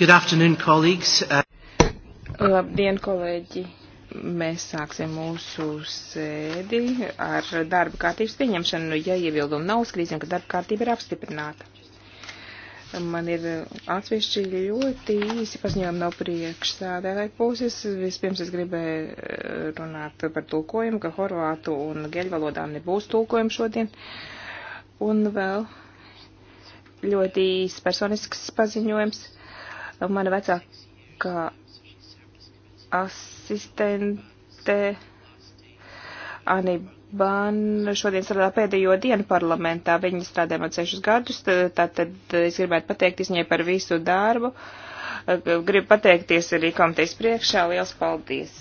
Good afternoon, colleagues. Uh, Labdien, kolēģi! Mēs sāksim mūsu sēdi ar darba kārtības pieņemšanu. Ja iebildumu nav, skatīsim, ka darba kārtība ir apstiprināta. Man ir atsevišķi ļoti īsi paziņojumi no priekšsādētāju puses. Vispirms es gribēju eh, runāt par tulkojumu, ka horvātu un geļu valodā nebūs tulkojumu šodien. Un vēl ļoti īsi personisks paziņojums Mana vecākā asistente Anība Ban šodien strādā pēdējo dienu parlamentā. Viņa strādā man sešus gadus, tātad es gribētu pateikt viņai par visu darbu. Gribu pateikties arī komitejas priekšā. Liels paldies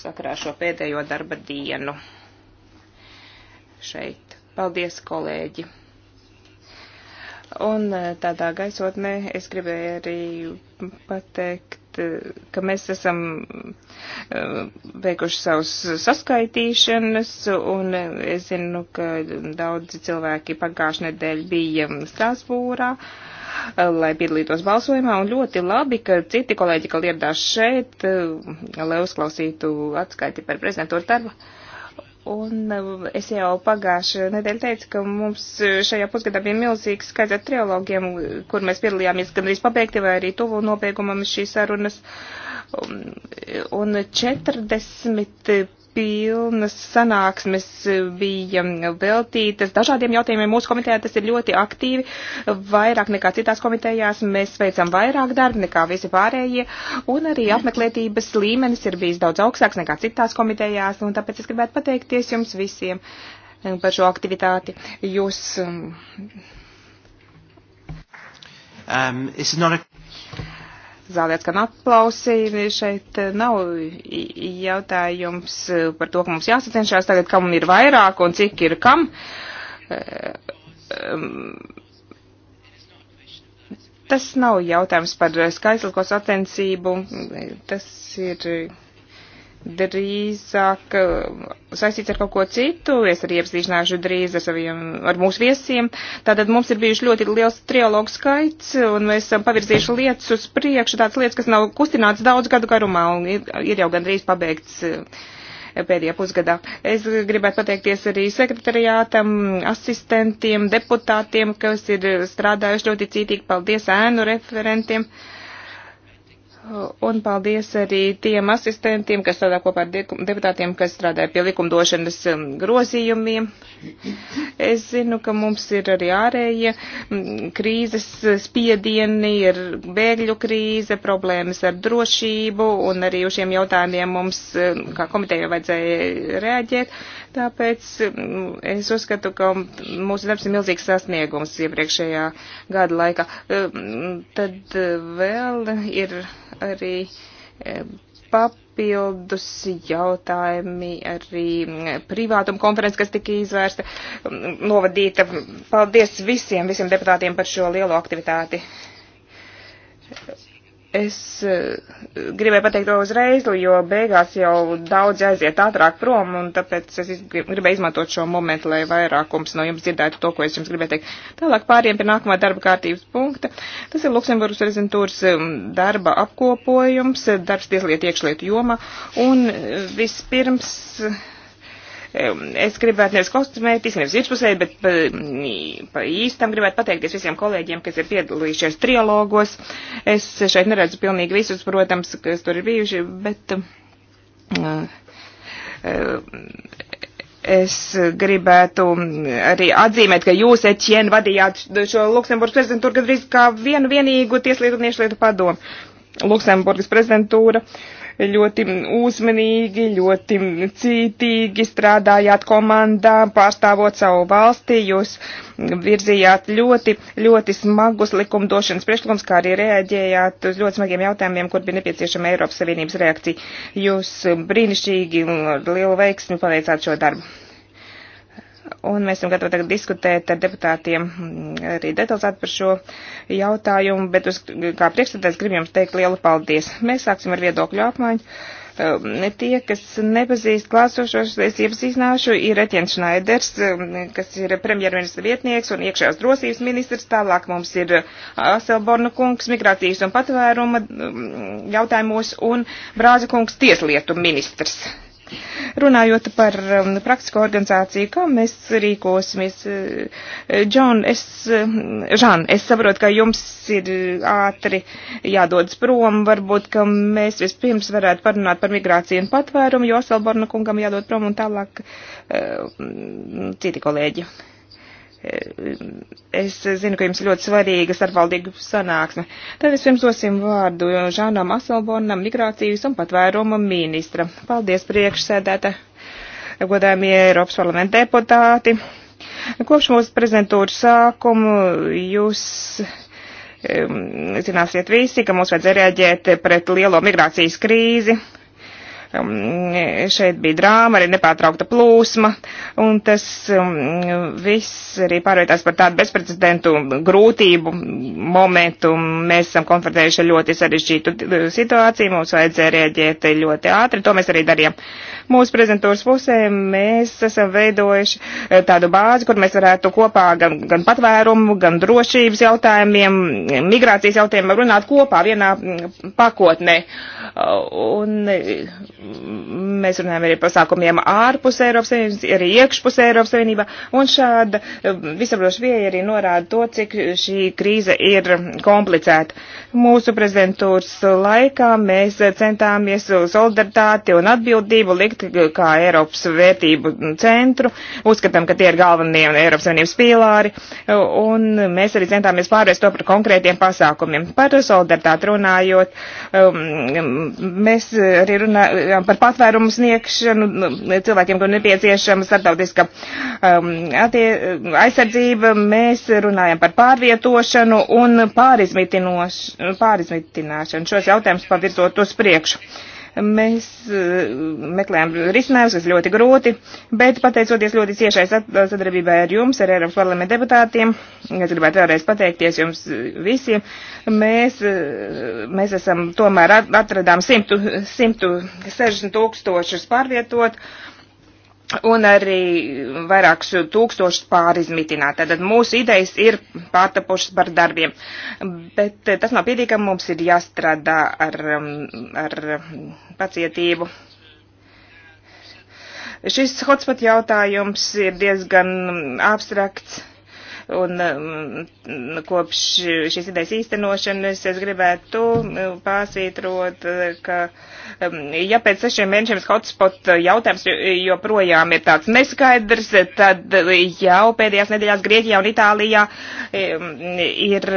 sakarā šo pēdējo darba dienu šeit. Paldies, kolēģi! Un e, tādā gaisotnē es gribēju arī pateikt, e, ka mēs esam e, veikuši savus saskaitīšanas, un es zinu, ka daudzi cilvēki pagājušajā nedēļā bija Strasbūrā lai piedalītos balsojumā, un ļoti labi, ka citi kolēģi, ka ieradās šeit, lai uzklausītu atskaiti par prezidentūru darbu. Uh, Un eh, es jau pagājušajā nedēļā teicu, ka mums eh, šajā pusgadā bija milzīgs skaits ar trilogiem, kur mēs piedalījāmies gan arī pabeigti, vai arī tuvu nobeigumam šīs sarunas. Un 40 eh, pilnas sanāksmes bija veltītas dažādiem jautājumiem. Mūsu komitejā tas ir ļoti aktīvi, vairāk nekā citās komitejās. Mēs veicam vairāk darbu nekā visi pārējie, un arī apmeklētības līmenis ir bijis daudz augstāks nekā citās komitejās, un tāpēc es gribētu pateikties jums visiem par šo aktivitāti. Jūs. Um, um a zālē atskan aplausi. Šeit nav jautājums par to, ka mums jāsacenšās tagad, kam ir vairāk un cik ir kam. Ehm, ehm, tas nav jautājums par skaistlisko sacensību. Tas ir drīzāk eh, saistīts ar kaut ko citu. Es arī iepazīstināšu drīz ar, saviem, ar mūsu viesiem. Tātad mums ir bijuši ļoti liels trialogu skaits, un mēs esam pavirzījuši lietas uz priekšu, tādas lietas, kas nav kustināts daudz gadu garumā, un ir, ir jau gandrīz pabeigts eh, pēdējā pusgadā. Es gribētu pateikties arī sekretariātam, asistentiem, deputātiem, kas ir strādājuši ļoti cītīgi. Paldies ēnu referentiem. Uh, Un paldies arī tiem asistentiem, kas strādā kopā ar deputātiem, kas strādāja pie likumdošanas um, grozījumiem. Es zinu, ka mums ir arī ārējie mm, krīzes spiedieni, ir bēgļu krīze, problēmas ar drošību, un arī uz šiem jautājumiem mums, uh, kā komiteja, vajadzēja reaģēt. Tāpēc mm, es uzskatu, ka mūsu darbs ir milzīgs sasniegums iepriekšējā gada laikā. Mm, tad eh, vēl ir arī eh, papildus jautājumi, arī mm, privātuma konferences, kas tika izvērsta, novadīta. Paldies visiem, visiem deputātiem par šo lielo aktivitāti. Es eh, gribēju pateikt to uzreiz, jo beigās jau daudz aiziet ātrāk prom, un tāpēc es gribēju izmantot šo momentu, lai vairākums no jums dzirdētu to, ko es jums gribēju teikt. Tālāk pāriem pie nākamā darba kārtības punkta. Tas ir Luksemburgas rezidentūras um, darba apkopojums, darbs tieslietu iekšlietu joma, un eh, vispirms Es gribētu nevis kosmētiski, nevis virspusēji, bet pa, pa īstam gribētu pateikties visiem kolēģiem, kas ir piedalījušies trialogos. Es šeit neredzu pilnīgi visus, protams, kas tur ir bijuši, bet uh, uh, es gribētu arī atzīmēt, ka jūs, Etienne, vadījāt šo Luksemburgas prezidentūru gandrīz kā vienu vienīgu tieslietniešu lietu padomu. Luksemburgas prezidentūra. Uh, ļoti uzmanīgi, ļoti cītīgi strādājāt komandā, pārstāvot savu valsti, jūs virzījāt ļoti, ļoti smagus likumdošanas priekšlikums, kā arī reaģējāt uz ļoti smagiem jautājumiem, kur bija nepieciešama Eiropas Savienības reakcija. Jūs brīnišķīgi ar lielu veiksmi paveicāt šo darbu. Un mēs esam gatavi tagad diskutēt ar deputātiem mm, arī detalizēt par šo jautājumu, bet uz, kā priekšstādājs gribu jums teikt lielu paldies. Mēs sāksim ar viedokļu apmaiņu. Ne um, tie, kas nepazīst klāsošos, es iepazīstināšu, ir Etiens Šnaiders, um, kas ir premjerministra vietnieks un iekšējās drosības ministrs. Tālāk mums ir Aselborna kungs migrācijas un patvēruma um, jautājumos un Brāza kungs tieslietu ministrs. Runājot par um, praktisko organizāciju, kā mēs rīkosimies, uh, Džon, es, um, Žan, es saprotu, ka jums ir uh, ātri jādodas prom, varbūt, ka mēs vispirms varētu parunāt par migrāciju un patvērumu, jo Selborna kungam jādod prom un tālāk uh, citi kolēģi. Es zinu, ka jums ļoti svarīga starpvaldīgu sanāksme. Tad vispirms dosim vārdu Žānam Aselbornam, migrācijas un patvēruma ministra. Paldies priekšsēdētā, godājumie Eiropas parlamenta deputāti. Kopš mūsu prezentūru sākumu jūs um, zināsiet visi, ka mums vajadzēja rēģēt pret lielo migrācijas krīzi Um, šeit bija drāma, arī nepārtraukta plūsma, un tas um, viss arī pārvietās par tādu bezprecedentu grūtību momentu. Mēs esam konfrontējuši ļoti sarežģītu uh, situāciju, mums vajadzēja rēģēt ļoti ātri, to mēs arī darījām. Mūsu prezentūras pusē mēs esam veidojuši uh, tādu bāzi, kur mēs varētu kopā gan, gan patvērumu, gan drošības jautājumiem, migrācijas jautājumiem runāt kopā vienā mm, pakotnē. Uh, un mēs runājam arī par pasākumiem ārpus Eiropas Savienības, arī iekšpus Eiropas Savienībā, un šāda eh, visapdoša vieja arī norāda to, cik šī krīze ir komplicēta. Mūsu prezidentūras laikā mēs centāmies solidaritāti un atbildību likt kā Eiropas vērtību centru, uzskatām, ka tie ir galvenie Eiropas Savienības pīlāri, un mēs arī centāmies pārvērst to par konkrētiem pasākumiem. Par solidaritāti runājot, um, mēs arī runājam, piemēram, um, par patvērumu sniegšanu nu, cilvēkiem, kuriem nepieciešama starptautiska um, aizsardzība. Mēs runājam par pārvietošanu un pārizmitināšanu. Šos jautājumus pavirzot uz priekšu. Mēs eh, meklējām risinājumus, kas ļoti grūti, bet pateicoties ļoti ciešai sadarbībai ar jums, ar Eiropas parlamenta deputātiem, es gribētu vēlreiz pateikties jums visiem, mēs, eh, mēs esam tomēr atradām 100, 160 tūkstošus pārvietot un arī vairākus tūkstošus pārizmitināt. Tātad mūsu idejas ir pārtapušas par darbiem. Bet eh, tas nav pietiekami, mums ir jāstrādā ar, um, ar pacietību. Šis hotspot jautājums ir diezgan abstrakts Un mm, kopš šīs idejas īstenošanas es gribētu mm, pārsvītrot, ka mm, ja pēc sešiem mēnešiem hotspot jautājums joprojām ir tāds neskaidrs, tad jau pēdējās nedēļās Grieķijā un Itālijā ir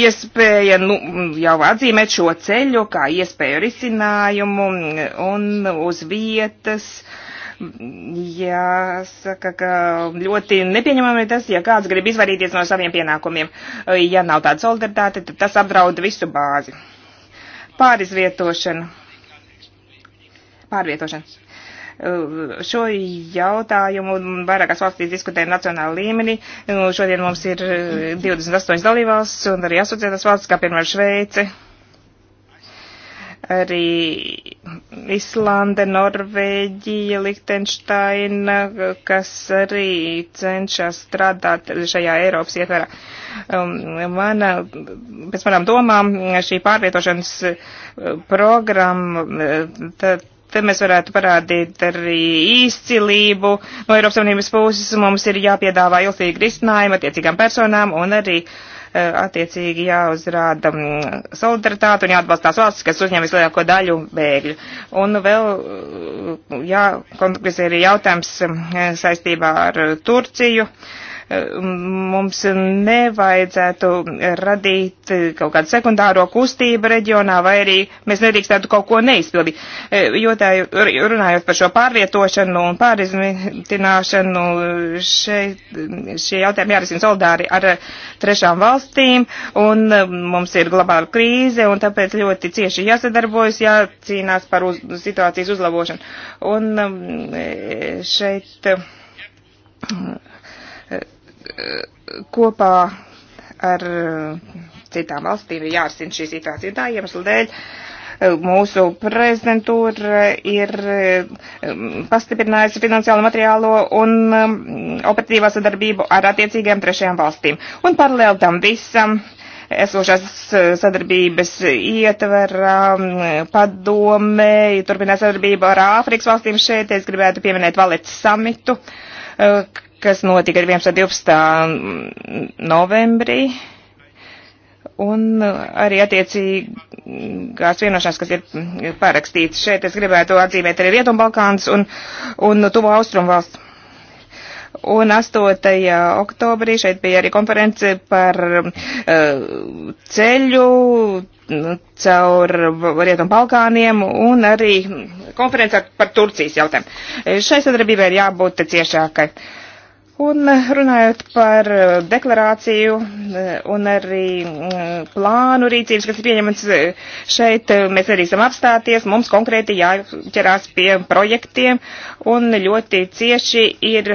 iespēja nu, jau atzīmēt šo ceļu kā iespēju risinājumu un uz vietas. Uh, Jāsaka, ka ļoti nepieņemami tas, ja kāds grib izvairīties no saviem pienākumiem. Ja nav tāda solidaritāte, tad tas apdraud visu bāzi. Pārizvietošana. Pārvietošana šo jautājumu vairākās valstīs diskutējam nacionāla līmenī. Šodien mums ir 28 dalībvalsts un arī asociētas valsts, kā piemēram Šveice, arī Islande, Norvēģija, Lichtensteina, kas arī cenšas strādāt šajā Eiropas ietverā. Um, mana, pēc manām domām, šī pārvietošanas uh, programma, uh, tad, te mēs varētu parādīt arī izcilību. No Eiropas Savienības puses mums ir jāpiedāvā ilgtīgi risinājumi attiecīgām personām un arī uh, Eh, attiecīgi jāuzrāda mm, solidaritāte un jāatbalsta tās valstis, kas uzņem vislielāko daļu bēgļu. Un vēl eh, jākonkretizē arī jautājums mm, saistībā ar Turciju. Uh, mums nevajadzētu radīt kaut kādu sekundāro kustību reģionā, vai arī mēs nedrīkstētu kaut ko neizpildīt. E, jo tā, runājot par šo pārvietošanu un pārizmitināšanu, šeit, šie jautājumi jārisina solidāri ar trešām valstīm, un e, mums ir globāla krīze, un tāpēc ļoti cieši jāsadarbojas, jācīnās par uz, situācijas uzlabošanu. Un e, šeit kopā ar eh, citām valstīm ir jārisina šī situācija. Tā iemesla dēļ eh, mūsu prezidentūra ir eh, pastiprinājusi finansiālo materiālo un mm, operatīvā sadarbību ar attiecīgajām trešajām valstīm. Un paralēli tam visam esošās sadarbības ietverā mm, padomē, turpinās sadarbību ar Āfrikas valstīm šeit. Es gribētu pieminēt Valets samitu, kas notika 11. un 12. novembrī. Un arī attiecīgās vienošanās, kas ir parakstīts šeit, es gribētu atzīmēt arī Rietumbalkāns un, un Tuvo Austrumu valsts. Un 8. oktobrī šeit bija arī konference par uh, ceļu caur Rietumu Balkāniem un arī konference par Turcijas jautājumu. Šai sadarbībai ir jābūt ciešākai. Uh, Un runājot par eh, deklarāciju eh, un arī mm, plānu rīcības, kas ir pieņemts eh, šeit, mēs arī esam apstāties, mums konkrēti jāķerās pie projektiem un ļoti cieši ir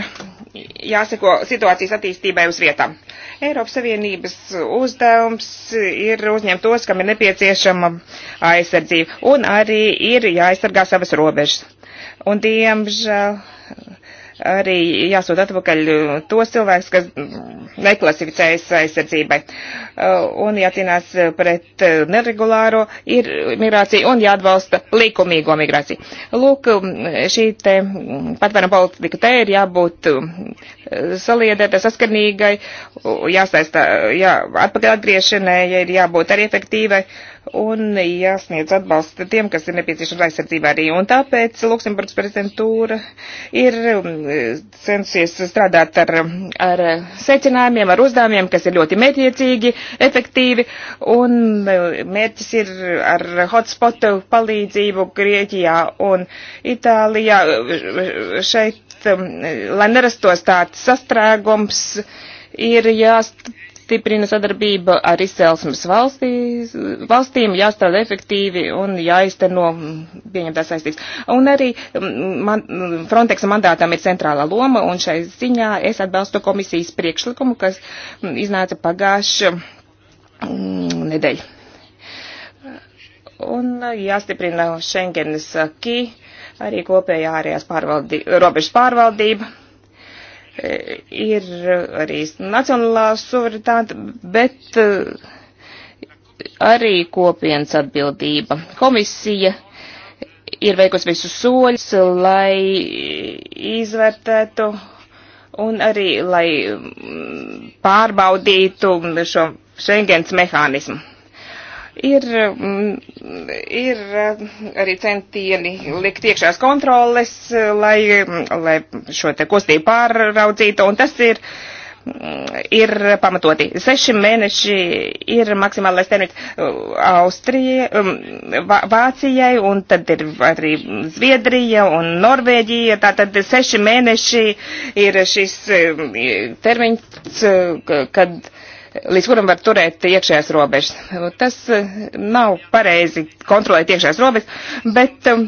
jāseko situācijas attīstībai uz vietām. Eiropas Savienības uzdevums ir uzņemt tos, kam ir nepieciešama aizsardzība, un arī ir jāaizsargā savas robežas. Un, diemžēl, arī jāsūt atpakaļ tos cilvēkus, kas neklasificējas aizsardzībai. Uh, un jācīnās pret uh, neregulāro migrāciju un jāatbalsta likumīgo migrāciju. Lūk, um, šī te um, patvēra politika te ir jābūt um, saliedēta, saskanīgai, jāsaista, jā, atpakaļ atgriešanai, ja ir jābūt arī efektīvai un jāsniedz atbalsts tiem, kas ir nepieciešams aizsardzībā arī. Un tāpēc Luksemburgas prezidentūra ir um, censies strādāt ar, ar secinājumiem, ar uzdevumiem, kas ir ļoti mētiecīgi, efektīvi, un um, mērķis ir ar hotspotu palīdzību Grieķijā un Itālijā šeit, um, lai nerastos tāds sastrēgums, ir jāst jāstiprina sadarbība ar izcelsmes valstīs, valstīm, jāstrādā efektīvi un jāizteno pieņemtās saistības. Un arī mm, man, mm, Frontex mandātam ir centrāla loma, un šai ziņā es atbalstu komisijas priekšlikumu, kas mm, iznāca pagājuši nedēļu. Un jāstiprina Schengenes aki, arī kopējā ārējās pārvaldi, robežas pārvaldība E, ir arī nacionālā suverenitāte, bet e, arī kopienas atbildība. Komisija ir veikusi visus soļus, lai izvērtētu un arī lai pārbaudītu šo Schengens mehānismu. Ir, mm, ir eh, arī centieni likt iekšās kontroles, eh, lai, mm, lai šo te kustību pārraudzītu, un tas ir mm, ir pamatoti. Seši mēneši ir maksimālais termiņš eh, Austrijai, Vācijai, un tad ir arī Zviedrija un Norvēģija. Tātad seši mēneši ir šis termiņš, kad līdz kuram var turēt iekšējās robežas. Tas eh, nav pareizi kontrolēt iekšējās robežas, bet um,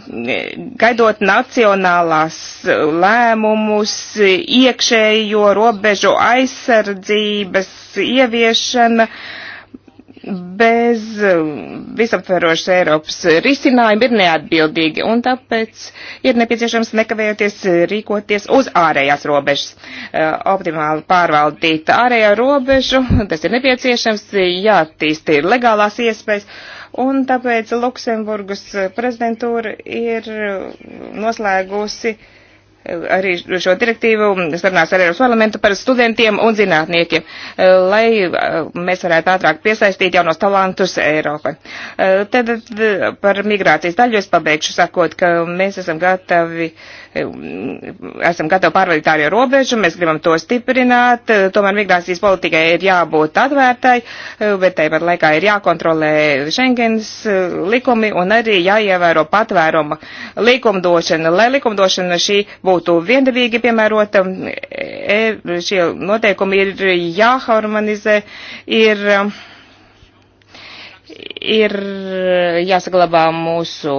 gaidot nacionālās eh, lēmumus, iekšējo robežu aizsardzības ieviešana, uh, bez um, visaptverošas Eiropas risinājuma ir neatbildīgi, un tāpēc ir nepieciešams nekavējoties rīkoties uz ārējās robežas. Uh, optimāli pārvaldīt ārējo robežu, tas ir nepieciešams, jātīst ir legālās iespējas, un tāpēc Luksemburgas prezidentūra ir uh, noslēgusi uh, arī šo direktīvu sarunās ar Eiropas parlamentu par studentiem un zinātniekiem, eh, lai eh, mēs varētu ātrāk piesaistīt jaunos talantus Eiropai. Eh, tad par migrācijas daļu es pabeigšu sakot, ka mēs esam gatavi uh, esam gatavi pārvaldīt ārējo robežu, mēs gribam to stiprināt, eh, tomēr migrācijas politikai ir jābūt atvērtai, eh, bet tāpat laikā ir jākontrolē Schengens eh, likumi un arī jāievēro patvēruma likumdošana, lai likumdošana šī būtu viendabīgi piemērota, šie noteikumi ir jāharmonizē, ir ir jāsaglabā mūsu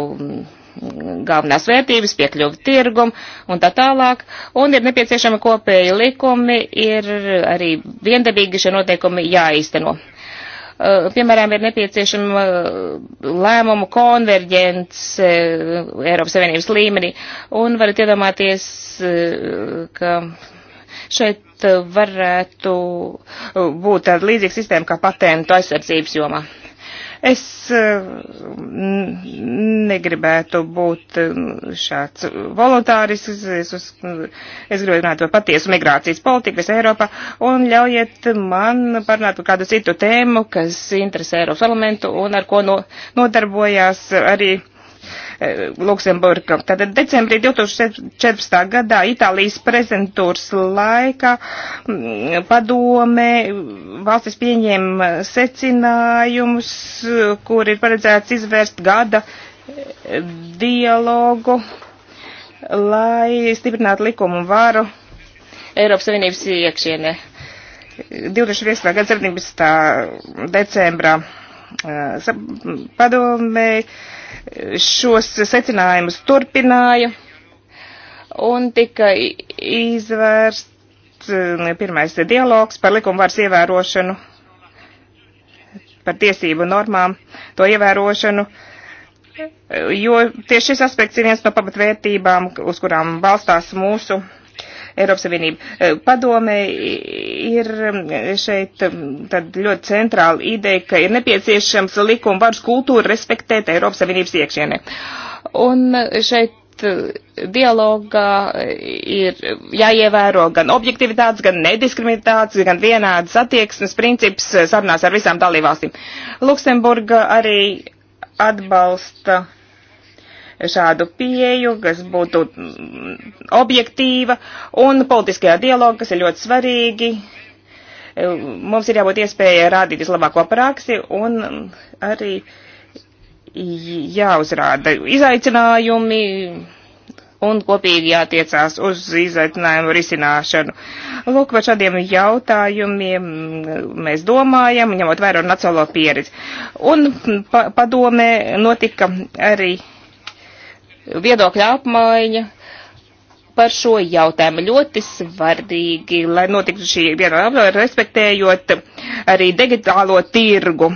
galvenās vērtības, piekļuvi tirgumu un tā tālāk. Un ir nepieciešami kopēji likumi, ir arī viendabīgi šie noteikumi jāīsteno. Uh, piemēram, ir nepieciešama uh, lēmumu konverģence uh, Eiropas Savienības līmenī. Un varat iedomāties, ka šeit varētu būt tāda līdzīga sistēma kā patentu aizsardzības jomā. Es mm, negribētu būt mm, šāds voluntāris, es, uz, mm, es gribētu runāt par patiesu migrācijas politiku visā Eiropā, un ļaujiet man parunāt par kādu citu tēmu, kas interesē Eiropas parlamentu un ar ko no, nodarbojās arī. Luksemburgam. Tātad decembrī 2014. gadā Itālijas prezidentūras laikā padome valstis pieņēma secinājumus, kur ir paredzēts izvērst gada e, dialogu, lai stiprinātu likumu varu Eiropas Savienības iekšienē. 25. gada 17. decembrā e, padomē šos secinājumus turpināja un tika izvērsts mm, pirmais dialogs par likumvaras ievērošanu, par tiesību normām, to ievērošanu, jo tieši šis aspekts ir viens no pamatvērtībām, uz kurām balstās mūsu Eiropas Savienību. Eh, padome ir mm, šeit mm, tad ļoti centrāla ideja, ka ir nepieciešams likuma varas kultūru respektēt Eiropas Savienības iekšienē. Un eh, šeit eh, dialogā ir jāievēro gan objektivitātes, gan nediskriminātātes, gan vienādas attieksmes princips sarunās ar visām dalībvalstīm. Luksemburga arī atbalsta šādu pieju, kas būtu objektīva un politiskajā dialogā, kas ir ļoti svarīgi. Mums ir jābūt iespēja rādīt vislabāko praksi un arī jāuzrāda izaicinājumi un kopīgi jātiecās uz izaicinājumu risināšanu. Lūk, par šādiem jautājumiem mēs domājam, ņemot vērā nacionālo pieredzi. Un pa padomē notika arī viedokļa apmaiņa par šo jautājumu. Ļoti svarīgi, lai notiktu šī viedokļa apmaiņa, respektējot arī digitālo tirgu.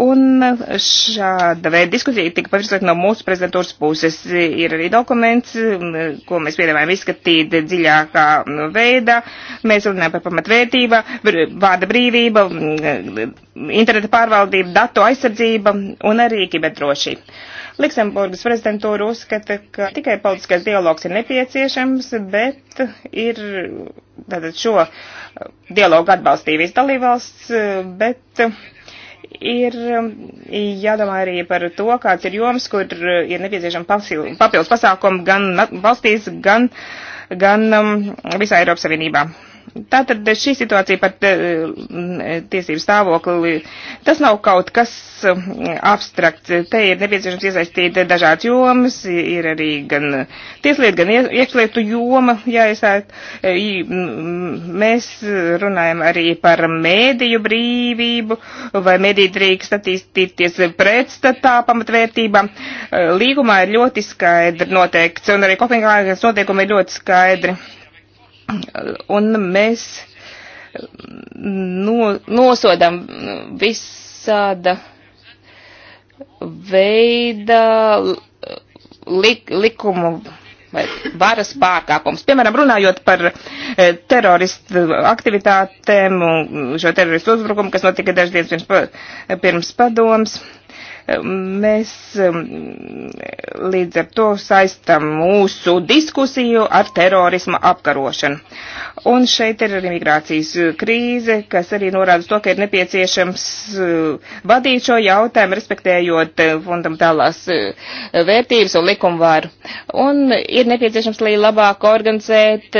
Un šāda veida diskusija tika pavirzot no mūsu prezidentūras puses. Ir arī dokuments, ko mēs piedāvājam izskatīt dziļākā veidā. Mēs runājam par pamatvērtību, vārda brīvība, interneta pārvaldība, datu aizsardzība un arī kiberdrošība. Luksemburgas prezidentūra uzskata, ka tikai politiskais dialogs ir nepieciešams, bet ir tātad šo uh, dialogu atbalstīja viss dalībvalsts, uh, bet uh, ir um, jādomā arī par to, kāds ir joms, kur ir nepieciešama papildus pasākumu gan valstīs, gan, gan um, visā Eiropas Savienībā. Tātad šī situācija par eh, mm, tiesību stāvokli, tas nav kaut kas eh, abstrakts. Te ir nepieciešams iesaistīt dažādas jomas, ir arī gan tieslietu, gan iekšlietu joma jāiesaist. Eh, mm, mēs runājam arī par mēdīju brīvību, vai mēdīja drīkst attīstīties pretstatā pamatvērtībām. Līgumā ir ļoti skaidri noteikts, un arī Kopenhāgas noteikumi ir ļoti skaidri un mēs no, nosodam visāda veida lik, likumu vai varas pārkāpums. Piemēram, runājot par eh, teroristu aktivitātēm un šo teroristu uzbrukumu, kas notika dažs dienas pirms, pirms padoms, Mēs um, līdz ar to saistam mūsu diskusiju ar terorisma apkarošanu. Un šeit ir arī migrācijas krīze, kas arī norāda to, ka ir nepieciešams uh, vadīt šo jautājumu, respektējot uh, fundamentālās uh, vērtības un likumvāru. Un ir nepieciešams arī labāk organizēt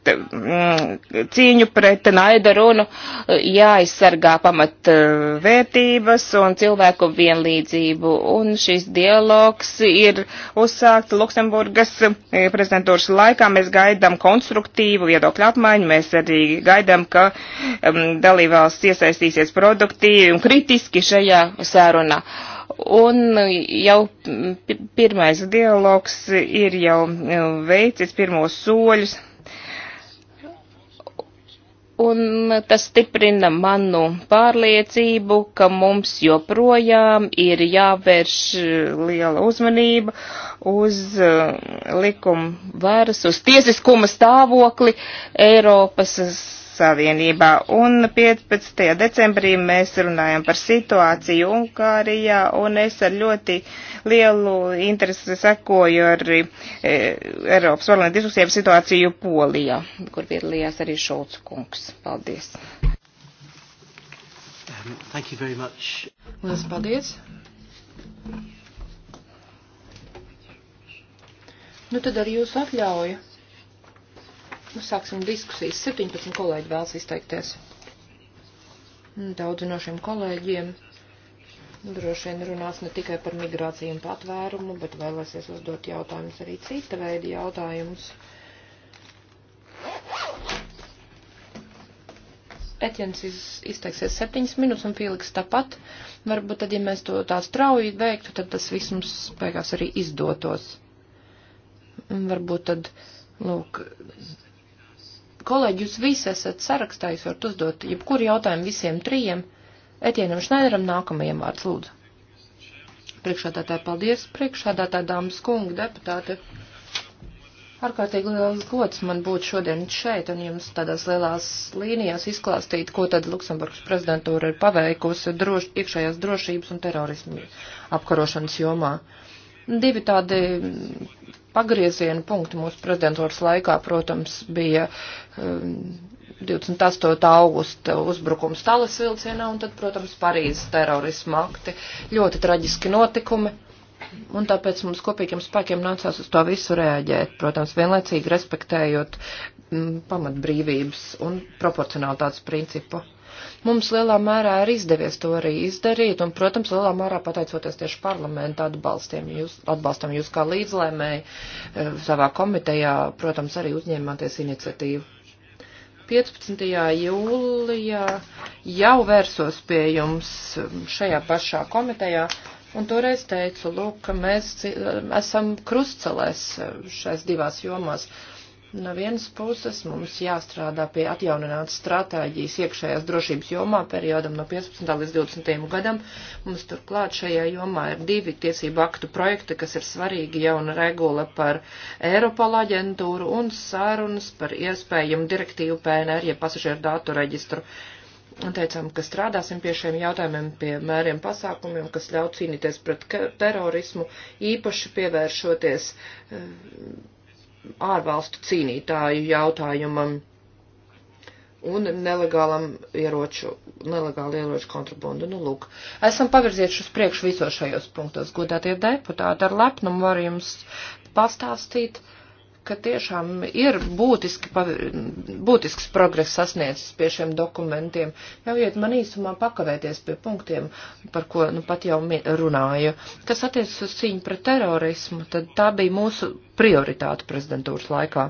Mm, cīņu pret naida runu, jāaizsargā pamatvērtības eh, un cilvēku vienlīdzību. Un šis dialogs ir uzsākts Luksemburgas eh, prezidentūras laikā. Mēs gaidām konstruktīvu viedokļu apmaiņu. Mēs arī gaidām, ka um, dalībvalsts iesaistīsies produktīvi un kritiski šajā sērunā. Un jau mm, pirmais dialogs ir jau veicis pirmos soļus un tas stiprina manu pārliecību, ka mums joprojām ir jāvērš eh, liela uzmanība uz eh, likuma varas, uz tiesiskuma stāvokli Eiropas Savienībā. Un 15. decembrī mēs runājam par situāciju Ungārijā, un es ar ļoti lielu interesi sekoju arī e, Eiropas parlamenta diskusiju par situāciju Polijā, kur piedalījās arī Šulc kungs. Paldies! Um, thank you very much. Lielas paldies. Nu tad ar jūsu atļauju. Nu, sāksim diskusijas. 17 kolēģi vēlas izteikties. Daudzi no šiem kolēģiem droši vien runās ne tikai par migrāciju un patvērumu, bet vēlēsies uzdot jautājumus arī cita veida jautājumus. Etiens iz, izteiksies septiņas minūtes un pieliks tāpat. Varbūt tad, ja mēs to tā strauji veiktu, tad tas viss mums beigās arī izdotos. Un varbūt tad, lūk, kolēģi, jūs visi esat sarakstā, jūs varat uzdot jebkuru jautājumu visiem trījiem. Etienam Šneideram nākamajam vārds lūdzu. Priekšādātāji, paldies. Priekšādātāji, dāmas kungi, deputāti. Ārkārtīgi liels gods man būt šodien šeit un jums tādās lielās līnijās izklāstīt, ko tad Luksemburgas prezidentūra ir paveikusi droš, iekšējās drošības un terorismu apkarošanas jomā. Divi tādi pagrieziena punkti mūsu prezidentūras laikā, protams, bija um, 28. augusta uzbrukums Talas vilcienā un tad, protams, Parīzes terorisma akti. Ļoti traģiski notikumi. Un tāpēc mums kopīgiem spēkiem nācās uz to visu reaģēt, protams, vienlaicīgi respektējot m, mm, pamatbrīvības un proporcionalitātes principu. Mums lielā mērā ir izdevies to arī izdarīt, un, protams, lielā mērā pateicoties tieši parlamenta atbalstiem, jūs, atbalstam jūs kā līdzlēmēji eh, savā komitejā, protams, arī uzņēmāties iniciatīvu. 15. jūlijā jau vērsos pie jums šajā pašā komitejā, Un toreiz teicu, lūk, ka mēs eh, esam krustcelēs eh, šais divās jomās. Uh, No vienas puses mums jāstrādā pie atjauninātas stratēģijas iekšējās drošības jomā periodam no 15. līdz 20. gadam. Mums turklāt šajā jomā ir divi tiesību aktu projekti, kas ir svarīgi jauna regula par Eiropola aģentūru un sārunas par iespējumu direktīvu PNR, ja pasažieru datu reģistru. Un teicām, ka strādāsim pie šiem jautājumiem, pie mēriem pasākumiem, kas ļauj cīnīties pret terorismu, īpaši pievēršoties. Uh, ārvalstu cīnītāju jautājumam un nelegālam ieroču, nelegāli ieroču kontrabandu. Nu, lūk, esam pavirzījuši uz priekšu visos šajos punktos. Godātie deputāti, ar lepnumu var jums pastāstīt, uh, ka tiešām ir būtiski, būtisks progress sasniedzis pie šiem dokumentiem. Ļaujiet man īsumā pakavēties pie punktiem, par ko nu, pat jau runāju. Kas attiecas uz cīņu pret terorismu, tad tā bija mūsu prioritāte prezidentūras laikā.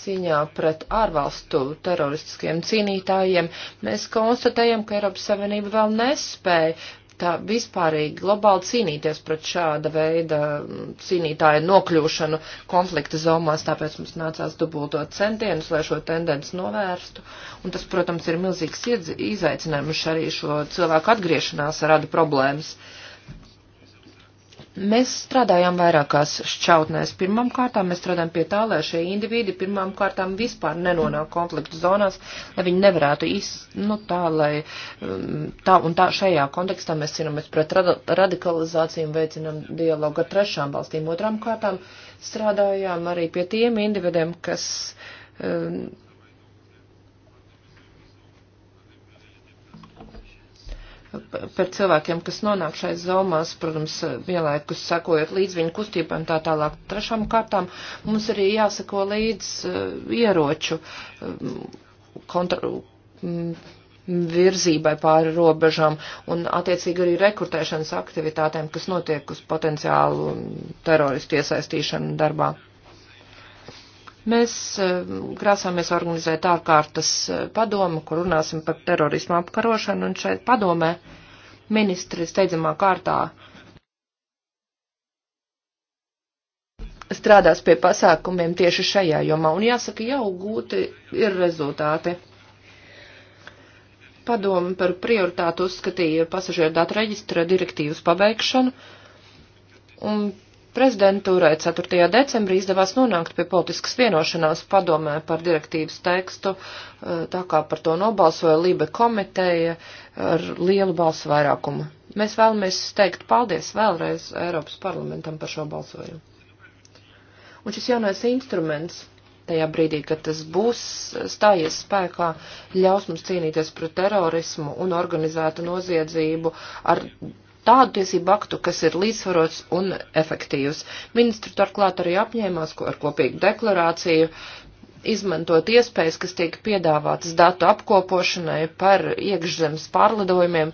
Cīņā pret ārvalstu teroristiskiem cīnītājiem mēs konstatējam, ka Eiropas Savienība vēl nespēja tā vispārīgi globāli cīnīties pret šāda veida mm, cīnītāju nokļūšanu konflikta zomās, tāpēc mums nācās dubultot centienus, lai šo tendenci novērstu. Un tas, protams, ir milzīgs izaicinājums arī šo cilvēku atgriešanās rada problēmas. Uh, Mēs strādājām vairākās šķautnēs. Pirmām kārtām mēs strādājam pie tā, lai šie individi pirmām kārtām vispār nenonāk konfliktu zonās, lai viņi nevarētu iz, nu tā, lai um, tā un tā šajā kontekstā mēs cīnāmies pret radikalizāciju un veicinām dialogu ar trešām valstīm. Otrām kārtām strādājām arī pie tiem individiem, kas. Um, par cilvēkiem, kas nonāk šai zomās, protams, vienlaikus sakojot līdz viņu kustībām tā tālāk. Trešām kārtām mums arī jāsako līdz uh, ieroču eh, kontra, um, virzībai pāri robežām un attiecīgi arī rekrutēšanas aktivitātēm, kas notiek uz potenciālu teroristu iesaistīšanu darbā. Mēs eh, grasāmies organizēt ārkārtas eh, padomu, kur runāsim par terorismu apkarošanu, un šeit padomē ministri steidzamā kārtā strādās pie pasākumiem tieši šajā jomā, un jāsaka, jau gūti ir rezultāti. Padomu par prioritātu uzskatīja pasažieru datu reģistra direktīvas pabeigšanu, un Prezidentūrai 4. decembrī izdevās nonākt pie politiskas vienošanās padomē par direktīvas tekstu, eh, tā kā par to nobalsoja Lībe komiteja ar lielu balsu vairākumu. Mēs vēlamies teikt paldies vēlreiz Eiropas parlamentam par šo balsojumu. Un šis jaunais instruments, tajā brīdī, kad tas būs stājies spēkā, ļaus mums cīnīties pret terorismu un organizētu noziedzību ar tādu tiesību aktu, kas ir līdzsvarots un efektīvs. Ministri turklāt arī apņēmās ko, ar kopīgu deklarāciju izmantot iespējas, kas tiek piedāvātas datu apkopošanai par iekšzemes pārlidojumiem.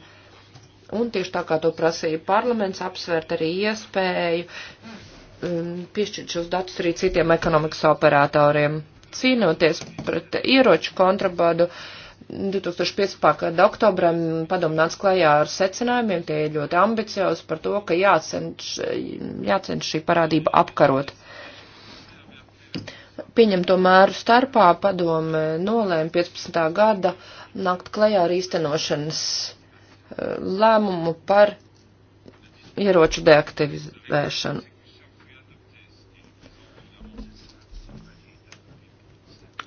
Un tieši tā kā to prasīja parlaments, apsvērt arī iespēju um, piešķirt šos datus arī citiem ekonomikas operatoriem. Cīnoties pret ieroču kontrabandu, uh, 2015. gada oktobrā padomu nāca klajā ar secinājumiem, tie ir ļoti ambiciozi par to, ka jācenš, jācenš šī parādība apkarot. Pieņemto mēru starpā padome nolēma 15. gada nākt klajā ar īstenošanas eh, lēmumu par ieroču deaktivizēšanu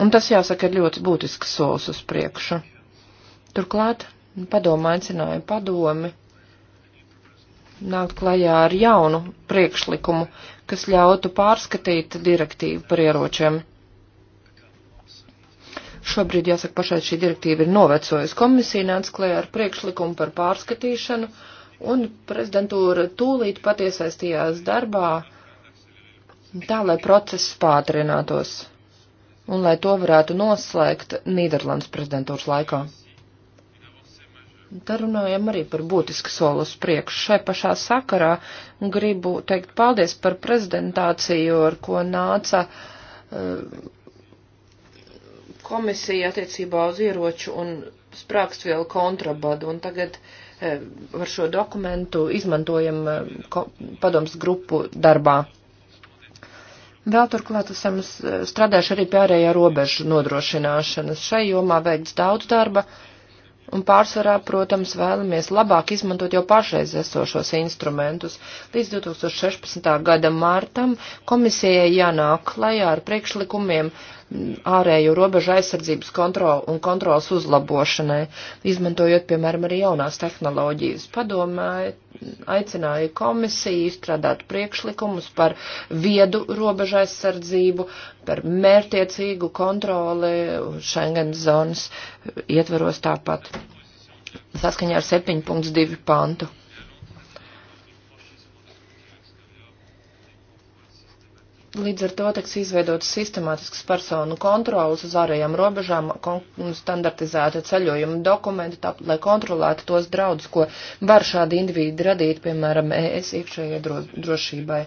Un tas, jāsaka, ir ļoti būtisks solis uz priekšu. Turklāt padomu aicināja padomi nākt klajā ar jaunu priekšlikumu, kas ļautu pārskatīt direktīvu par ieročiem. Šobrīd, jāsaka, pašai šī direktīva ir novecojusi. Komisija nāca klajā ar priekšlikumu par pārskatīšanu, un prezidentūra tūlīt patiesaistījās darbā tā, lai process pātrinātos un lai to varētu noslēgt Nīderlandes prezidentūras laikā. Te runājam arī par būtisku soli uz priekšu. Šai pašā sakarā gribu teikt paldies par prezentāciju, ar ko nāca eh, komisija attiecībā uz ieroču un sprākstvielu kontrabadu. Un tagad eh, ar šo dokumentu izmantojam eh, padoms grupu darbā. Vēl turklāt esam strādājuši arī pie ārējā robežu nodrošināšanas. Šai jomā veids daudz darba, un pārsvarā, protams, vēlamies labāk izmantot jau pašreiz esošos instrumentus. Līdz 2016. gada mārtam komisijai jānāk klajā ar priekšlikumiem, ārējo robežu aizsardzības kontrol un kontrols uzlabošanai, izmantojot, piemēram, arī jaunās tehnoloģijas. Padomāju, aicināju komisiju izstrādāt priekšlikumus par viedu robežu aizsardzību, par mērtiecīgu kontroli Schengen zonas ietveros tāpat saskaņā ar 7.2 pantu. Līdz ar to tiks izveidotas sistemātiskas personu kontrolas uz ārējām robežām, kon standartizēta ceļojuma dokumenti, tā, lai kontrolētu tos draudus, ko var šādi individi radīt, piemēram, ES iekšējai dro drošībai.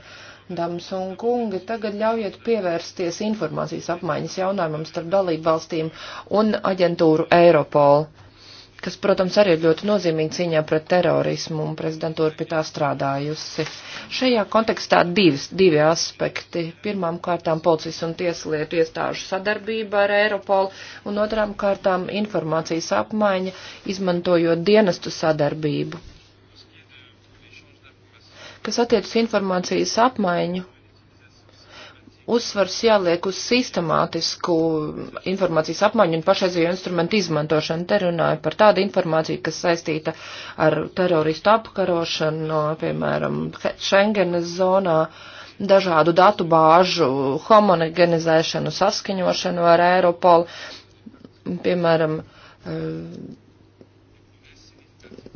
Dāmas un kungi, tagad ļaujiet pievērsties informācijas apmaiņas jaunājumam starp dalību valstīm un aģentūru Eiropolu kas, protams, arī ir ļoti nozīmīgi cīņā pret terorismu un prezidentūra pie tā strādājusi. Šajā kontekstā divas, divi aspekti. Pirmām kārtām policijas un tieslietu iestāžu sadarbība ar Eiropolu un otrām kārtām informācijas apmaiņa, izmantojot dienestu sadarbību. Kas attiec uz informācijas apmaiņu, uzsvars jāliek uz sistemātisku informācijas apmaiņu un pašreizējo instrumentu izmantošanu. Te runāju par tādu informāciju, kas saistīta ar teroristu apkarošanu, no, piemēram, Schengenes zonā, dažādu datu bāžu homogenizēšanu, saskaņošanu ar Eiropolu, piemēram, eh,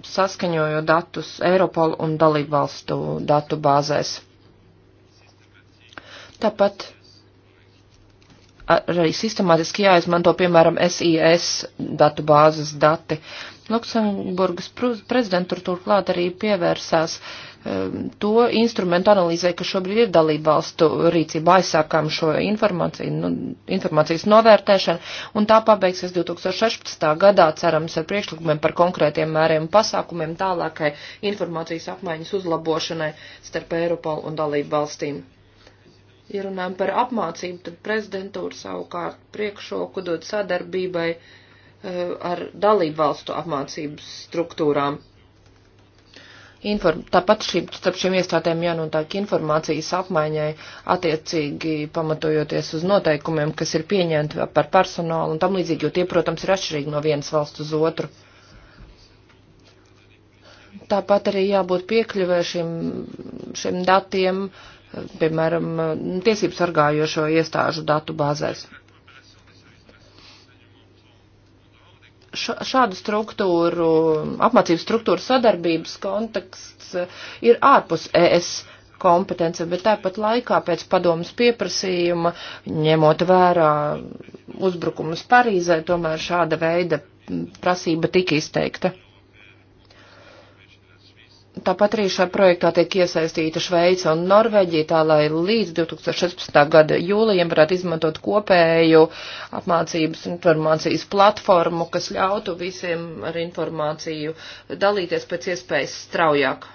saskaņojot datus Eiropolu un dalībvalstu datu bāzēs. Tāpat arī sistemātiski jāizmanto, piemēram, SIS datu bāzes dati. Luksemburgas prezidentūra turklāt arī pievērsās um, to instrumentu analīzē, kas šobrīd ir dalībvalstu rīcībā. Aizsākām šo informāciju, nu, informācijas novērtēšanu, un tā pabeigsies 2016. gadā, cerams, ar priekšlikumiem par konkrētiem mēriem un pasākumiem tālākai informācijas apmaiņas uzlabošanai starp Eiropolu un dalībvalstīm. Ja runājam par apmācību, tad prezidentūra savukārt priekšroku dod sadarbībai eh, ar dalību valstu apmācības struktūrām. Inform, tāpat šī, starp šiem iestādēm jānotiek informācijas apmaiņai attiecīgi pamatojoties uz noteikumiem, kas ir pieņemti par personālu un tam līdzīgi, jo tie, protams, ir atšķirīgi no vienas valsts uz otru. Tāpat arī jābūt piekļuvē šiem, šiem datiem, uh, piemēram, tiesības sargājošo iestāžu datu bāzēs. šādu struktūru, apmācību struktūru sadarbības konteksts ir ārpus ES kompetence, bet tāpat laikā pēc padomas pieprasījuma, ņemot vērā uzbrukumus Parīzē, tomēr šāda veida prasība tika izteikta. Tāpat arī šajā projektā tiek iesaistīta Šveica un Norvēģija, tā lai līdz 2016. gada jūlijam varētu izmantot kopēju apmācības informācijas platformu, kas ļautu visiem ar informāciju dalīties pēc iespējas straujāk.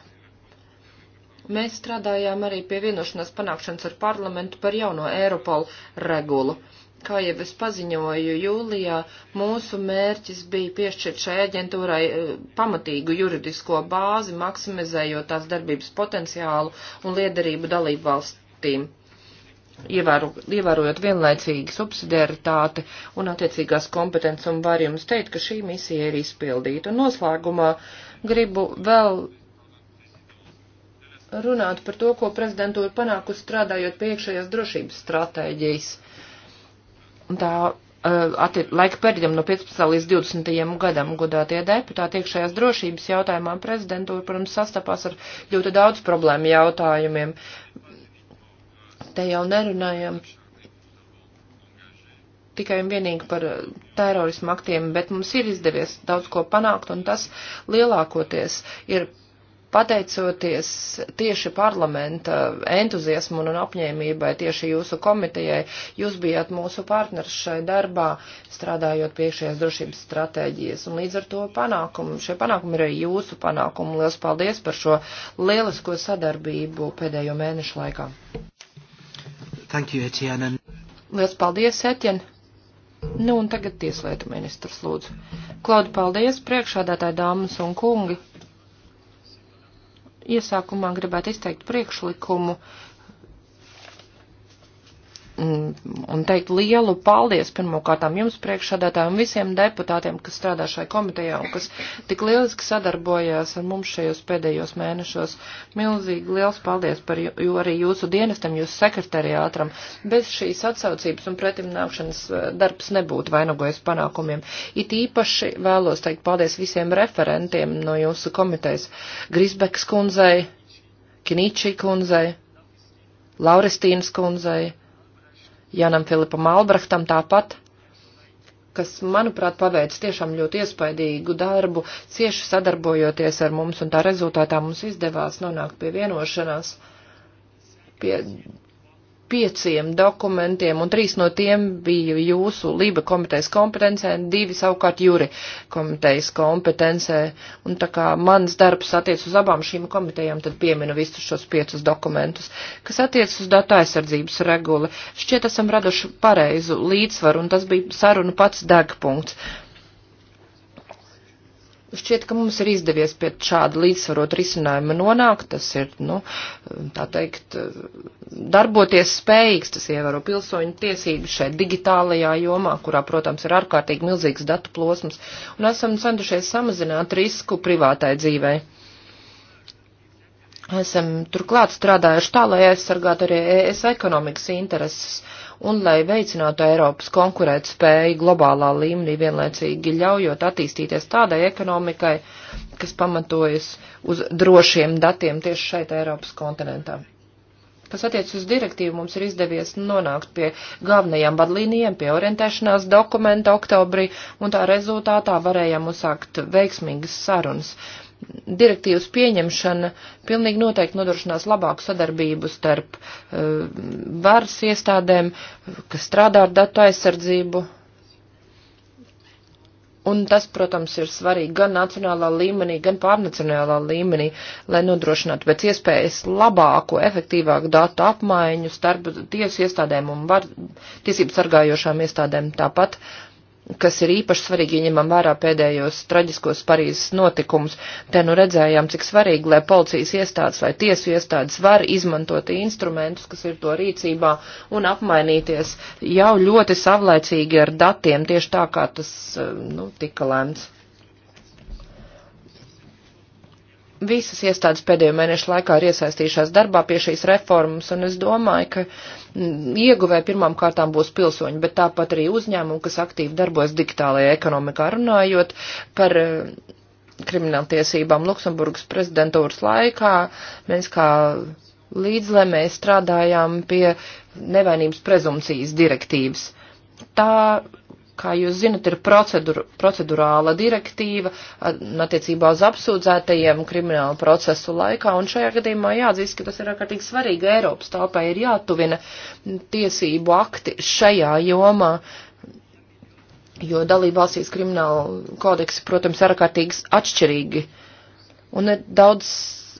Mēs strādājām arī pie vienošanās panākšanas ar parlamentu par jauno Eiropolu regulu kā jau es paziņoju jūlijā, mūsu mērķis bija piešķirt šai aģentūrai eh, pamatīgu juridisko bāzi, maksimizējot tās darbības potenciālu un liederību dalību valstīm. Ievēru, ievērojot vienlaicīgi subsidiaritāti un attiecīgās kompetences, un var jums teikt, ka šī misija ir izpildīta. Un noslēgumā gribu vēl runāt par to, ko prezidentūra panākusi strādājot pie iekšējās drošības stratēģijas. Uh, Un tā eh, attiec, laika periodam no 15. līdz 20. gadam godātie deputāti iekšējās drošības jautājumā prezidentūra, protams, sastapās ar ļoti daudz problēmu jautājumiem. Te jau nerunājam tikai un vienīgi par eh, terorismu aktiem, bet mums ir izdevies daudz ko panākt, un tas lielākoties ir pateicoties tieši parlamenta entuziasmu un apņēmībai, tieši jūsu komitejai, jūs bijāt mūsu partners šai darbā, strādājot pie šīs drošības stratēģijas. Un līdz ar to panākumu, šie panākumi ir arī jūsu panākumi. Lielas paldies par šo lielisko sadarbību pēdējo mēnešu laikā. Thank you, Etienne. Lielas paldies, Etienne. Nu un tagad tieslietu ministrs lūdzu. Klaudu, paldies, priekšādātāji dāmas un kungi. Iesākumā gribētu izteikt priekšlikumu un teikt lielu paldies pirmkārtām jums priekšsādātājiem, visiem deputātiem, kas strādā šai komitejā un kas tik lieliski sadarbojās ar mums šajos pēdējos mēnešos. Milzīgi liels paldies par jū, arī jūsu dienestam, jūsu sekretariātram. Bez šīs atsaucības un pretimnākšanas eh, darbs nebūtu vainagojas panākumiem. It īpaši vēlos teikt paldies visiem referentiem no jūsu komitejas Grisbeks kundzei, Kiničī kundzei, Laurestīnas kundzei. Janam Filipam Albrechtam tāpat kas, manuprāt, paveic tiešām ļoti iespaidīgu darbu, cieši sadarbojoties ar mums, un tā rezultātā mums izdevās nonākt pie vienošanās, pie pieciem dokumentiem, un trīs no tiem bija jūsu Lība komitejas kompetencē, divi savukārt Juri komitejas kompetencē. Un tā kā mans darbs attiec uz abām šīm komitejām, tad pieminu visus šos piecus dokumentus, kas attiec uz datu aizsardzības reguli. Šķiet esam raduši pareizu līdzsvaru, un tas bija saruna pats degpunkts. Šķiet, ka mums ir izdevies pie šāda līdzsvarot risinājuma nonākt, tas ir, nu, tā teikt, darboties spējīgs, tas ievēro pilsoņu tiesības šeit digitālajā jomā, kurā, protams, ir ārkārtīgi milzīgs datu plosums, un esam centušies samazināt risku privātai dzīvei. Esam turklāt strādājuši tā, lai aizsargātu arī ES ekonomikas intereses un lai veicinātu Eiropas konkurētspēju globālā līmenī vienlaicīgi ļaujot attīstīties tādai ekonomikai, kas pamatojas uz drošiem datiem tieši šeit Eiropas kontinentā. Kas attiec uz direktīvu, mums ir izdevies nonākt pie galvenajām vadlīnijām, pie orientēšanās dokumenta oktobrī, un tā rezultātā varējām uzsākt veiksmīgas sarunas direktīvas pieņemšana pilnīgi noteikti nodrošinās labāku sadarbību starp uh, varas iestādēm, kas strādā ar datu aizsardzību. Un tas, protams, ir svarīgi gan nacionālā līmenī, gan pārnacionālā līmenī, lai nodrošinātu pēc iespējas labāku, efektīvāku datu apmaiņu starp tiesu iestādēm un var, tiesību sargājošām iestādēm. Tāpat uh, kas ir īpaši svarīgi, ja ņemam vērā pēdējos traģiskos Parīzes notikumus. Te nu redzējām, cik svarīgi, lai policijas iestādes vai tiesu iestādes var izmantot instrumentus, kas ir to rīcībā, un apmainīties jau ļoti savlaicīgi ar datiem, tieši tā, kā tas eh, nu, tika lēmts. visas iestādes pēdējo mēnešu laikā ir iesaistījušās darbā pie šīs reformas, un es domāju, ka mm, ieguvēja pirmām kārtām būs pilsoņi, bet tāpat arī uzņēmumi, kas aktīvi darbojas digitālajā ekonomikā, runājot par eh, krimināltiesībām Luksemburgas prezidentūras laikā. Mēs kā līdzlemēji strādājām pie nevainības prezumcijas direktīvas. Tā kā jūs zinat, ir procedur, procedurāla direktīva attiecībā uz apsūdzētajiem kriminālu procesu laikā, un šajā gadījumā jāatzīst, ka tas ir ārkārtīgi svarīgi. Eiropas telpai ir jātuvina tiesību akti šajā jomā, jo dalībvalstīs krimināla kodeksi, protams, ir ārkārtīgi atšķirīgi. Un ir daudz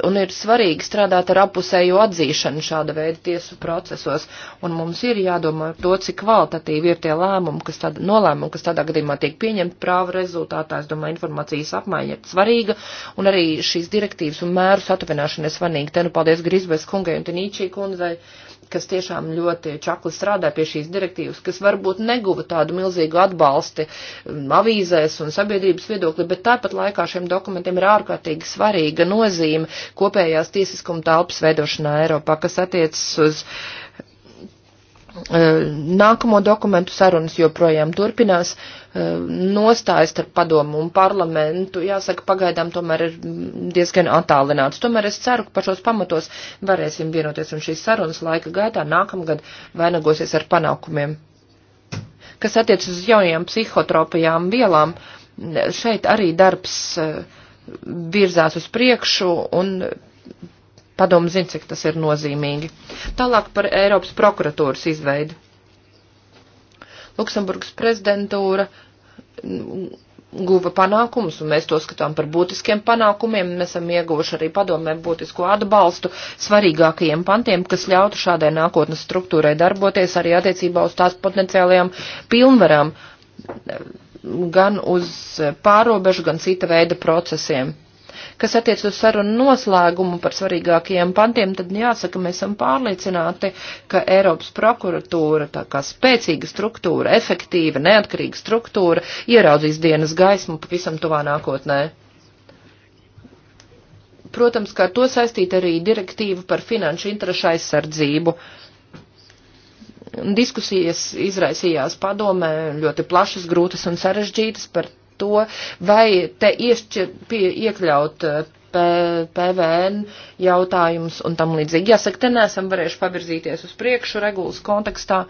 un ir svarīgi strādāt ar apusējo atzīšanu šāda veida tiesu procesos, un mums ir jādomā par to, cik kvalitatīvi ir tie lēmumi, kas tad nolēmumi, kas tādā gadījumā tiek pieņemti prāva rezultātā. Es domāju, informācijas apmaiņa ir svarīga, un arī šīs direktīvas un mēru satuvināšana ir svarīga. Te nu paldies Grisbēs kungai un Tenīčī kundzei. Uh, kas tiešām ļoti čakli strādā pie šīs direktīvas, kas varbūt neguva tādu milzīgu atbalsti mm, avīzēs un sabiedrības viedokli, bet tāpat laikā šiem dokumentiem ir ārkārtīgi svarīga nozīme kopējās tiesiskuma telpas veidošanā Eiropā, kas attiecas uz uh, Eh, nākamo dokumentu sarunas joprojām turpinās, eh, nostājas ar padomu un parlamentu, jāsaka, pagaidām tomēr ir diezgan attālināts. Tomēr es ceru, ka par šos pamatos varēsim vienoties un šīs sarunas laika gaitā nākamgad vainagosies ar panākumiem. Kas attiec uz jaunajām psihotropajām vielām, šeit arī darbs eh, virzās uz priekšu un Padomu zina, cik tas ir nozīmīgi. Tālāk par Eiropas prokuratūras izveidu. Luksemburgas prezidentūra mm, guva panākumus, un mēs to skatām par būtiskiem panākumiem. Mēs esam ieguvuši arī padomē būtisko atbalstu svarīgākajiem pantiem, kas ļautu šādai nākotnes struktūrai darboties arī attiecībā uz tās potenciālajām pilnvarām, gan uz pārobežu, gan cita veida procesiem. Kas attiec uz sarunu noslēgumu par svarīgākajiem pantiem, tad jāsaka, mēs esam pārliecināti, ka Eiropas prokuratūra, tā kā spēcīga struktūra, efektīva, neatkarīga struktūra, ieraudzīs dienas gaismu pavisam tuvā nākotnē. Protams, kā to saistīt arī direktīva par finanšu interešu aizsardzību, diskusijas izraisījās padomē ļoti plašas, grūtas un sarežģītas par to, vai te iešķir, pie, iekļaut eh, PVN jautājumus un tam līdzīgi. Jāsaka, te nesam varējuši pavirzīties uz priekšu regulas kontekstā.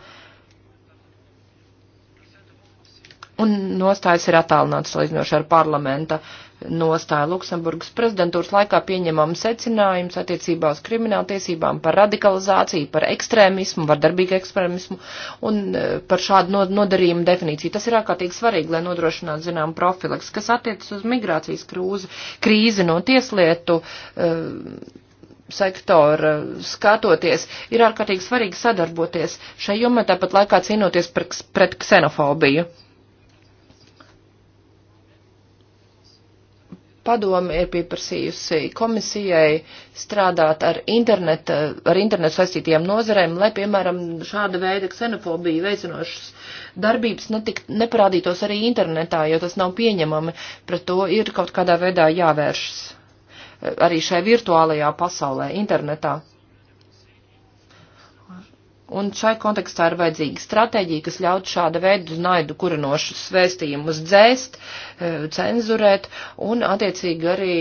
Un nostājas ir attālināts salīdzinoši ar parlamenta nostāja Luksemburgas prezidentūras laikā pieņemam secinājums attiecībā uz kriminālu tiesībām par radikalizāciju, par ekstrēmismu, vardarbīgu ekstrēmismu un e, par šādu nodarījumu definīciju. Tas ir ārkārtīgi svarīgi, lai nodrošinātu zinām profilaks, kas attiecas uz migrācijas krūzi, krīzi no tieslietu. Uh, sektora skatoties, ir ārkārtīgi svarīgi sadarboties šai jomā, tāpat laikā cīnoties pret ksenofobiju. Padome ir pieprasījusi komisijai strādāt ar, internet, ar internetu saistītiem nozarēm, lai, piemēram, šāda veida ksenofobija veicinošas darbības netik, neparādītos arī internetā, jo tas nav pieņemami. Pret to ir kaut kādā veidā jāvēršas eh, arī šai virtuālajā pasaulē, internetā. Un šai kontekstā ir vajadzīga stratēģija, kas ļautu šāda veidu naidu kurinošus svēstījumus dzēst, e, cenzurēt un attiecīgi arī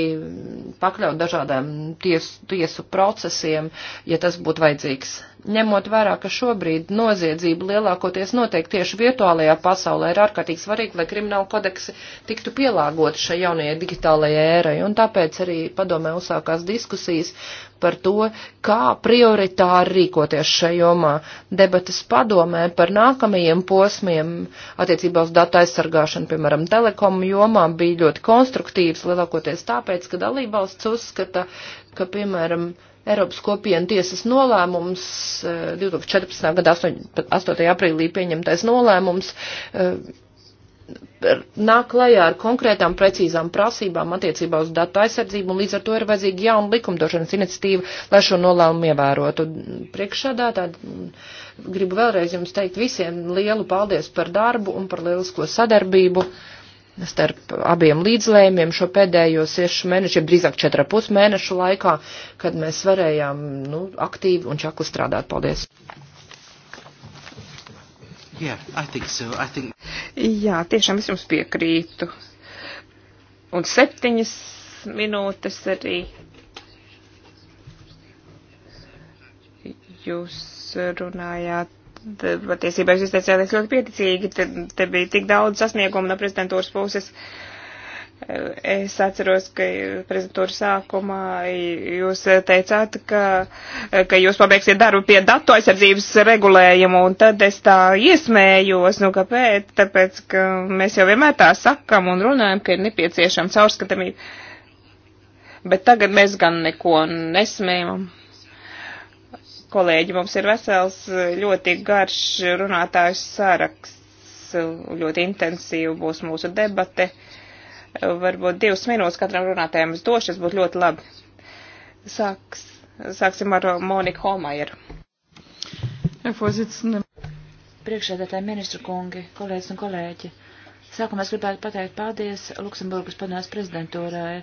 pakļaut dažādām ties, tiesu procesiem, ja tas būtu vajadzīgs ņemot vērā, ka šobrīd noziedzība lielākoties notiek tieši virtuālajā pasaulē, ir ārkārtīgi svarīgi, lai krimināla kodeksi tiktu pielāgoti šai jaunajai digitālajai ērai. Un tāpēc arī padomē uzsākās diskusijas par to, kā prioritāri rīkoties šai jomā. Debatas padomē par nākamajiem posmiem attiecībā uz datu aizsargāšanu, piemēram, telekomu jomā bija ļoti konstruktīvs, lielākoties tāpēc, ka dalībvalsts uzskata, ka, piemēram, Eiropas kopienu tiesas nolēmums, 2014. Eh, gada 8, 8. aprīlī pieņemtais nolēmums, eh, nāk klajā ar konkrētām precīzām prasībām attiecībā uz datu aizsardzību, un līdz ar to ir vajadzīga jauna likumdošanas iniciatīva, lai šo nolēmumu ievērotu. Priekšādā tā gribu vēlreiz jums teikt visiem lielu paldies par darbu un par lielisko sadarbību. Uh, starp abiem līdzlējumiem šo pēdējo sešu mēnešu, ja drīzāk četra pus mēnešu laikā, kad mēs varējām nu, aktīvi un čakli strādāt. Paldies! Yeah, I think so. I think... Jā, tiešām es jums piekrītu. Un septiņas minūtes arī jūs runājāt patiesībā jūs teicāt ļoti pieticīgi, te, te bija tik daudz sasniegumu no prezidentūras puses. Es atceros, ka prezidentūras sākumā jūs teicāt, ka, ka jūs pabeigsiet darbu pie datu aizsardzības regulējumu, un tad es tā iesmējos, nu kāpēc, tāpēc, ka mēs jau vienmēr tā sakam un runājam, ka ir nepieciešama caurskatamība. Bet tagad mēs gan neko nesmējam kolēģi, mums ir vesels ļoti garš runātājs saraksts, ļoti intensīva būs mūsu debate. Varbūt divas minūtes katram runātājam es došu, tas būtu ļoti labi. Sāks, sāksim ar Moniku Holmajeru. Priekšsēdētāji ministru kungi, kolēģis un kolēģi. Sākumā es gribētu pateikt paldies Luksemburgas padomās prezidentūrai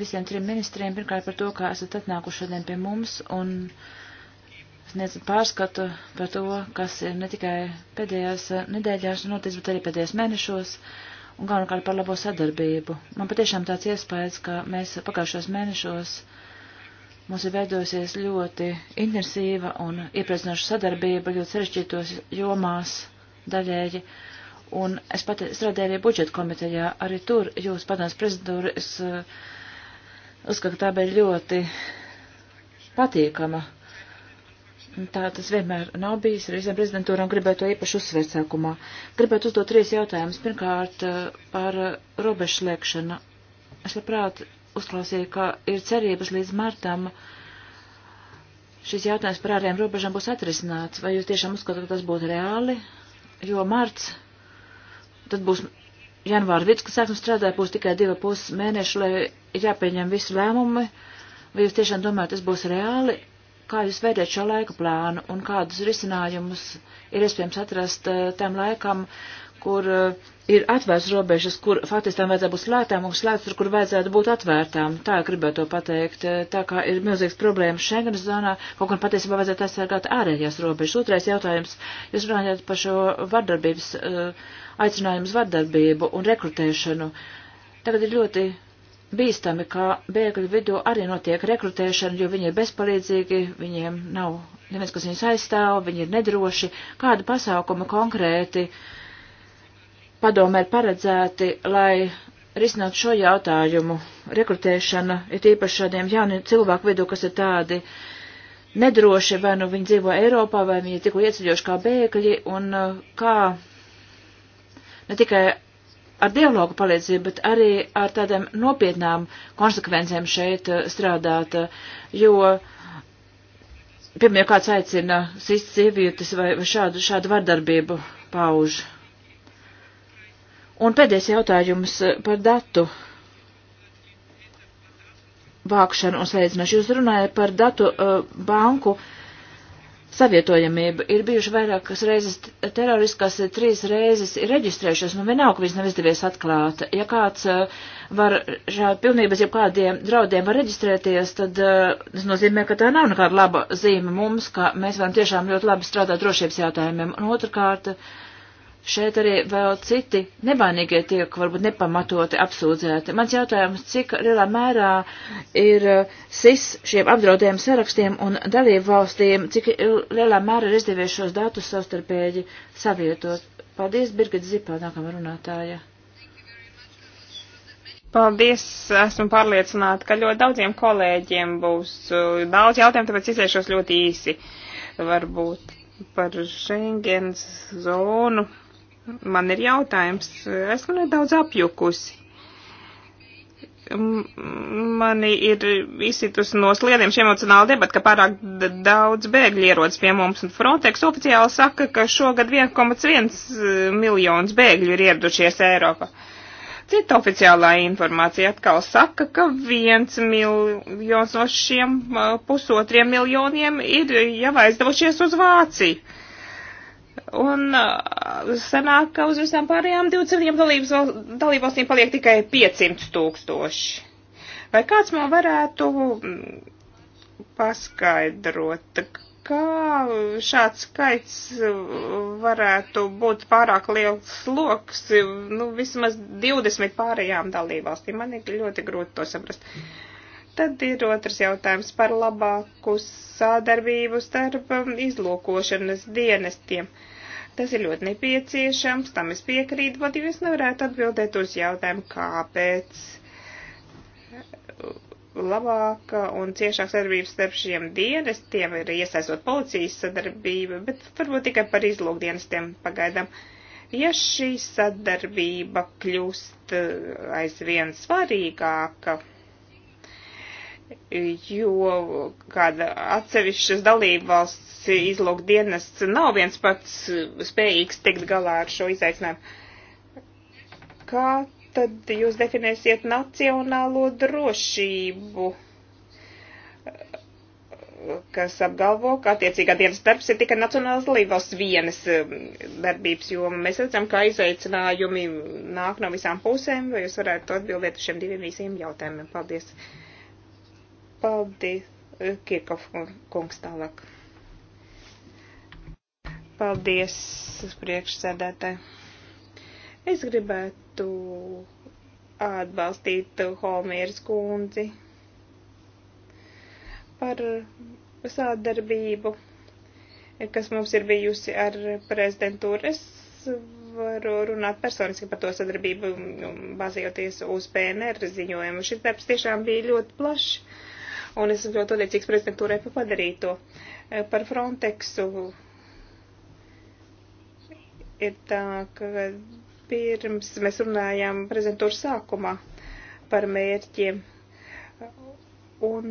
visiem trim ministriem, pirmkārt par to, ka esat atnākuši šodien pie mums un uh, sniedz pārskatu par to, kas ir ne tikai pēdējās nedēļās noticis, bet arī pēdējos mēnešos, un galvenokārt par labo sadarbību. Man patiešām tāds iespējas, ka mēs pagājušos mēnešos mums ir veidojusies ļoti intensīva un iepriecinoša sadarbība ļoti sarežģītos jomās daļēji. Un es pati strādāju arī budžeta komitejā, arī tur jūs padomus prezidentūru, es eh, uzskatu, ka tā bija ļoti patīkama Tā tas vienmēr nav bijis ar visiem prezidentūram, gribētu to īpaši uzsvērt sākumā. Gribētu uzdot trīs jautājumus. Pirmkārt, par robežu slēgšanu. Es labprāt uzklausīju, ka ir cerības līdz martam šis jautājums par ārējām robežām būs atrisināts. Vai jūs tiešām uzskatāt, ka tas būtu reāli? Jo marts, tad būs janvāra vidus, kad sāksim strādāt, būs tikai divi pusi mēneši, lai jāpieņem visi lēmumi. Vai jūs tiešām domājat, tas būs reāli? Kā jūs vērtējat šo laika plānu un kādus risinājumus ir iespējams atrast eh, tam laikam, kur eh, ir atvērts robežas, kur faktiski tam vajadzētu būt slēgtām un slēgts tur, kur vajadzētu būt atvērtām. Tā gribētu to pateikt. Eh, tā kā ir milzīgs problēmas Schengenas zonā, kaut gan patiesībā vajadzētu aizsargāt ārējās robežas. Otrais jautājums. Jūs runājat par šo vardarbības, aicinājumu uz vardarbību un rekrutēšanu. Tagad ir ļoti bīstami, ka bēgļu vidū arī notiek rekrutēšana, jo viņi ir bezpalīdzīgi, viņiem nav neviens, kas viņus aizstāv, viņi ir nedroši. Kādu pasākumu konkrēti padomē ir paredzēti, lai risināt šo jautājumu. Rekrutēšana ir īpaši šādiem jauniem cilvēku vidū, kas ir tādi nedroši, vai nu viņi dzīvo Eiropā, vai viņi ir tikko ieceļojuši kā bēgļi, un uh, kā ne tikai ar dialogu palīdzību, bet arī ar tādām nopietnām konsekvencēm šeit eh, strādāt, eh, jo, piemēram, kāds aicina sist sievietes vai, vai šādu, šādu vardarbību pauž. Un pēdējais jautājums eh, par datu vākšanu un sveicināšanu. Jūs runājat par datu uh, banku. Uh, savietojamība. Ir bijuši vairākas reizes teroristi, kas trīs reizes ir reģistrējušies, nu vienalga, ka viņas nav izdevies atklāt. Ja kāds eh, var šādi pilnības, ja kādiem draudiem var reģistrēties, tad eh, tas nozīmē, ka tā nav nekāda laba zīme mums, ka mēs varam tiešām ļoti labi strādāt drošības jautājumiem. Un otrkārt, uh, šeit arī vēl citi nevainīgie tiek varbūt nepamatoti apsūdzēti. Mans jautājums, cik lielā mērā ir eh, SIS šiem apdraudējumu sarakstiem un dalību valstīm, cik lielā mērā ir izdevies šos datus savstarpēji savietot. Paldies, Birgit Zipā, nākamā runātāja. Paldies, esmu pārliecināta, ka ļoti daudziem kolēģiem būs eh, daudz jautājumu, tāpēc iziešu ļoti īsi, varbūt par Schengens zonu man ir jautājums. Esmu nedaudz apjukusi. Mani ir izsitus no sliediem šī emocionāla debata, ka pārāk daudz bēgļi ierodas pie mums, un Frontex oficiāli saka, ka šogad 1,1 e, miljonus bēgļu ir ieradušies Eiropā. Cita oficiālā informācija atkal saka, ka viens miljons no šiem e, pusotriem miljoniem ir jau aizdevušies uz Vāciju Un sanāk, ka uz visām pārējām 27 dalībvalstīm paliek tikai 500 tūkstoši. Vai kāds man varētu mm, paskaidrot, kā šāds skaits varētu būt pārāk liels sloks, nu, vismaz 20 pārējām dalībvalstīm? Man ir ļoti grūti to saprast. Mm. Tad ir otrs jautājums par labāku sādarbību starp um, izlūkošanas dienestiem. Tas ir ļoti nepieciešams, tam es piekrītu, bet jūs nevarētu atbildēt uz jautājumu, kāpēc labāka un ciešāka sadarbība starp šiem dienestiem ir iesaistot policijas sadarbību, bet varbūt tikai par izlūkdienestiem pagaidām ja šī sadarbība kļūst uh, aizvien svarīgāka, jo kāda atsevišķas dalībvalsts izlūk dienests nav viens pats spējīgs tikt galā ar šo izaicinājumu. Kā tad jūs definēsiet nacionālo drošību, kas apgalvo, ka attiecīgā dienas darbs ir tikai nacionālas dalībvalsts vienas um, darbības, jo mēs redzam, kā izaicinājumi nāk no visām pusēm, vai jūs varētu atbildēt uz šiem diviem īsiem jautājumiem. Paldies! Uh, Paldies, Kirkov kungs tālāk. Paldies, priekšsēdētāji. Es gribētu atbalstīt Holmieras kundzi par sādarbību, kas mums ir bijusi ar prezidentūru. Es varu runāt personiski par to sadarbību, nu, bazējoties uz PNR ziņojumu. Šis darbs tiešām bija ļoti plašs un esmu ļoti pateicīgs prezidentūrai par padarīto. Eh, par Frontexu ir tā, ka pirms mēs runājām prezidentūras sākumā par mērķiem, un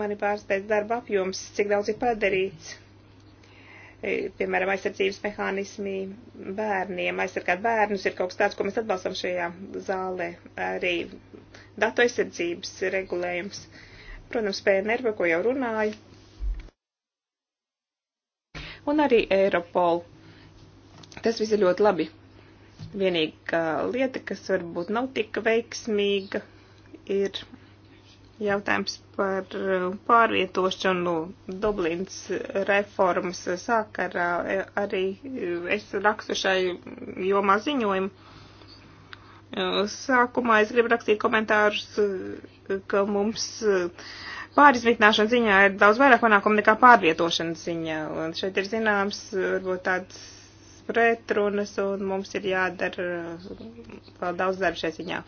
mani pārsteidz darba apjoms, cik daudz ir padarīts eh, piemēram, aizsardzības mehānismi bērniem, aizsargāt bērnus ir kaut kas tāds, ko mēs atbalstam šajā zālē, arī datu aizsardzības regulējums. Uh, protams, PNR, par ko jau runāju, un arī Eiropol. Tas viss ir ļoti labi. Vienīgā lieta, kas varbūt nav tik veiksmīga, ir jautājums par pārvietošanu Dublīnas reformas sākarā. Arī es rakstu šai jomā ziņojumu. Sākumā es gribu rakstīt komentārus, ka mums eh, pārizmitināšana ziņā ir daudz vairāk panākumu nekā pārvietošanas ziņā. Un šeit ir zināms, varbūt tāds pretrunas, un mums ir jādara vēl daudz darba šajā ziņā.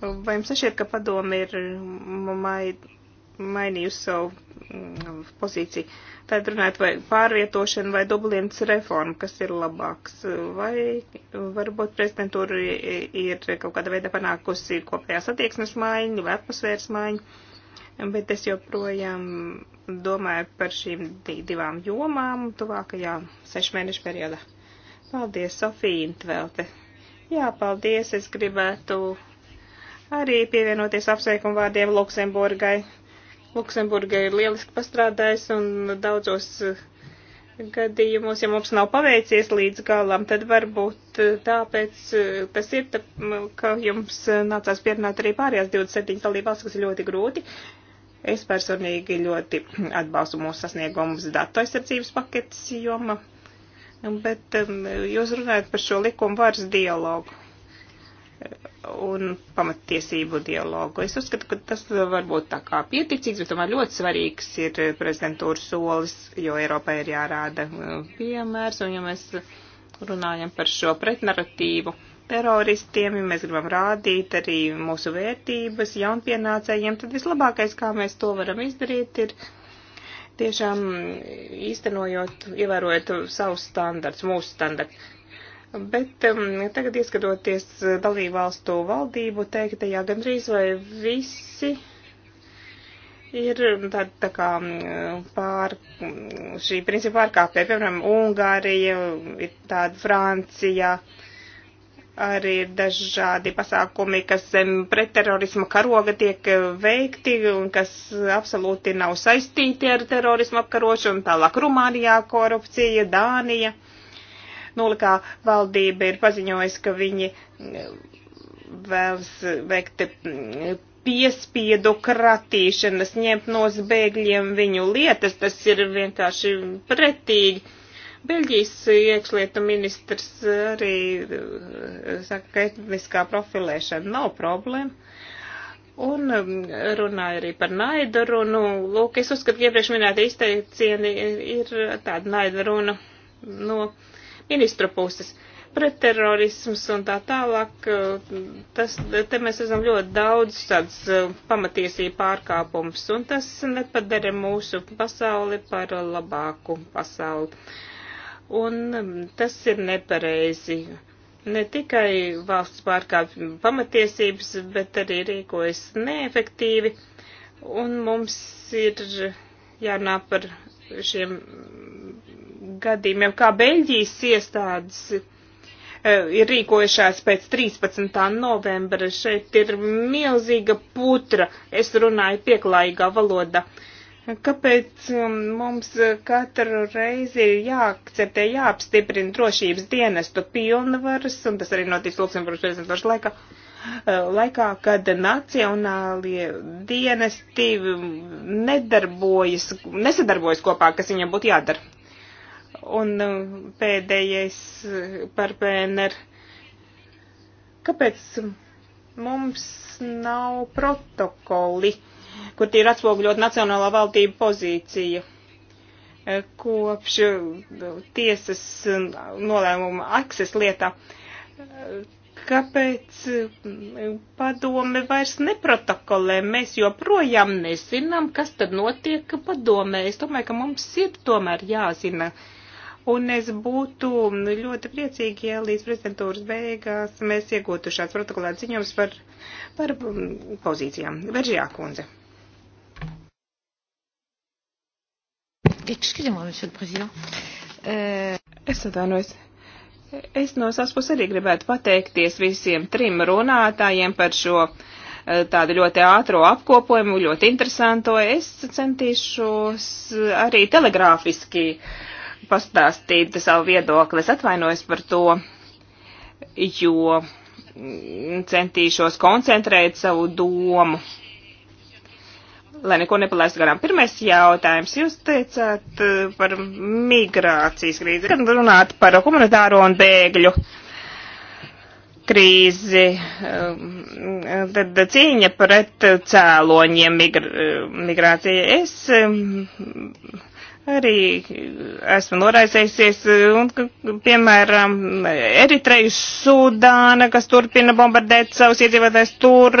Vai jums nešķiet, ka padomi ir maid, mainījusi savu mm, pozīciju. Tad runājot vai pārvietošanu vai dublienas reformu, kas ir labāks, vai varbūt prezidentūra ir kaut kāda veida panākusi kopējās attieksmes maiņu vai atmosfēras maiņu, bet es joprojām domāju par šīm divām jomām tuvākajā sešu mēnešu periodā. Paldies, Sofija Intvelte. Jā, paldies, es gribētu arī pievienoties apsveikumu vārdiem Luksemburgai Luksemburga ir lieliski pastrādājis un daudzos eh, gadījumos, ja mums nav paveicies līdz galam, tad varbūt eh, tāpēc eh, tas ir, tā, ka jums nācās pierunāt arī pārējās 27 dalībās, kas ir ļoti grūti. Es personīgi ļoti atbalstu mūsu sasniegumus datu aizsardzības paketes joma, bet jūs runājat par šo likumu varas dialogu un pamatiesību dialogu. Es uzskatu, ka tas varbūt tā kā pieticīgs, bet tomēr ļoti svarīgs ir prezidentūras solis, jo Eiropai ir jārāda uh, piemērs, un ja mēs runājam par šo pretnaratīvu teroristiem, ja mēs gribam rādīt arī mūsu vērtības jaunpienācējiem, tad vislabākais, kā mēs to varam izdarīt, ir tiešām īstenojot, ievērojot savus standarts, mūsu standarts Bet um, tagad ieskatoties uh, dalībvalstu valdību teiktajā, gandrīz vai visi ir um, tā, tā kā um, pār um, šī principa pārkāpē, piemēram, Ungārija, ir tāda Francija, arī ir dažādi pasākumi, kas zem pretterorisma karoga tiek uh, veikti un kas absolūti nav saistīti ar terorismu apkarošanu, tālāk Rumānijā korupcija, Dānija. Uh, Nulikā valdība ir paziņojusi, ka viņi e, vēlas veikt mm, piespiedu kratīšanas, ņemt no zbēgļiem viņu lietas, tas ir vienkārši pretīgi. Beļģijas iekšlietu ministrs arī e, saka, ka etniskā profilēšana nav problēma. Un mm, runāja arī par naidu runu. Lūk, es uzskatu, ka iepriekš minēta izteicieni ir tāda naida runa no. Uh, ministru puses. Pretterorisms un tā tālāk, eh, tas, te mēs redzam ļoti daudz tāds eh, pamatiesību pārkāpums, un tas nepadara mūsu pasauli par labāku pasauli. Un mm, tas ir nepareizi ne tikai valsts pārkāpj pamatiesības, bet arī rīkojas neefektīvi, un mums ir jārunā par šiem gadījumiem, kā Beļģijas iestādes e, ir rīkojušās pēc 13. novembra. Šeit ir milzīga putra, es runāju pieklājīgā valoda. Kāpēc um, mums katru reizi ir jāakceptē, jāapstiprina drošības dienestu pilnvaras, un tas arī notiks Luksemburgas prezidentūras laikā, e, laikā, kad nacionālie dienesti nedarbojas, nesadarbojas kopā, kas viņiem būtu jādara. Un uh, pēdējais uh, par PNR. Kāpēc mums nav protokoli, kur tie ir atspogļot nacionālā valdība pozīcija? Uh, kopš tiesas nolēmuma akses lietā kāpēc padome vairs neprotokolē. Mēs joprojām nezinām, kas tad notiek padomē. Es domāju, ka mums ir tomēr jāzina, Un es būtu ļoti priecīgi, ja līdz prezidentūras beigās mēs iegūtu šāds protokolēts ziņojums par, par mm, pozīcijām. Veržijā kundze. Euh, es atvainojos. Es no savas puses arī gribētu pateikties visiem trim runātājiem par šo eh, tādu ļoti ātro apkopojumu, ļoti interesanto. Es centīšos eh, arī telegrāfiski uh, pastāstīt savu viedokli. Es atvainojos par to, jo centīšos koncentrēt savu domu, lai neko nepalaistu garām. Pirmais jautājums. Jūs teicāt eh, par migrācijas krīzi, kad runāt par humanitāro un bēgļu krīzi, eh, tad cīņa pret cēloņiem migrācija. Es eh, arī esmu noraizējusies, un, piemēram, Eritreju Sudāna, kas turpina bombardēt savus iedzīvotājus tur,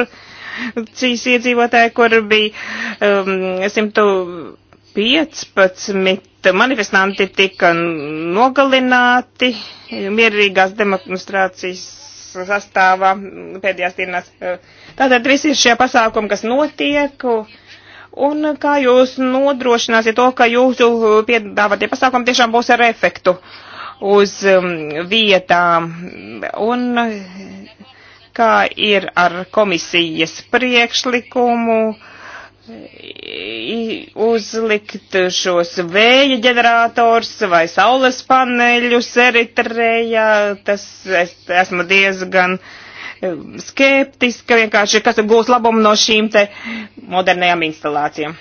cīs iedzīvotāji, kur bija um, 115 manifestanti tika nogalināti mierīgās demonstrācijas sastāvā pēdējās dienās. Tātad visi šie pasākumi, kas notiek, uh, Un kā jūs nodrošināsiet to, ka jūsu piedāvātie pasākumi tiešām būs ar efektu uz um, vietām? Un uh, kā ir ar komisijas priekšlikumu? uzlikt šos vēja ģenerators vai saules paneļus Eritrejā. Tas es, esmu diezgan uh, skeptiska vienkārši, kas gūs labumu no šīm te modernajām instalācijām.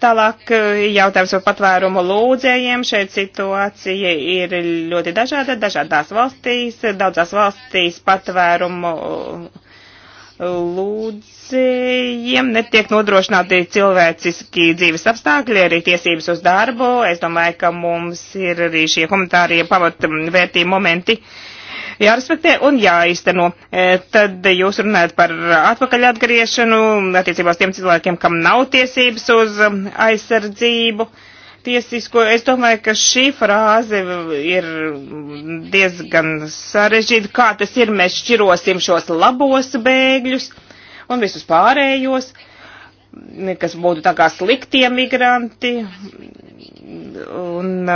Tālāk eh, jautājums par patvērumu lūdzējiem. Šeit situācija ir ļoti dažāda. Dažādās valstīs, daudzās valstīs patvērumu eh, lūdzējiem netiek nodrošināti cilvēciski dzīves apstākļi, arī tiesības uz darbu. Es domāju, ka mums ir arī šie komentārie pamatvērtīgi momenti. Uh, jārespektē un jāizteno. E, tad jūs runājat par atpakaļ atgriešanu attiecībās tiem cilvēkiem, kam nav tiesības uz aizsardzību. Tiesisko, es domāju, ka šī frāze ir diezgan sarežģīta. Kā tas ir, mēs šķirosim šos labos bēgļus un visus pārējos kas būtu tā kā slikti emigranti. Un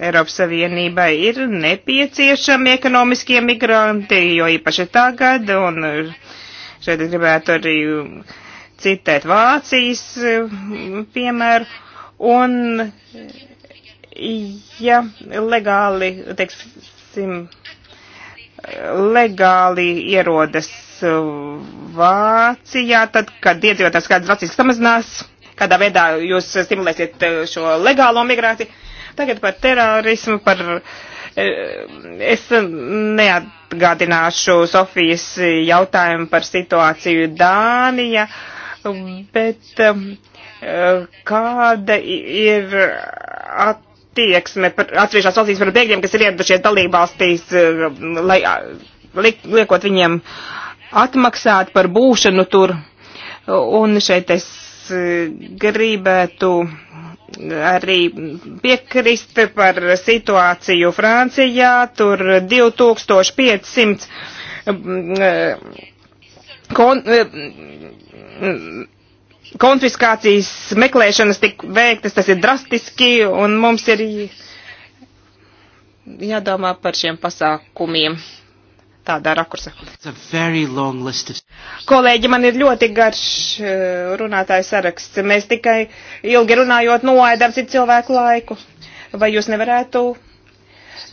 Eiropas Savienībai ir nepieciešami ekonomiskie migranti, jo īpaši tagad, un šeit gribētu arī citēt Vācijas mm, piemēru, un ja legāli, teiksim, legāli ierodas Vācijā, tad, kad iedzīvotājs kāds drastiski samazinās, kādā veidā jūs stimulēsiet šo legālo migrāciju, Tagad par terorismu, par. Eh, es neatgādināšu Sofijas jautājumu par situāciju Dānija, bet eh, kāda ir attieksme par atsevišķās valstīs par bēgļiem, kas ir ieradušies dalībvalstīs, eh, lai liekot viņiem atmaksāt par būšanu tur. Un šeit es gribētu arī piekrist par situāciju Francijā, tur 2500 mm, kon, mm, konfiskācijas meklēšanas tik veiktas, tas ir drastiski, un mums ir jādomā par šiem pasākumiem tādā rakursa. Of... Kolēģi, man ir ļoti garš eh, runātājs saraksts. Mēs tikai ilgi runājot noēdam citu cilvēku laiku. Vai jūs nevarētu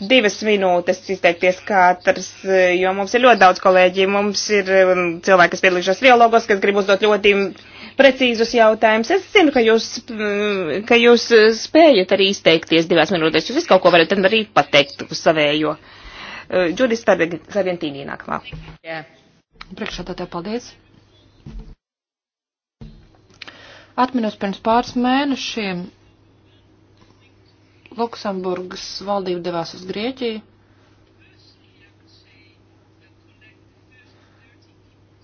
divas minūtes izteikties katrs, eh, jo mums ir ļoti daudz kolēģi. Mums ir um, cilvēki, kas piedalījušās trialogos, kas grib uzdot ļoti precīzus jautājumus. Es zinu, ka jūs, mm, ka jūs eh, spējat arī izteikties divās minūtēs. Jūs visu kaut ko varat arī pateikt uz savējo. Uh, Džudis eh, Sargentīnī nākamā. Yeah. Priekšādātē paldies. Atminos pirms pāris mēnešiem Luksemburgas valdība devās uz Grieķiju.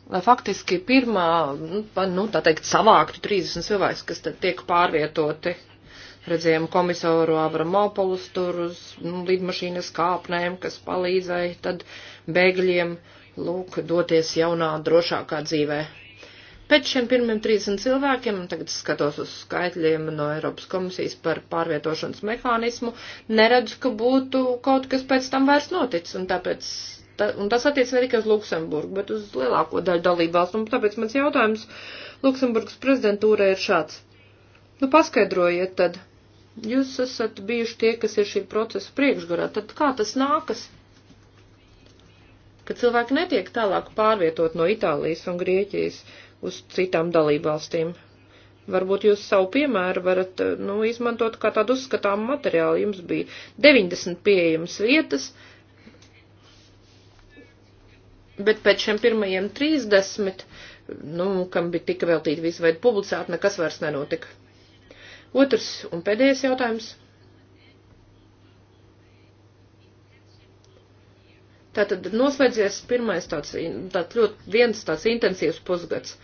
lai faktiski pirmā, nu, nu tā teikt, savāktu 30 cilvēkus, kas tad tiek pārvietoti Redzējām komisāru Avramopolus tur uz nu, lidmašīnas kāpnēm, kas palīdzēja tad bēgļiem, lūk, doties jaunā, drošākā dzīvē. Pēc šiem pirmiem 30 cilvēkiem, tagad skatos uz skaitļiem no Eiropas komisijas par pārvietošanas mehānismu, neredzu, ka būtu kaut kas pēc tam vairs noticis, un tāpēc Ta, un tas attiec ne tikai uz Luksemburgu, bet uz lielāko daļu dalībvalstu, un tāpēc mans jautājums Luksemburgas prezidentūrai ir šāds. Nu, paskaidrojiet tad, Jūs esat bijuši tie, kas ir šī procesa priekšgarā. Tad kā tas nākas, ka cilvēki netiek tālāk pārvietot no Itālijas un Grieķijas uz citām dalībvalstīm? Varbūt jūs savu piemēru varat eh, nu, izmantot kā tādu uzskatāmu materiālu. Jums bija 90 pieejamas vietas, bet pēc šiem pirmajiem 30, nu, kam bija tika veltīti visu veidu publicēt, nekas vairs nenotika. Otrs un pēdējais jautājums. Tātad noslēdzies pirmais tāds, tāds ļoti viens tāds intensīvs pusgads.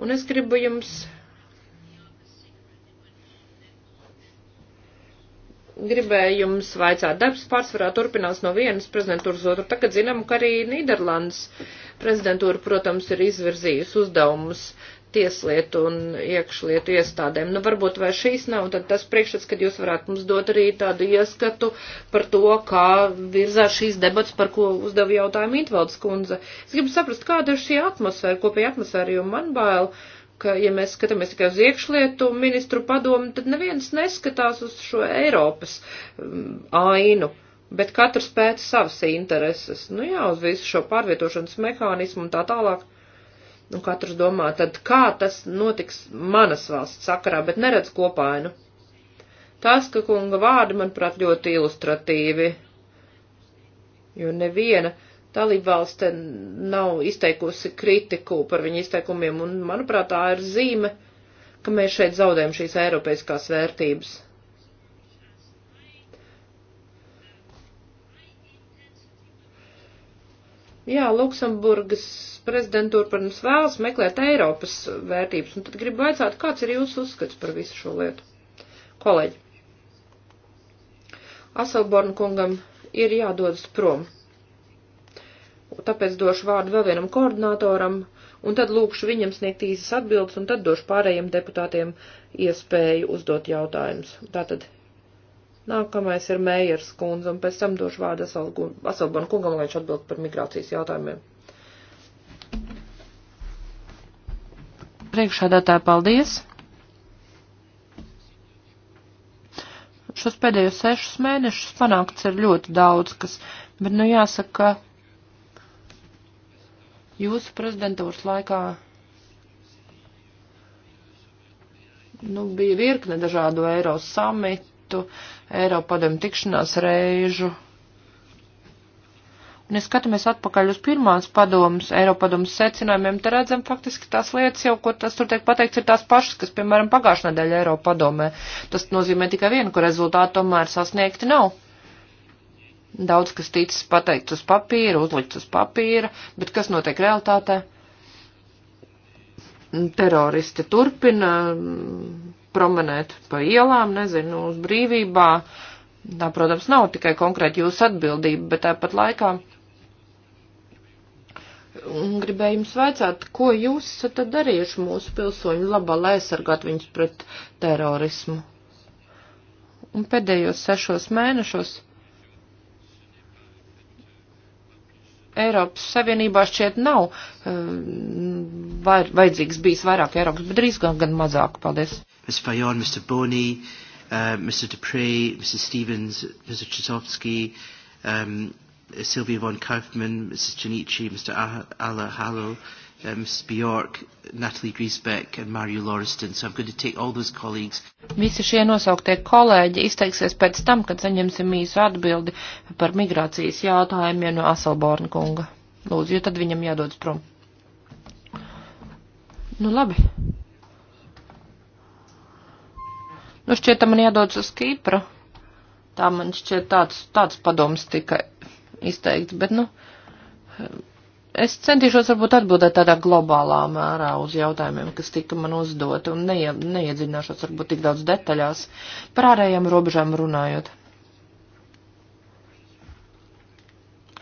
Un es gribu jums. Gribēju jums vaicāt, darbs pārsvarā turpinās no vienas prezidentūras otru. Tagad zinām, ka arī Nīderlandes prezidentūra, protams, ir izvirzījusi uzdevumus tieslietu un iekšlietu iestādēm. Nu, varbūt vai šīs nav, tad tas priekšsats, kad jūs varētu mums dot arī tādu ieskatu par to, kā virzās šīs debats, par ko uzdeva jautājumu Intvalds kundze. Es gribu saprast, kāda ir šī atmosfēra, kopēja atmosfēra, jo man bail, ka, ja mēs skatāmies tikai uz iekšlietu ministru padomu, tad neviens neskatās uz šo Eiropas um, ainu bet katrs pēc savas intereses, nu jā, uz visu šo pārvietošanas mehānismu un tā tālāk. Un nu, katrs domā, tad kā tas notiks manas valsts sakarā, bet neredz kopainu. Tas, ka kunga vārdi, manuprāt, ļoti ilustratīvi, jo neviena dalībvalsts te nav izteikusi kritiku par viņu izteikumiem, un, manuprāt, tā ir zīme, ka mēs šeit zaudējam šīs eiropeiskās vērtības. Jā, Luksemburgas prezidentūra, protams, vēlas meklēt Eiropas vērtības, un tad gribu vaicāt, kāds ir jūsu uzskats par visu šo lietu? Kolēģi, Aselborn kungam ir jādodas prom, tāpēc došu vārdu vēl vienam koordinatoram, un tad lūkšu viņam sniegt īsas atbildes, un tad došu pārējiem deputātiem iespēju uzdot jautājumus. Tātad Nākamais ir Meijers kundze, un pēc tam došu vārdu Aselbanu kungam, lai viņš atbild par migrācijas jautājumiem. Priekšādātāji, paldies! Šos pēdējos sešus mēnešus panākts ir ļoti daudz, kas, bet nu jāsaka, ka jūsu prezidentūras laikā nu, bija virkne dažādu Eiros samitu citu Eiropadomu tikšanās reižu. Un, ja skatāmies atpakaļ uz pirmās padomas, Eiropadomas secinājumiem, te redzam faktiski tās lietas jau, ko tas tur tiek pateikts, ir tās pašas, kas, piemēram, pagājušā nedēļa Eiropadomē. Tas nozīmē tikai vienu, ka rezultāti tomēr sasniegti nav. Daudz kas ticis pateikts uz papīra, uzlikts uz papīra, bet kas notiek realitātē? Teroristi turpina promenēt pa ielām, nezinu, uz brīvībā. Tā, protams, nav tikai konkrēti jūsu atbildība, bet tāpat laikā gribēju jums vaicāt, ko jūs esat darījuši mūsu pilsoņu labā, lai aizsargātu viņus pret terorismu. Un pēdējos sešos mēnešos Eiropas Savienībā šķiet nav um, vajadzīgs bijis vairāk Eiropas, bet drīz gan, gan mazāk. Paldies! Ms Fayon, Mr Boney, uh, Mr Dupre, Mrs Stevens, Mr Chisovsky, um, Sylvia von Kaufmann, Mrs Janici, Mr Ala Hallow, uh, Mrs Bjork, Natalie Griesbeck and Mario Lauriston. So I'm going to take all those colleagues. Visi šie nosauktie kolēģi izteiksies pēc tam, kad saņemsim īsu atbildi par migrācijas jautājumiem no Aselborna kunga. Lūdzu, jo tad viņam jādodas prom. Nu labi. Nu, šķiet, man jādodas uz Kīpru. Tā man šķiet tāds, tāds padoms tika izteikts, bet, nu, es centīšos varbūt atbildēt tādā globālā mērā uz jautājumiem, kas tika man uzdoti, un neie, neiedziļināšos varbūt tik daudz detaļās par ārējām robežām runājot.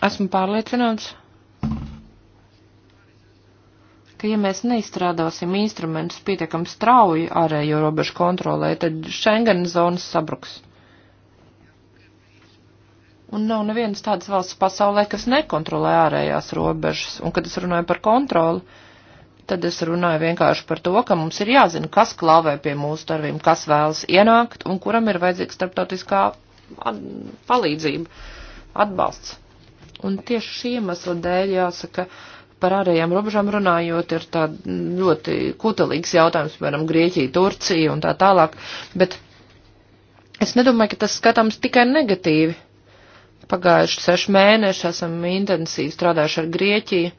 Esmu pārliecināts ka ja mēs neizstrādāsim instrumentus pietiekam strauji ārējo robežu kontrolē, tad Schengen zonas sabruks. Un nav nevienas tādas valsts pasaulē, kas nekontrolē ārējās robežas. Un, kad es runāju par kontroli, tad es runāju vienkārši par to, ka mums ir jāzina, kas klāvē pie mūsu darbiem, kas vēlas ienākt un kuram ir vajadzīga starptautiskā palīdzība, atbalsts. Un tieši šī iemesla dēļ jāsaka, par ārējām robežām runājot, ir tā ļoti kutelīgs jautājums, piemēram, Grieķija, Turcija un tā tālāk, bet es nedomāju, ka tas skatāms tikai negatīvi. Pagājuši seši mēneši esam intensīvi strādājuši ar Grieķiju.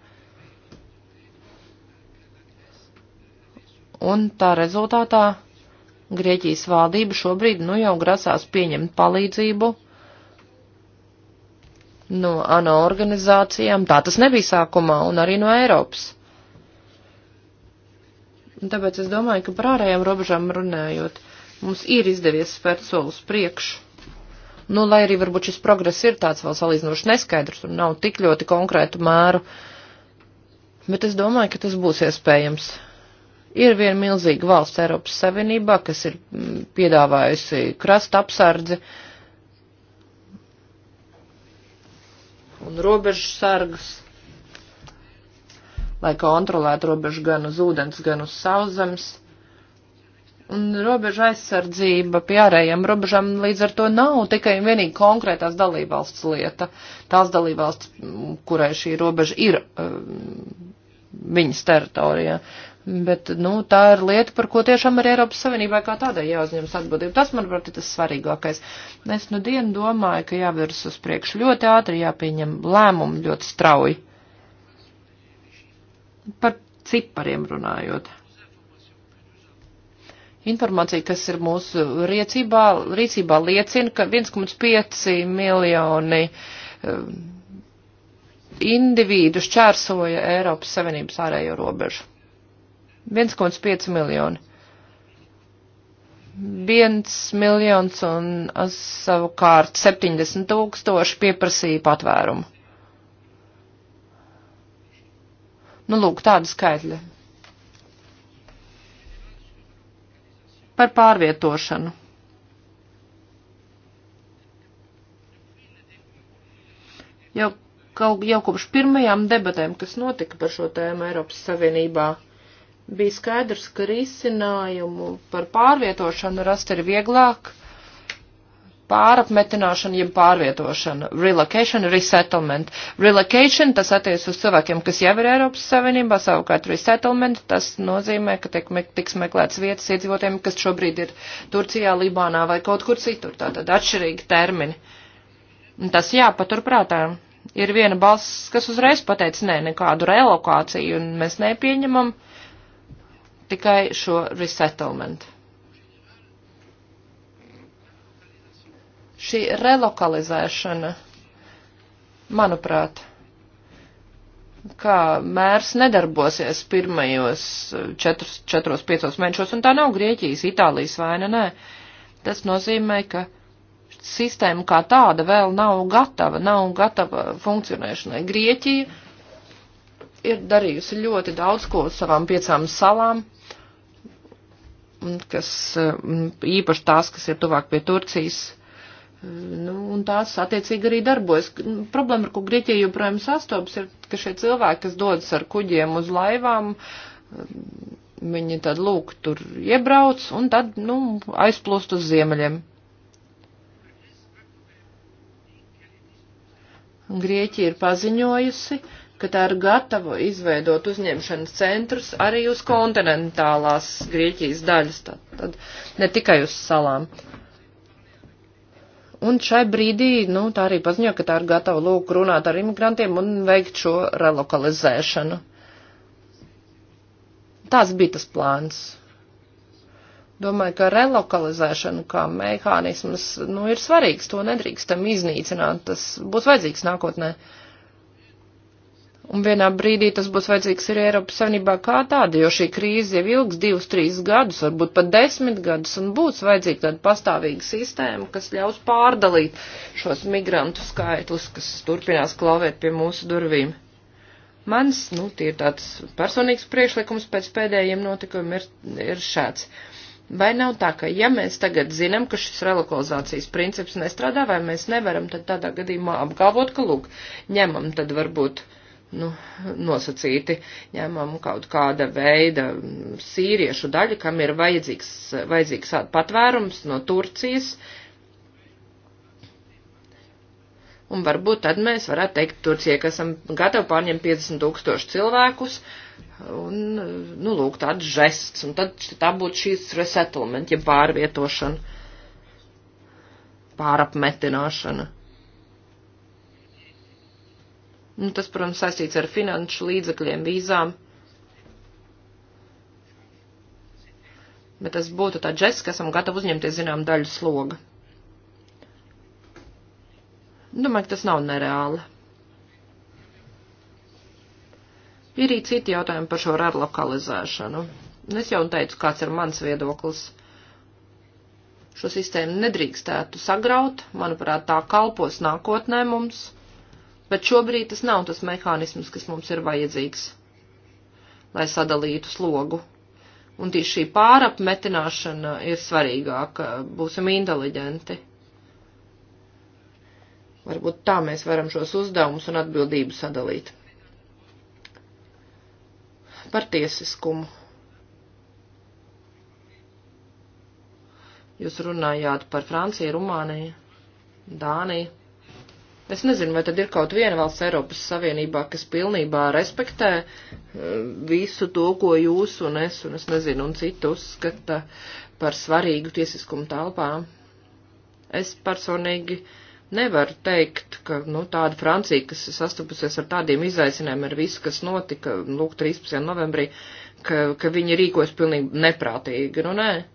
Un tā rezultātā Grieķijas valdība šobrīd nu jau grasās pieņemt palīdzību no ANO organizācijām. Tā tas nebija sākumā un arī no Eiropas. Un tāpēc es domāju, ka par ārējām robežām runājot, mums ir izdevies spērt solus priekšu. Nu, lai arī varbūt šis progress ir tāds vēl salīdzinoši neskaidrs un nav tik ļoti konkrētu mēru, bet es domāju, ka tas būs iespējams ir viena milzīga valsts Eiropas Savienībā, kas ir mm, piedāvājusi krasta apsardzi, un robežu sargus, lai kontrolētu robežu gan uz ūdens, gan uz sauszemes. Un robeža aizsardzība pie ārējām robežām līdz ar to nav tikai un vienīgi konkrētās dalībvalsts lieta. Tās dalībvalsts, kurai šī robeža ir um, viņas teritorijā. Bet, nu, tā ir lieta, par ko tiešām arī Eiropas Savienībai kā tādai jāuzņemas atbildība. Tas, manuprāt, ir tas svarīgākais. Es nu dienu domāju, ka jāvirs uz priekšu ļoti ātri, jāpieņem lēmumi ļoti strauji. Par cipariem runājot. Informācija, kas ir mūsu riecībā, rīcībā liecina, ka 1,5 miljoni um, individu šķērsoja Eiropas Savienības ārējo robežu. 1,5 miljoni. 1 miljons un savukārt 70 tūkstoši pieprasīja patvērumu. Nu, lūk, tāda skaitļa. Par pārvietošanu. Jau, kaut, jau kopš pirmajām debatēm, kas notika par šo tēmu Eiropas Savienībā, bija skaidrs, ka risinājumu par pārvietošanu rast ir vieglāk pārapmetināšana, jeb pārvietošana, relocation, resettlement. Relocation, tas attiec uz cilvēkiem, kas jau ir Eiropas Savienībā, savukārt resettlement, tas nozīmē, ka tiek, tiks meklēts vietas iedzīvotiem, kas šobrīd ir Turcijā, Libānā vai kaut kur citur. Tātad atšķirīgi termini. Un tas jāpaturprātā. Ir viena balss, kas uzreiz pateica, nē, nekādu relokāciju, un mēs nepieņemam. Uh, tikai šo resettlement. Šī relokalizēšana, manuprāt, kā mērs nedarbosies pirmajos 4-5 mēnešos, un tā nav Grieķijas, Itālijas vaina, nē. Tas nozīmē, ka sistēma kā tāda vēl nav gatava, nav gatava funkcionēšanai. Grieķija ir darījusi ļoti daudz ko savām piecām salām, kas mm, īpaši tās, kas ir tuvāk pie Turcijas, mm, nu, un tās attiecīgi arī darbojas. Mm, problēma, ar ko Grieķija joprojām sastopas, ir, ka šie cilvēki, kas dodas ar kuģiem uz laivām, viņi tad lūk tur iebrauc un tad, nu, aizplūst uz ziemeļiem. Grieķija ir paziņojusi, uh, ka tā ir gatava izveidot uzņemšanas centrus arī uz kontinentālās Grieķijas daļas, tad, tad ne tikai uz salām. Un šai brīdī, nu, tā arī paziņo, ka tā ir gatava lūk runāt ar imigrantiem un veikt šo relokalizēšanu. Tās bija tas plāns. Domāju, ka relokalizēšana kā mehānisms, nu, ir svarīgs, to nedrīkstam iznīcināt, tas būs vajadzīgs nākotnē. Uh, Un vienā brīdī tas būs vajadzīgs arī Eiropas Savienībā kā tāda, jo šī krīze jau ilgs divus, trīs gadus, varbūt pat desmit gadus, un būs vajadzīga tāda pastāvīga sistēma, kas ļaus pārdalīt šos migrantu skaitlus, kas turpinās klauvēt pie mūsu durvīm. Mans, nu, tie ir tāds personīgs priekšlikums pēc pēdējiem notikumiem ir, ir šāds. Vai nav tā, ka ja mēs tagad zinām, ka šis relokalizācijas princips nestrādā, vai mēs nevaram tad tādā gadījumā apgalvot, ka, lūk, ņemam tad varbūt nu, nosacīti, ņemam kaut kāda veida sīriešu daļa, kam ir vajadzīgs, vajadzīgs patvērums no Turcijas. Un varbūt tad mēs varētu teikt Turcijai, ka esam gatavi pārņemt 50 tūkstošu cilvēkus, un, nu, lūk, tāds žests, un tad tā būtu šīs resettlement, ja pārvietošana, pārapmetināšana. Nu, tas, protams, saistīts ar finanšu līdzekļiem, vīzām. Bet tas būtu tā džeks, ka esam gatavi uzņemties zinām daļu sloga. Domāju, ka tas nav nereāli. Ir arī citi jautājumi par šo relokalizēšanu. Nu, es jau teicu, kāds ir mans viedoklis. Šo sistēmu nedrīkstētu sagraut, manuprāt, tā kalpos nākotnē mums bet šobrīd tas nav tas mehānisms, kas mums ir vajadzīgs, lai sadalītu slogu. Un tieši šī pārapmetināšana ir svarīgāka, būsim inteliģenti. Varbūt tā mēs varam šos uzdevumus un atbildību sadalīt. Par tiesiskumu. Jūs runājāt par Franciju, Rumāniju, Dāniju. Es nezinu, vai tad ir kaut viena valsts Eiropas Savienībā, kas pilnībā respektē eh, visu to, ko jūs un es un es nezinu, un citu uzskata par svarīgu tiesiskumu telpām. Es personīgi nevaru teikt, ka, nu, tāda Francija, kas sastapusies ar tādiem izaicinājumiem, ar visu, kas notika, nu, lūk, 13. novembrī, ka, ka viņi rīkojas pilnīgi neprātīgi, nu, nē. Ne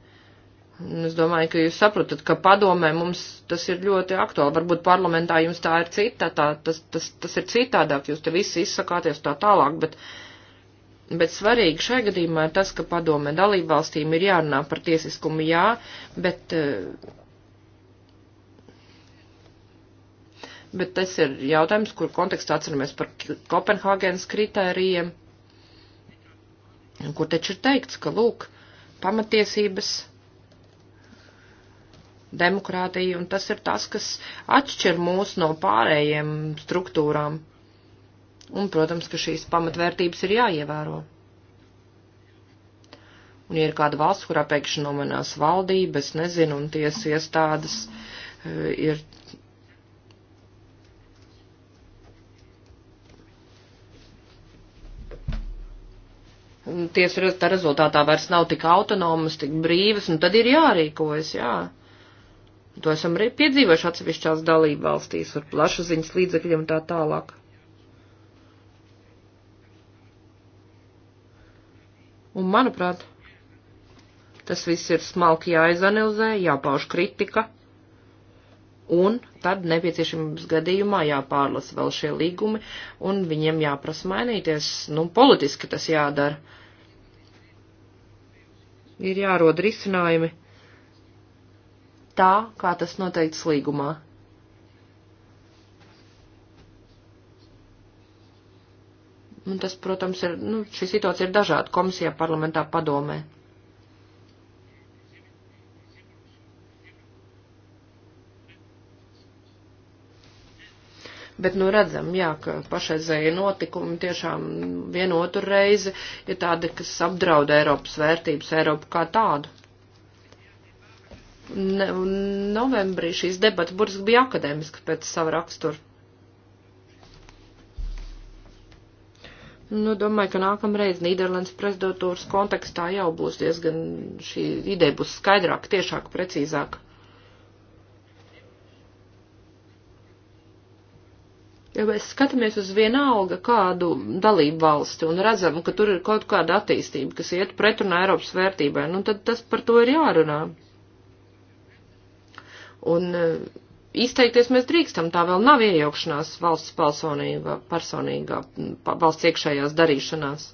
Es domāju, ka jūs saprotat, ka padomē mums tas ir ļoti aktuāli. Varbūt parlamentā jums tā ir cita, tā, tas, tas, tas ir citādāk, jūs te visi izsakāties tā tālāk, bet, bet svarīgi šai gadījumā ir tas, ka padomē dalībvalstīm ir jārunā par tiesiskumu, jā, bet eh, bet tas ir jautājums, kur kontekstā atceramies par Kopenhāgenes kritērijiem, kur taču ir teikts, ka, lūk, pamatiesības demokrātiju, un tas ir tas, kas atšķir mūs no pārējiem struktūrām. Un, protams, ka šīs pamatvērtības ir jāievēro. Un, ja ir kāda valsts, kurā pēkšņi nomenās valdības, nezinu, un tiesas iestādes e, ir. Tiesa rezultātā vairs nav tik autonomas, tik brīvas, un tad ir jārīkojas, jā. To esam arī piedzīvojuši atsevišķās dalību valstīs ar plašsaziņas līdzekļiem un tā tālāk. Un, manuprāt, tas viss ir smalki jāizanalizē, jāpauž kritika, un tad nepieciešamības gadījumā jāpārlasa vēl šie līgumi, un viņiem jāprasa mainīties, nu, politiski tas jādara. Ir jārod risinājumi tā, kā tas noteikts līgumā. Un nu, tas, protams, ir, nu, šī situācija ir dažāda komisijā, parlamentā, padomē. Bet, nu, redzam, jā, ka pašreizēja notikumi tiešām vienotru reizi ir tādi, kas apdraud Eiropas vērtības, Eiropu kā tādu ne, novembrī šīs debatas burtiski bija akadēmiski pēc sava rakstura. Nu, domāju, ka nākamreiz Nīderlandes prezidentūras kontekstā jau būs diezgan šī ideja būs skaidrāka, tiešāka, precīzāka. Ja mēs skatāmies uz vienalga kādu dalību valsti un redzam, ka tur ir kaut kāda attīstība, kas iet pretrunā Eiropas vērtībai, nu tad tas par to ir jārunā. Un e, izteikties mēs drīkstam, tā vēl nav iejaukšanās valsts personībā, personīgā, valsts iekšējās darīšanās.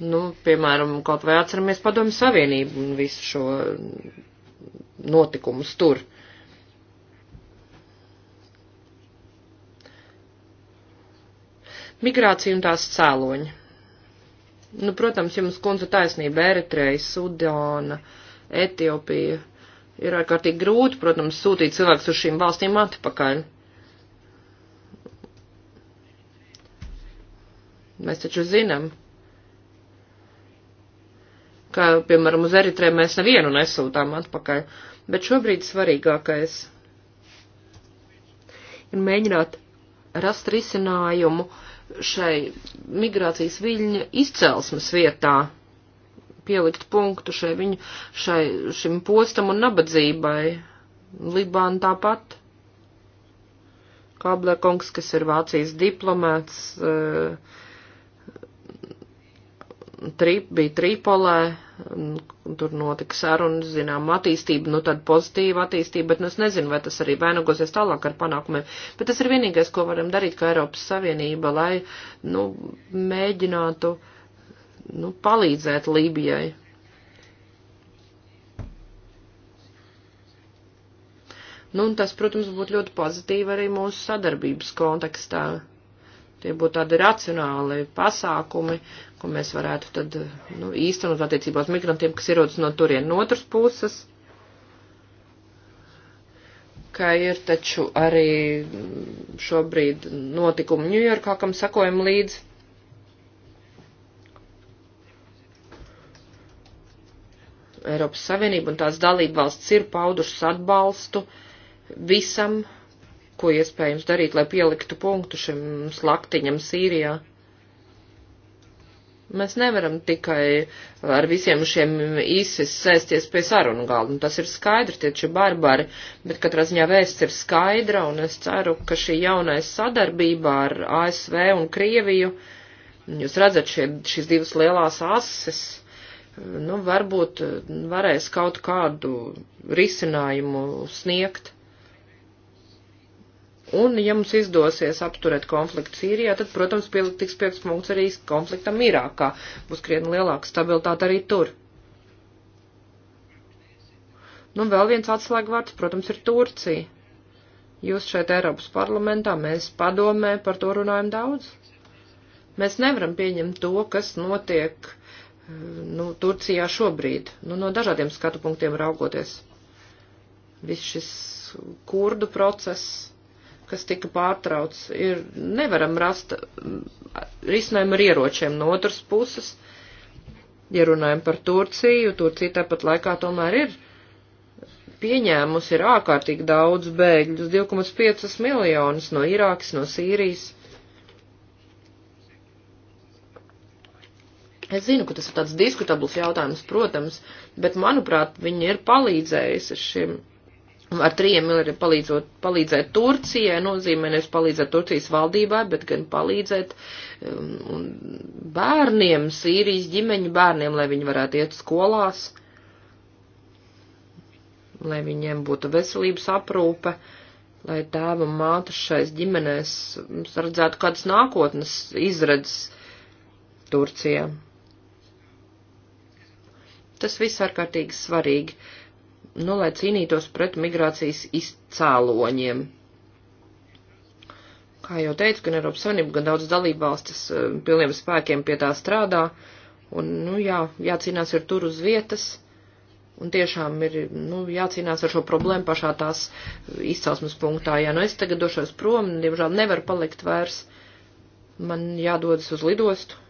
Nu, piemēram, kaut vai atceramies padomju savienību un visu šo notikumus tur. Migrācija un tās cēloņi. Nu, protams, jums kundze taisnība Eritreja, Sudāna, Etiopija. Ir ārkārtīgi grūti, protams, sūtīt cilvēkus uz šīm valstīm atpakaļ. Mēs taču zinām, ka, piemēram, uz Eritreju mēs nevienu nesūtām atpakaļ. Bet šobrīd svarīgākais ir mēģināt rast risinājumu uh, šai migrācijas viļņa izcelsmes vietā pielikt punktu šai viņu, šai, šim postam un nabadzībai. Libāna tāpat. Kablekungs, kas ir Vācijas diplomāts, uh, tri, bija Tripolē, tur notika saruna, zinām, attīstība, nu tad pozitīva attīstība, bet nu es nezinu, vai tas arī vainagosies tālāk ar panākumiem. Bet tas ir vienīgais, ko varam darīt kā Eiropas Savienība, lai, nu, mēģinātu, nu, palīdzēt Lībijai. Nu, un tas, protams, būtu ļoti pozitīvi arī mūsu sadarbības kontekstā. Tie būtu tādi racionāli pasākumi, ko mēs varētu tad nu, īstenot attiecībā uz migrantiem, kas ierodas no turien. No otras puses, ka ir taču arī šobrīd notikumi Ņujorkā, kam sakojam līdzi. Eiropas Savienība un tās dalība valsts ir paudušas atbalstu visam, ko iespējams darīt, lai pieliktu punktu šim slaktiņam Sīrijā. Mēs nevaram tikai ar visiem šiem īsis sēsties pie sarunu galda, un nu, tas ir skaidri, tie ir barbari, bet katrā ziņā vēsts ir skaidra, un es ceru, ka šī jaunais sadarbība ar ASV un Krieviju, jūs redzat šie, šīs divas lielās ases, nu, varbūt varēs kaut kādu risinājumu sniegt. Un, ja mums izdosies apturēt konfliktu Sīrijā, tad, protams, pielikt tiks piekts punkts arī konfliktam Irākā. Būs krietni lielāka stabilitāte arī tur. Nu, vēl viens atslēgvārds, protams, ir Turcija. Jūs šeit Eiropas parlamentā, mēs padomē par to runājam daudz. Mēs nevaram pieņemt to, kas notiek, eh, nu, Turcijā šobrīd, nu, no dažādiem skatu punktiem raugoties. Viss šis kurdu process, kas tika pārtrauts, ir nevaram rast mm, risinājumu ar ieročiem no otras puses. Ja runājam par Turciju, Turcija tāpat laikā tomēr ir pieņēmusi ir ārkārtīgi daudz bēgļus, 2,5 miljonus no Irākas, no Sīrijas. Es zinu, ka tas ir tāds diskutabls jautājums, protams, bet manuprāt, viņi ir palīdzējusi šim ar trījiem miljardiem palīdzot, palīdzēt Turcijai, nozīmē nevis palīdzēt Turcijas valdībai, bet gan palīdzēt um, bērniem, Sīrijas ģimeņu bērniem, lai viņi varētu iet skolās, lai viņiem būtu veselības aprūpe, lai tēva un māte šais ģimenēs sardzētu kādas nākotnes izredzes Turcijā. Tas viss ārkārtīgi svarīgi. Uh, nu, lai cīnītos pret migrācijas izcēloņiem. Kā jau teicu, gan Eiropas Savienība, gan daudz dalībvalstis eh, pilniem spēkiem pie tā strādā, un, nu, jā, jācīnās ir tur uz vietas, un tiešām ir, nu, jācīnās ar šo problēmu pašā tās izcelsmes punktā. Jā, nu, es tagad došos prom, diemžēl nevaru palikt vairs, man jādodas uz lidostu,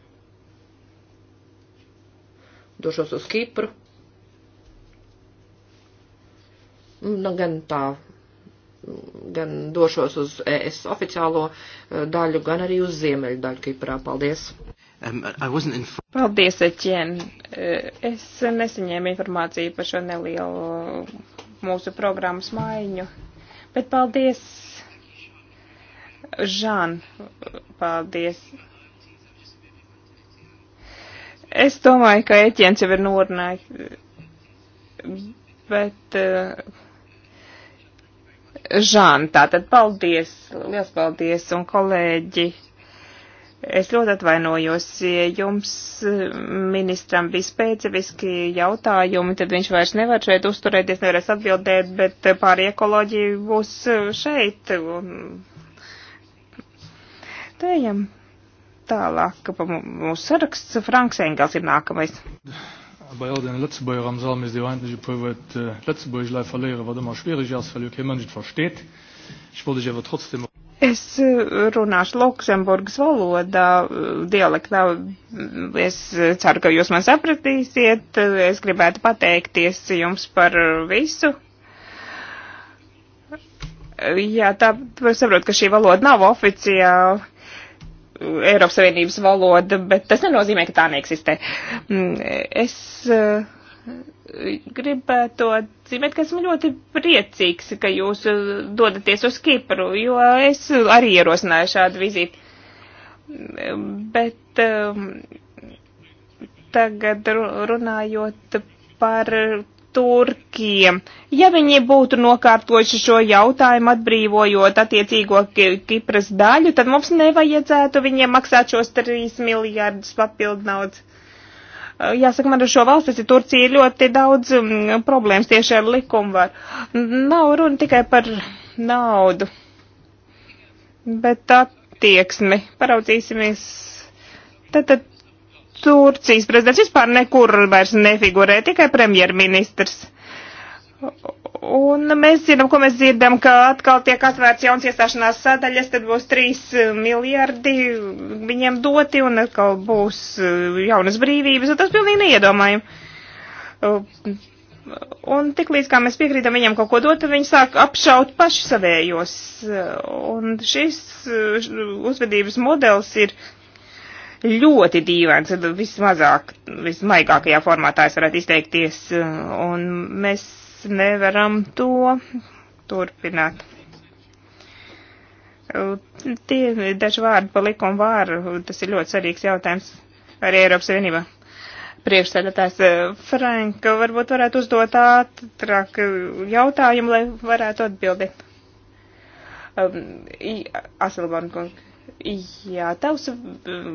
došos uz Kipru nu, gan tā, gan došos uz ES oficiālo eh, daļu, gan arī uz ziemeļu daļu Kiprā. Paldies! Um, Paldies, Eķien! Eh, es nesaņēmu informāciju par šo nelielu mūsu programmas maiņu, bet paldies, Žan, paldies! Es domāju, ka Eķiens jau ir norunājis, bet uh, Žāna. Tātad paldies, liels paldies un kolēģi. Es ļoti atvainojos, ja jums eh, ministram bija specifiski jautājumi, tad viņš vairs nevar šeit uzturēties, nevarēs atbildēt, bet eh, pāri ekoloģija būs eh, šeit. Tējam tālāk, ka mūsu saraksts Franks Engels ir nākamais bei all den Letzebäuer am Saal is de einintliche Poet äh, Lettzeburg lei verlehre, wat immer schwierig as weil kein Mensch versteht. Ich wollte dich aber trotzdem. Es eh, runāšu Luksemburgas valodā, eh, dialektā. Es eh, ceru, ka jūs man sapratīsiet. Es gribētu pateikties jums par visu. Jā, tā, saprotu, ka šī valoda nav oficiāla Eiropas Savienības valoda, bet tas nenozīmē, ka tā neeksistē. Mm, es eh, gribētu atzīmēt, ka esmu ļoti priecīgs, ka jūs eh, dodaties uz Kipru, jo es arī ierosināju šādu vizīti. Mm, bet eh, tagad runājot par Turkiem. Ja viņi būtu nokārtojuši šo jautājumu, atbrīvojot attiecīgo Kipras daļu, tad mums nevajadzētu viņiem maksāt šos 3 miljārdus papildu naudas. Eh, jāsaka, man ar šo valstis ir Turcija ir ļoti daudz mm, problēmas tieši ar likumvaru. Nav runa tikai par naudu, bet attieksmi. Paraudzīsimies Tātad Turcijas prezidents vispār nekur vairs nefigurē, tikai premjerministrs. Un mēs zinām, ko mēs dzirdam, ka atkal tiek atvērts jauns iestāšanās sadaļas, tad būs 3 miljardi viņiem doti un atkal būs uh, jaunas brīvības, un tas pilnīgi neiedomājami. Uh, un tiklīdz kā mēs piekrītam viņam kaut ko dot, viņi sāk apšaut paši savējos. Uh, un šis uzvedības modelis ir ļoti dīvains, vismazāk, vismaigākajā formātā es varētu izteikties, un mēs nevaram to turpināt. Tie daži vārdi par likumu vāru, tas ir ļoti svarīgs jautājums arī Eiropas Savienībā. Priekšsēdētājs eh, Franka varbūt varētu uzdot ātrāk jautājumu, lai varētu atbildēt. Um, Asilbānu kungu. Jā, tavs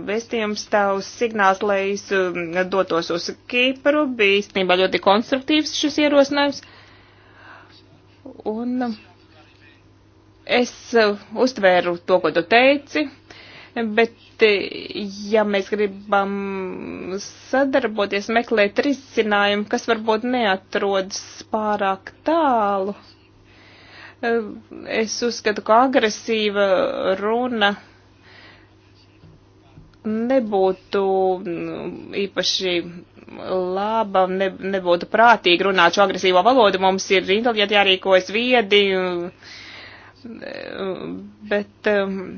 vēstījums, tavs signāls, lai es um, dotos uz Kīpru, bija īstenībā ļoti konstruktīvs šis ierosinājums. Un um, es uh, uztvēru to, ko tu teici, bet uh, ja mēs gribam sadarboties, meklēt risinājumu, kas varbūt neatrodas pārāk tālu, uh, es uzskatu, ka agresīva runa nebūtu mm, īpaši laba, ne, nebūtu prātīgi runāt šo agresīvo valodu. Mums ir inteliģenti jārīkojas viedi, bet mm,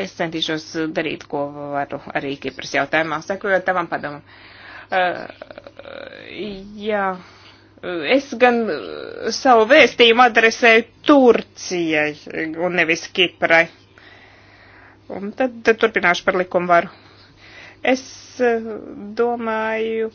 es centīšos darīt, ko varu arī Kipras jautājumā, sekojot tavam padomam. Eh, jā. Es gan savu vēstījumu adresēju Turcijai un nevis Kiprai. Un tad, tad turpināšu par likumvaru. Es eh, domāju,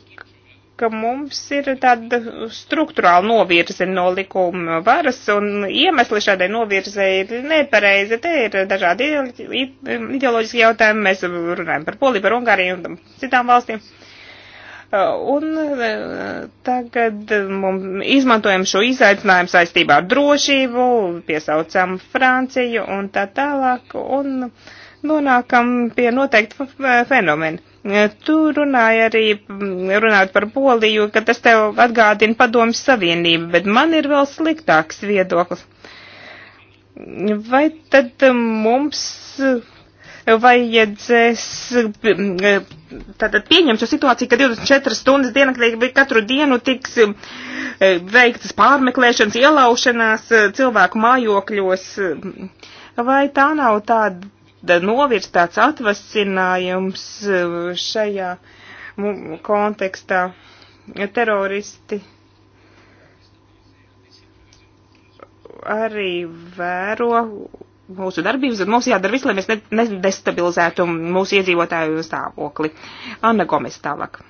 ka mums ir tāda struktūrāla novirze no likuma varas, un iemesli šādai novirze ir nepareizi. Te ir dažādi ideoloģiski jautājumi, mēs runājam par Poliju, par Ungāriju un citām valstīm. Eh, un eh, tagad mums izmantojam šo izaicinājumu saistībā ar drošību, piesaucam Franciju un tā tālāk. Un, uh, nonākam pie noteikta fenomena. Tu runāji arī, runājot par Poliju, ka tas tev atgādina padomjas savienību, bet man ir vēl sliktāks viedoklis. Vai tad mums vajadzēs, tātad pieņem šo situāciju, ka 24 stundas diennaktī katru dienu tiks eh, veiktas pārmeklēšanas, ielaušanās eh, cilvēku mājokļos, vai tā nav tāda novirst tāds atvasinājums uh, šajā kontekstā. Teroristi arī vēro mūsu darbības, un mums jādara viss, lai mēs nedestabilizētu mūsu iedzīvotāju stāvokli. Anna Gomes tālāk.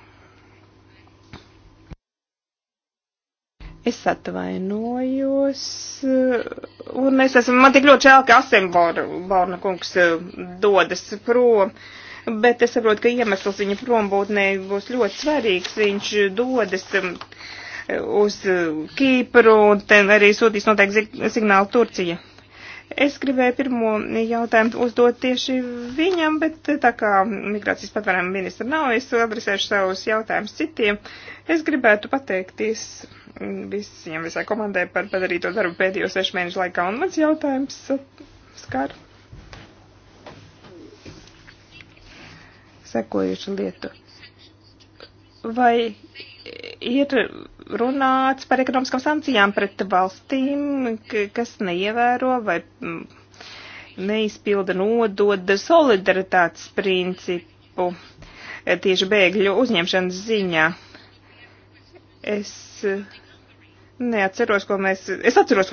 Es atvainojos, un es esmu, man tik ļoti žēl, ka Asimborna kungs eh, dodas prom, bet es saprotu, ka iemesls viņa prombūtnē būs ļoti svarīgs. Viņš dodas eh, uz eh, Kīpru un arī sūtīs noteikti signālu Turcija. Es gribēju pirmo jautājumu uzdot tieši viņam, bet tā kā migrācijas patvērājuma ministra nav, es adresēšu savus jautājumus citiem. Es gribētu pateikties visiem, visai komandai par padarīto darbu pēdējo sešu mēnešu laikā. Un mans jautājums skar sekojušu lietu. Vai ir runāts par ekonomiskām sankcijām pret valstīm, kas neievēro vai neizpilda nododa solidaritātes principu e, tieši bēgļu uzņemšanas ziņā? Es Neatceros, ko mēs, es atceros,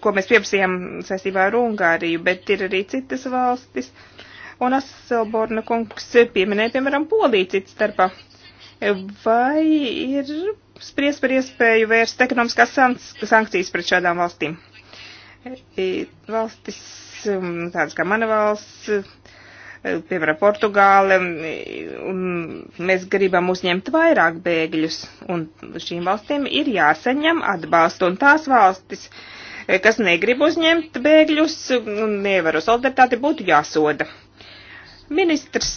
ko mēs pieprasījām saistībā ar Ungāriju, bet ir arī citas valstis. Un Aselborna kungs pieminēja, piemēram, Poliju citas starpā. Vai ir spries par iespēju vērst ekonomiskās sankcijas pret šādām valstīm? E, valstis, um, tādas kā mana valsts, piemēram, Portugāle, un mēs gribam uzņemt vairāk bēgļus, un šīm valstīm ir jāsaņem atbalstu, un tās valstis, eh, kas negrib uzņemt bēgļus, nevaru solidaritāti, būtu jāsoda. Ministrs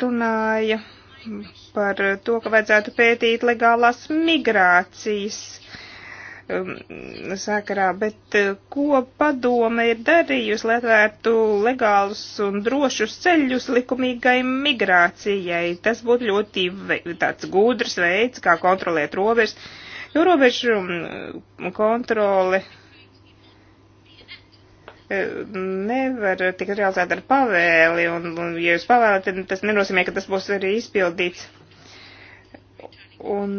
runāja par to, ka vajadzētu pētīt legālās migrācijas. Uh, Um, sakarā, bet uh, ko padome ir darījusi, lai atvērtu legālus un drošus ceļus likumīgai migrācijai? Tas būtu ļoti tāds gudrs veids, kā kontrolēt robežas, jo robežu mm, kontrole uh, nevar tikt realizēta ar pavēli, un, un ja jūs pavēlat, tad tas nenozīmē, ka tas būs arī izpildīts. Un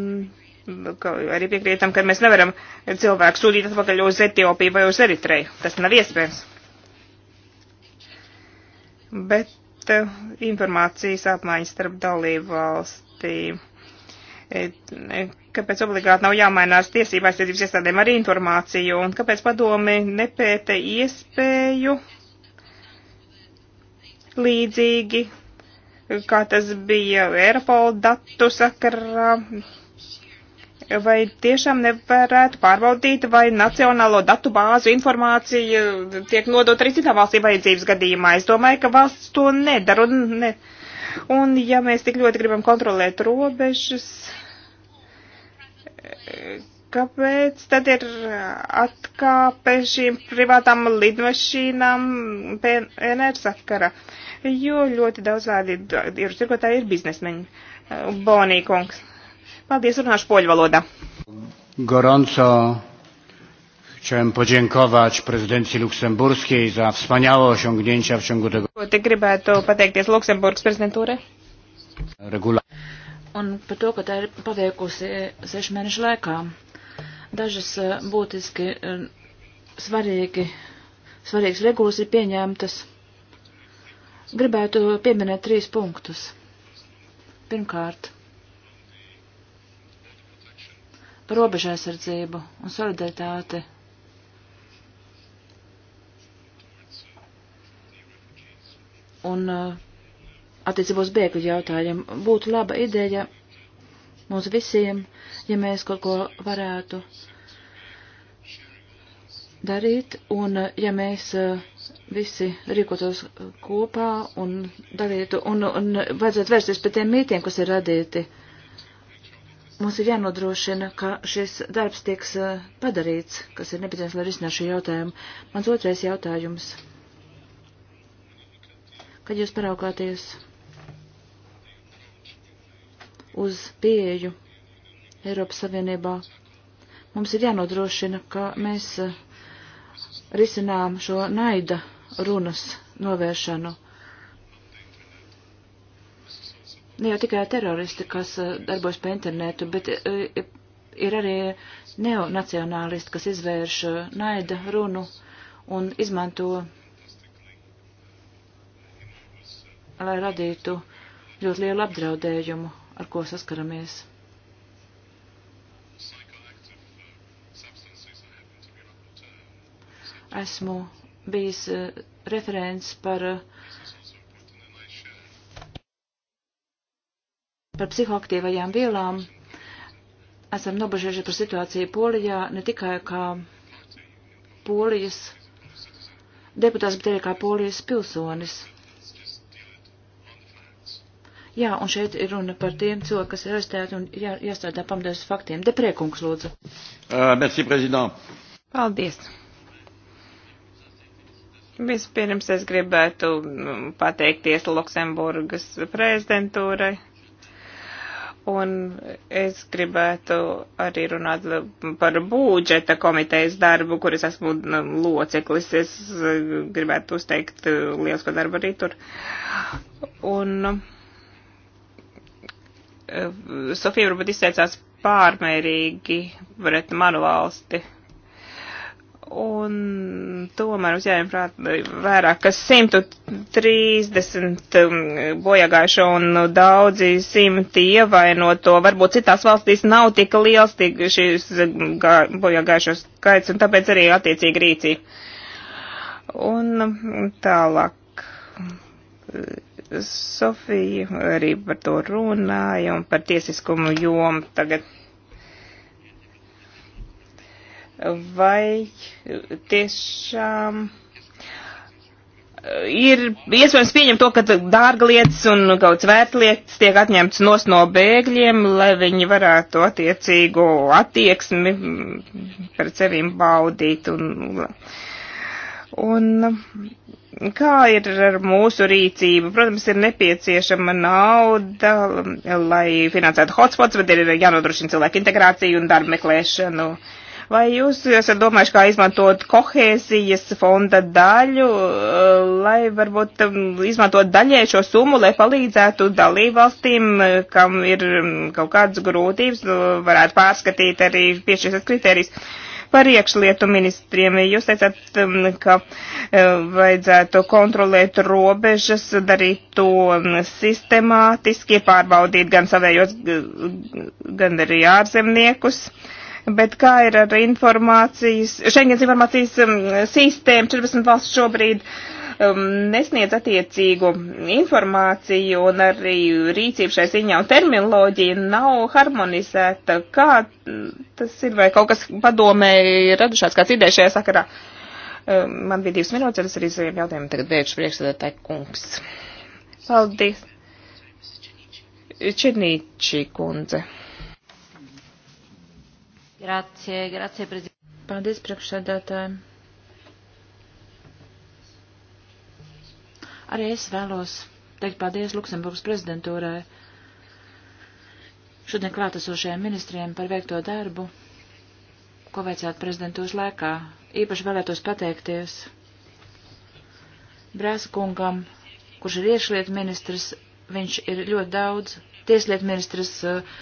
arī piekrītam, ka mēs nevaram cilvēku sūtīt atpakaļ uz Etiopiju vai uz Eritreju. Tas nav iespējams. Bet eh, informācijas apmaiņas starp dalību valstīm. Kāpēc obligāti nav jāmainās tiesību aizsardzības iestādēm ar informāciju un kāpēc padomi nepēta iespēju līdzīgi, kā tas bija Eiropola datu sakarā, vai tiešām nevarētu pārbaudīt, vai nacionālo datu bāzu informācija tiek nodota arī citām valstīm vajadzības gadījumā. Es domāju, ka valsts to nedara. Un, ne. un ja mēs tik ļoti gribam kontrolēt robežas, kāpēc tad ir atkāpe šīm privātām lidmašīnām PNR sakara? Jo ļoti daudz tādi ir tirgotāji, ir biznesmeņi. Bonī kungs. Paldies, runāšu poļu valodā. Gorunco Chciałem podziękować prezydencji luksemburskiej za wspaniałe osiągnięcia w ciągu tego. Te gribētu pateikties Luksemburgas prezidentūrai. Regulā. Un par to, ka tā ir paveikusi eh, sešu mēnešu laikā. Dažas eh, būtiski eh, svarīgi, svarīgas regulas ir pieņemtas. Gribētu pieminēt trīs punktus. Pirmkārt par robežaizsardzību un solidaritāti. Un uh, attiecībos bēgļu jautājumu būtu laba ideja mums visiem, ja mēs kaut ko varētu darīt, un uh, ja mēs uh, visi rīkotos kopā un darītu, un, un vajadzētu vērsties pie tiem mītiem, kas ir radīti. Uh, Mums ir jānodrošina, ka šis darbs tiks eh, padarīts, kas ir nepieciešams, lai risinātu šo jautājumu. Mans otrais jautājums. Kad jūs paraugāties uz pieeju Eiropas Savienībā, mums ir jānodrošina, ka mēs eh, risinām šo naida runas novēršanu ne jau tikai teroristi, kas eh, darbojas pa internetu, bet eh, ir arī neonacionālisti, kas izvērš eh, naida runu un izmanto, lai radītu ļoti lielu apdraudējumu, ar ko saskaramies. Esmu bijis referents par uh, par psihoaktīvajām vielām, esam nobežējuši par situāciju Polijā, ne tikai kā Polijas deputāts, bet arī kā Polijas pilsonis. Jā, un šeit ir runa par tiem cilvēkiem, kas ir arestēti un jā, jāstrādā pamatās faktiem. Depriekungs, lūdzu. Uh, merci, prezident. Paldies. Vispirms es gribētu mm, pateikties Luksemburgas prezidentūrai Un es gribētu arī runāt par būdžeta komitejas darbu, kuras esmu nu, loceklis. Es eh, gribētu uzteikt eh, lielisko darbu arī tur. Un eh, Sofija varbūt izteicās pārmērīgi pret manu valsti un tomēr uzņēmēm prāt vairāk, kas 130 bojagājušo un daudzi simti ievainoto, varbūt citās valstīs nav tik liels tik šis um, bojagājušo skaits, un tāpēc arī attiecīgi rīcība. Un tālāk. Sofija arī par to runāja un par tiesiskumu jomu tagad vai tiešām uh, ir iespējams pieņemt to, ka dārga lietas un kaut svērta lietas tiek atņemts nos no bēgļiem, lai viņi varētu attiecīgo attieksmi mm, pret sevīm baudīt. Un, un kā ir ar mūsu rīcību? Protams, ir nepieciešama nauda, lai finansētu hotspots, bet ir jānodrošina cilvēku integrāciju un darba meklēšanu. Uh, Vai jūs esat domājuši, kā izmantot kohēzijas fonda daļu, eh, lai varbūt um, izmantot daļai šo summu, lai palīdzētu dalībvalstīm, kam ir um, kaut kādas grūtības, nu, varētu pārskatīt arī piešķirstas kritērijas? par iekšlietu ministriem. Jūs teicat, um, ka eh, vajadzētu kontrolēt robežas, darīt to sistemātiski, pārbaudīt gan savējos, gan arī ārzemniekus. Uh, bet kā ir ar informācijas, Schengens informācijas um, sistēmu, 14 valsts šobrīd um, nesniedz attiecīgu informāciju un arī rīcību šai ziņā un terminoloģija nav harmonizēta. Kā tas ir vai kaut kas padomē ir radušās kāds ideja šajā sakarā? Um, man bija divas minūtes, un es arī saviem jautājumiem tagad bēgšu priekšsēdētāji kungs. Paldies. Černīči kundze. Grācie, grācie, prezidents. Paldies priekšsēdētājiem. Arī es vēlos teikt paldies Luksemburgas prezidentūrai, šodien klātesošajiem ministriem par veikto darbu, ko veicāt prezidentūras laikā. Īpaši vēlētos pateikties Brēsa kungam, kurš ir iekšlietu ministrs, viņš ir ļoti daudz tieslietu ministrs. Uh,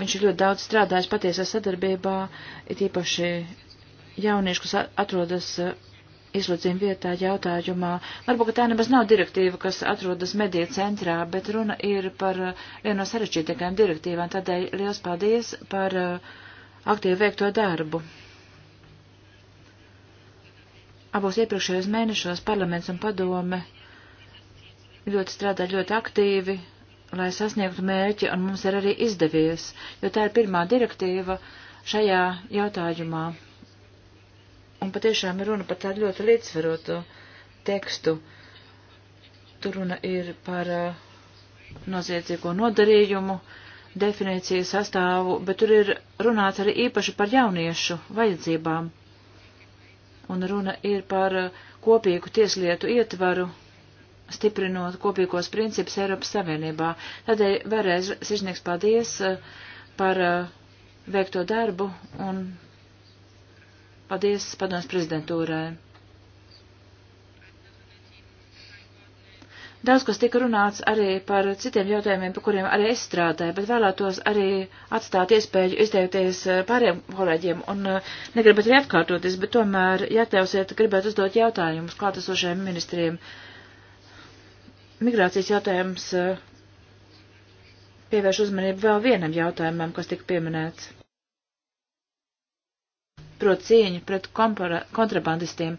viņš ir ļoti daudz strādājis patiesā sadarbībā, it īpaši jaunieši, kas atrodas izlūdzījuma vietā jautājumā. Varbūt tā nemaz nav direktīva, kas atrodas mediju centrā, bet runa ir par vienu no sarežģītākajām direktīvām. Tādēļ liels paldies par aktīvu veikto darbu. Abos iepriekšējos mēnešos parlaments un padome ļoti strādā ļoti aktīvi lai sasniegtu mērķi, un mums ir arī izdevies, jo tā ir pirmā direktīva šajā jautājumā. Un patiešām ir runa par tādu ļoti līdzsvarotu tekstu. Tur runa ir par uh, noziedzīgo nodarījumu, definīciju sastāvu, bet tur ir runāts arī īpaši par jauniešu vajadzībām. Un runa ir par uh, kopīgu tieslietu ietvaru stiprinot kopīgos principus Eiropas Savienībā. Tādēļ vēlreiz sirsnieks paldies eh, par eh, veikto darbu un paldies padomas prezidentūrai. Daudz, kas tika runāts arī par citiem jautājumiem, par kuriem arī es strādāju, bet vēlētos arī atstāt iespēju izteikties eh, pāriem kolēģiem un negribat arī atkārtoties, bet tomēr, ja atļausiet, gribētu uzdot jautājumus klātesošajiem ministriem. Uh, migrācijas jautājums eh, pievērš uzmanību vēl vienam jautājumam, kas tika pieminēts. Proti cīņa pret kontrabandistiem.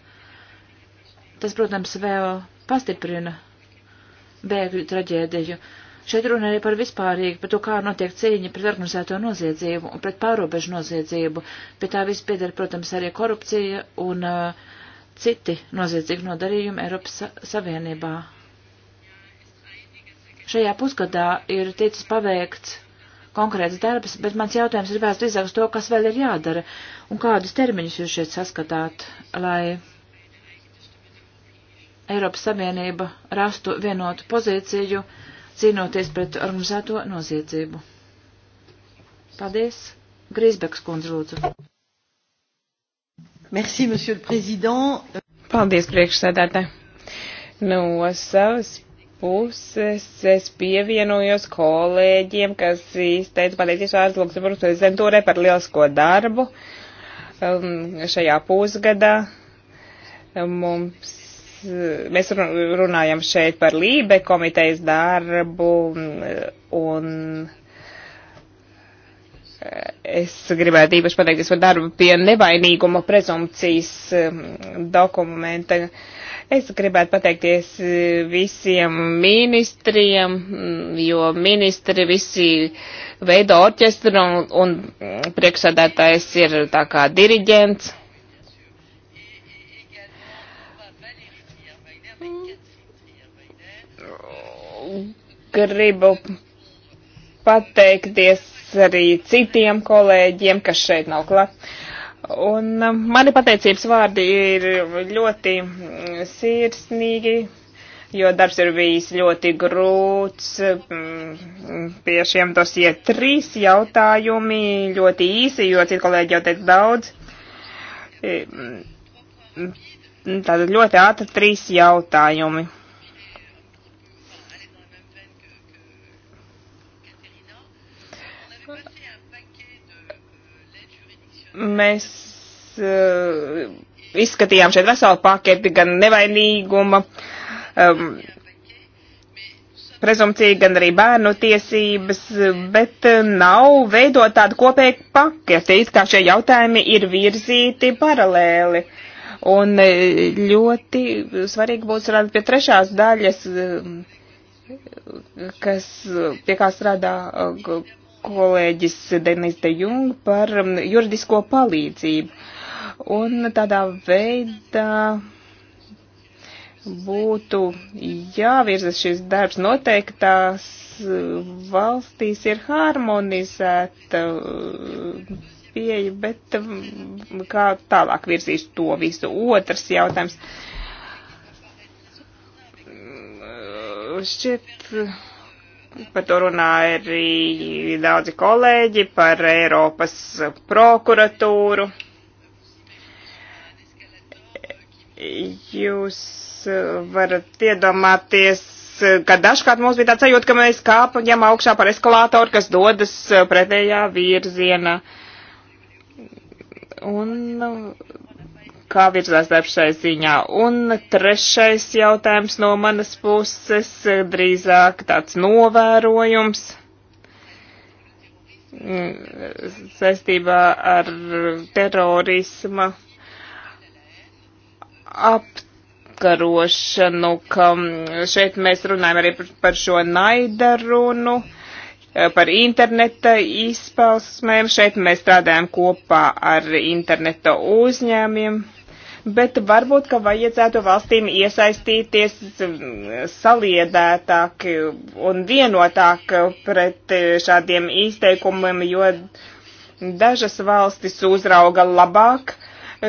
Tas, protams, vēl pastiprina bēgļu traģēdiju. Šeit runa arī par vispārīgi, par to, kā notiek cīņa pret organizēto noziedzību un pret pārobežu noziedzību. Pie tā viss piedara, protams, arī korupcija un uh, citi noziedzīgi nodarījumi Eiropas Savienībā Šajā pusgadā ir ticis paveikts konkrēts darbs, bet mans jautājums ir vērsts drīzāk uz to, kas vēl ir jādara un kādus termiņus jūs šeit saskatāt, lai Eiropas Savienība rastu vienotu pozīciju cīnoties pret organizēto noziedzību. Paldies. Grīsbeks kundze lūdzu. Merci, monsieur le président. Paldies, priekšsēdētāji. No nu, savas puses es pievienojos kolēģiem, kas izteica pateicies vārdu Luksemburgas prezidentūrai par lielisko darbu um, šajā pusgadā. Mums, mēs runājam šeit par Lībe komitejas darbu un es gribētu īpaši pateikties par darbu pie nevainīguma prezumcijas um, dokumenta. Uh, Es gribētu pateikties e, visiem ministriem, jo ministri visi veido orķestru un, un priekšsādātājs ir tā kā diriģents. Gribu pateikties arī citiem kolēģiem, kas šeit nav klāt. Uh, Un um, mani pateicības vārdi ir ļoti sirsnīgi, jo darbs ir bijis ļoti grūts. Mm, pie šiem dosie trīs jautājumi ļoti īsi, jo citi kolēģi jau teica daudz. E, mm, tātad ļoti ātri trīs jautājumi. Mēs uh, izskatījām šeit veselu paketi gan nevainīguma, um, ehm, prezumcija, gan arī bērnu tiesības, bet eh, nav veidot tādu kopēju paketi, it kā šie jautājumi ir virzīti paralēli. Un eh, ļoti svarīgi būtu strādāt pie trešās daļas, kas pie kā strādā kolēģis Denis De Jung par um, juridisko palīdzību. Un tādā veidā būtu jāvirza šis darbs noteiktās uh, valstīs ir harmonizēta uh, pieeja, bet um, kā tālāk virzīs to visu. Otrs jautājums. Mm, šķiet, par to runāja arī daudzi kolēģi, par Eiropas prokuratūru. Jūs eh, varat iedomāties, ka dažkārt mums bija tāds sajūta, ka mēs kāpjam augšā par eskalātoru, kas dodas eh, pretējā virzienā. Un kā virzās darbs šai ziņā. Un trešais jautājums no manas puses, drīzāk tāds novērojums mm, saistībā ar terorisma apkarošanu, ka šeit mēs runājam arī par šo naidarunu par interneta izpausmēm. Šeit mēs strādājam kopā ar interneta uzņēmiem bet varbūt, ka vajadzētu valstīm iesaistīties saliedētāk un vienotāk pret šādiem izteikumiem, jo dažas valstis uzrauga labāk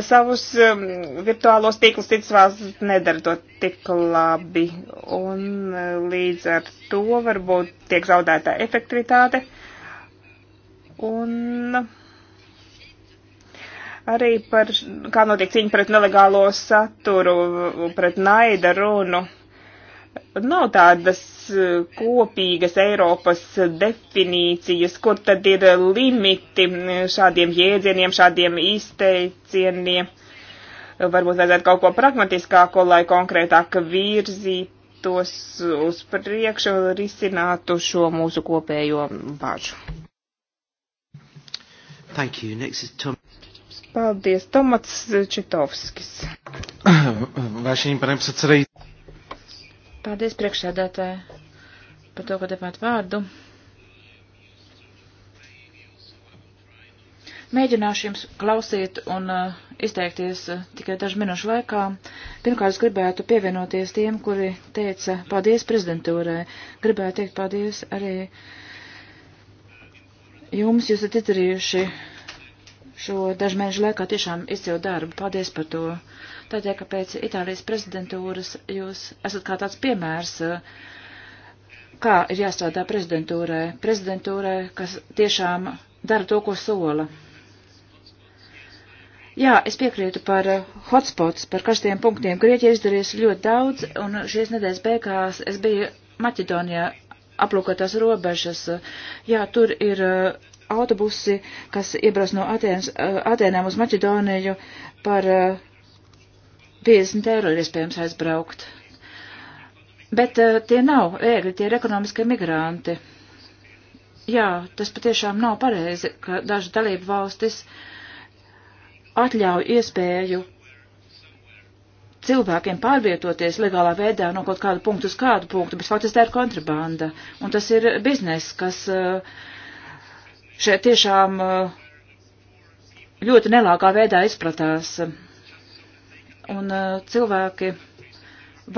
savus um, virtuālos tīklus, citas valstis nedara to tik labi, un uh, līdz ar to varbūt tiek zaudēta efektivitāte. Un arī par, kā notiek cīņa pret nelegālo saturu, pret naida runu. Nav tādas e, kopīgas Eiropas definīcijas, kur tad ir limiti šādiem jēdzieniem, šādiem izteicieniem. Varbūt vajadzētu kaut ko pragmatiskāko, lai konkrētāk virzītos uz priekšu un risinātu šo mūsu kopējo bāžu. Thank you. Next is Tom. Paldies, Tomats Čitovskis. Vášīm panem sacerēj. Paldies priekšsēdētāji par to, ka devāt vārdu. Mēģināšu jums klausīt un uh, izteikties uh, tikai dažu minūšu laikā. Pirmkārt, es gribētu pievienoties tiem, kuri teica paldies prezidentūrai. Gribētu teikt paldies arī jums, jūs esat izdarījuši uh, šo dažu mēnešu laikā tiešām izcilu darbu. Paldies par to. Tādēļ, ka pēc Itālijas prezidentūras jūs esat kā tāds piemērs, kā ir jāstrādā prezidentūrai. Prezidentūrai, kas tiešām dara to, ko sola. Jā, es piekrītu par hotspots, par karstiem punktiem. Grieķija izdarījis ļoti daudz, un šīs nedēļas beigās es biju Maķedonijā aplūkotās robežas. Jā, tur ir uh, autobusi, kas iebrauc no Atēnas, eh, Atēnām uz Maķedoniju par 50 eh, eiro ir iespējams aizbraukt. Bet eh, tie nav ēgļi, tie ir ekonomiskie migranti. Jā, tas patiešām nav pareizi, ka daži dalību valstis atļauj iespēju cilvēkiem pārvietoties legālā veidā no kaut kāda punktu uz kādu punktu, bet faktiski tā ir kontrabanda. Un tas ir biznes, kas uh, šeit tiešām eh, ļoti nelāgā veidā izpratās. Un eh, cilvēki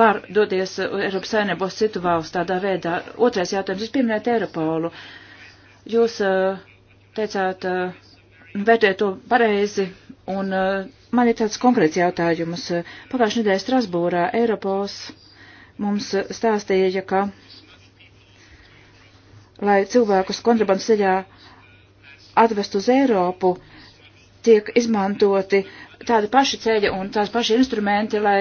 var doties Eiropas saimniekos citu valstu tādā veidā. Otrais jautājums, jūs pieminējat Eiropolu. Jūs eh, teicāt, vērtējat to pareizi, un man ir tāds konkrēts jautājums. Pagājušajā nedēļā Strasbūrā Eiropols mums stāstīja, ka, lai cilvēkus kontrabandas ceļā atvest uz Eiropu, tiek izmantoti tādi paši ceļi un tās paši instrumenti, lai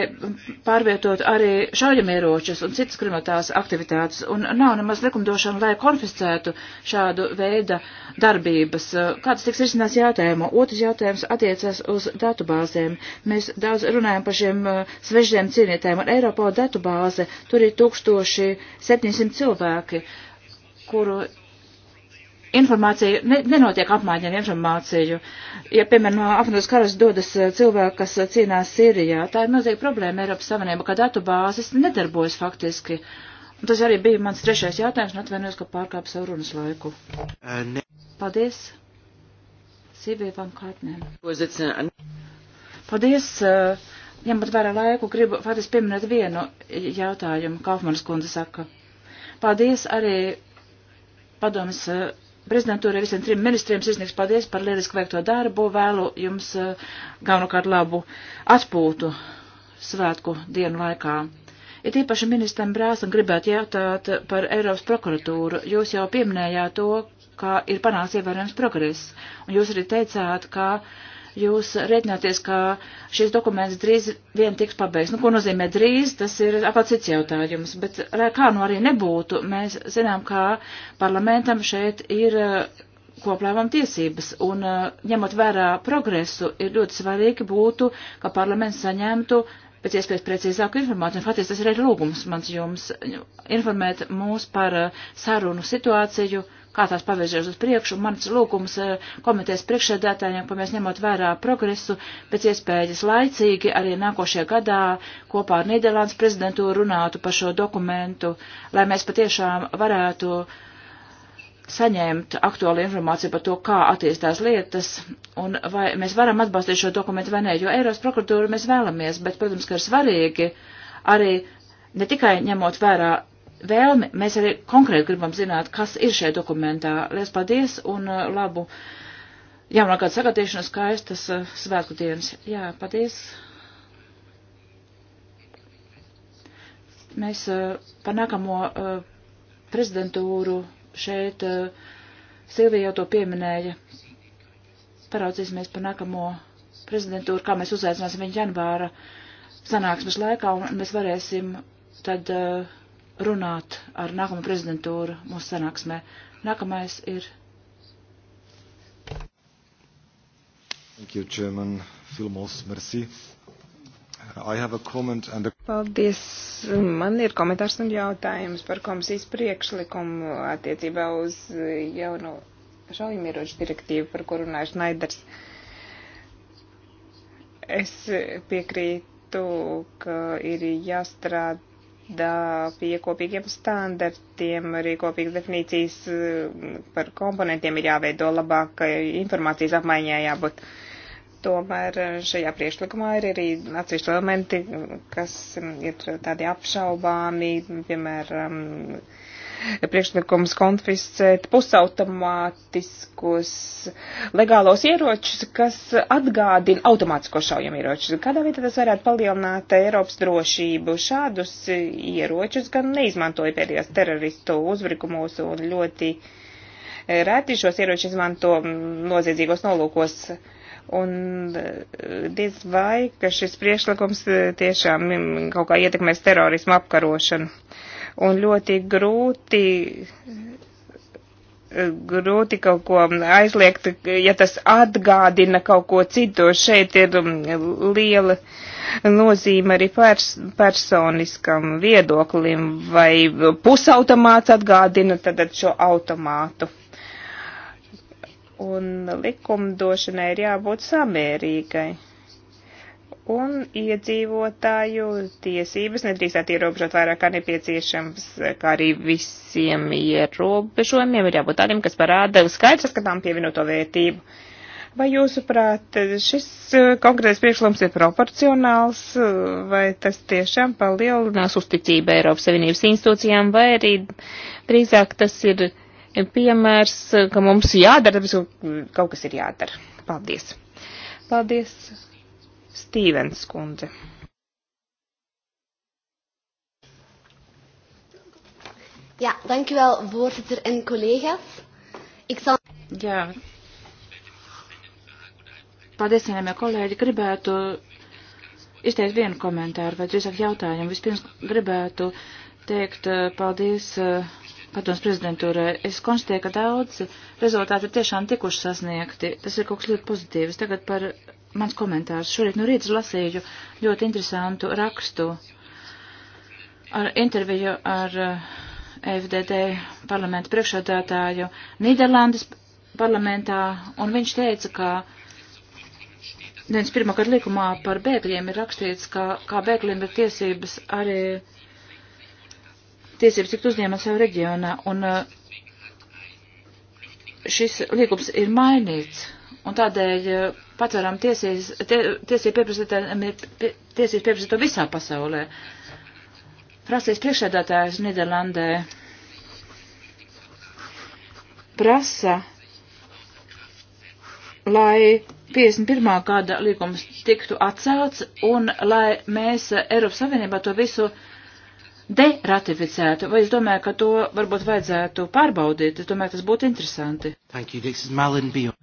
pārvietotu arī šaujamieročus un citas kriminotās aktivitātes. Un nav nemaz likumdošana, lai konfiscētu šādu veidu darbības. Kāds tiks risinās jautājumu? Otrs jautājums attiecas uz datubāzēm. Mēs daudz runājam par šiem uh, svežiem cīnītājiem. Ar Eiropo datubāze tur ir 1700 cilvēki kuru informācija, ne, nenotiek apmaiņa ar informāciju. Ja, piemēram, no apvienotās karas dodas eh, cilvēki, kas eh, cīnās Sīrijā, tā ir milzīga problēma Eiropas Savienība, ka datu bāzes nedarbojas faktiski. Un tas arī bija mans trešais jautājums, un atvainojos, ka pārkāpu savu runas laiku. Uh, Paldies! Sīvija van Kārtnēm. Paldies! Eh, ņemot vērā laiku, gribu faktiski pieminēt vienu jautājumu, Kaufmanas kundze saka. Paldies arī padomas prezidentūrai visiem trim ministriem sirsnīgs paldies par lieliski veikto darbu. Vēlu jums eh, galvenokārt labu atpūtu svētku dienu laikā. Ir īpaši ministram Brēsam gribētu jautāt par Eiropas prokuratūru. Jūs jau pieminējāt to, ka ir panāks ievērojams progress, un jūs arī teicāt, ka uh, jūs rēķināties, ka šis dokuments drīz vien tiks pabeigts. Nu, ko nozīmē drīz, tas ir atkal cits jautājums, bet lai kā nu arī nebūtu, mēs zinām, ka parlamentam šeit ir uh, koplēmām tiesības, un uh, ņemot vērā progresu, ir ļoti svarīgi būtu, ka parlaments saņemtu pēc iespējas precīzāku informāciju. Faktiski tas ir arī lūgums mans jums informēt mūs par uh, sarunu situāciju. Uh, kā tās pavirzies uz priekšu, un mans lūkums eh, komitejas priekšsēdētājiem, ka mēs ņemot vērā progresu, pēc iespējas laicīgi arī nākošajā gadā kopā ar Nīderlandes prezidentu runātu par šo dokumentu, lai mēs patiešām varētu saņemt aktuālu informāciju par to, kā attīstās lietas, un vai mēs varam atbalstīt šo dokumentu vai nē, jo Eiros prokuratūru mēs vēlamies, bet, protams, ka ir svarīgi arī ne tikai ņemot vērā vēlmi. Mēs arī konkrēti gribam zināt, kas ir šajā dokumentā. Lies paldies un uh, labu jaunā gada sagatavošanu skaistas uh, svētku dienas. Jā, paldies. Mēs uh, par nākamo prezidentūru šeit Silvija jau to pieminēja. Paraudzīsimies par nākamo prezidentūru, kā mēs uzaicināsim viņu janvāra sanāksmes laikā, un mēs varēsim tad uh, runāt ar nākamo prezidentūru mūsu sanāksmē. Nākamais ir. Thank you, Chairman. Filmos, merci. I have a comment and a... Paldies. Man ir komentārs un jautājums par komisijas priekšlikumu attiecībā uz jauno šaujamieroču direktīvu, par ko runāja Šnaiders. Es piekrītu, ka ir jāstrādā strādā pie kopīgiem standartiem, arī kopīgas definīcijas mm, par komponentiem ir jāveido labāk, informācijas apmaiņā jābūt. Tomēr eh, šajā priekšlikumā ir arī atsevišķi elementi, mm, kas mm, ir tādi apšaubāmi, piemēram, priekšlikums konfiscēt pusautomātiskos legālos ieročus, kas atgādina automātisko šaujamieročus. Kādā veidā tas varētu palielināt Eiropas drošību? Šādus ieročus gan neizmantoja pēdējās teroristu uzbrukumos un ļoti reti šos ieročus izmanto noziedzīgos nolūkos. Un diez vai, ka šis priekšlikums tiešām kaut kā ietekmēs terorismu apkarošanu. Uh, un ļoti grūti grūti kaut ko aizliegt, ja tas atgādina kaut ko citu. Šeit ir um, liela nozīme arī pers personiskam viedoklim, vai pusautomāts atgādina tad šo automātu. Un likumdošanai ir jābūt samērīgai un iedzīvotāju tiesības nedrīkstētu ierobežot vairāk kā nepieciešams, kā arī visiem ierobežojumiem ir jābūt tādiem, kas parāda skaidrs, ka tām pievienoto vērtību. Vai jūsuprāt, šis eh, konkrētais priekšlikums ir proporcionāls, eh, vai tas tiešām palielinās uzticību Eiropas Savienības institūcijām, vai arī drīzāk tas ir piemērs, ka mums jādara, tāpēc kaut kas ir jādara. Paldies! Paldies! Stīvens kundze. Ja, dankjewel voorzitter en collega's. Ik zal... Jā. Paldies, cienījamie kolēģi. Gribētu izteikt vienu komentāru vai drīzāk jautājumu. Vispirms gribētu teikt eh, paldies eh, padoms prezidentūrai. Es konstatēju, ka daudz rezultāti ir tiešām tikuši sasniegti. Tas ir kaut kas ļoti pozitīvs. Tagad par mans komentārs. Šorīt no rīta lasīju ļoti interesantu rakstu ar interviju ar eh, FDD parlamentu priekšādātāju Nīderlandes parlamentā, un viņš teica, ka 91. gadu likumā par bēgļiem ir rakstīts, ka kā bēgļiem ir tiesības arī tiesības tikt uzņēmēt savā reģionā, un eh, šis likums ir mainīts Un tādēļ eh, patvaram tiesīs, tie, tiesību pieprasītājiem ir pie, tiesības pieprasīto visā pasaulē. Prasīs priekšēdātājs Nīderlandē prasa, lai 51. gada līgums tiktu atcelts un lai mēs Eiropas Savienībā to visu deratificētu. Vai es domāju, ka to varbūt vajadzētu pārbaudīt? Es domāju, tas būtu interesanti. Thank you,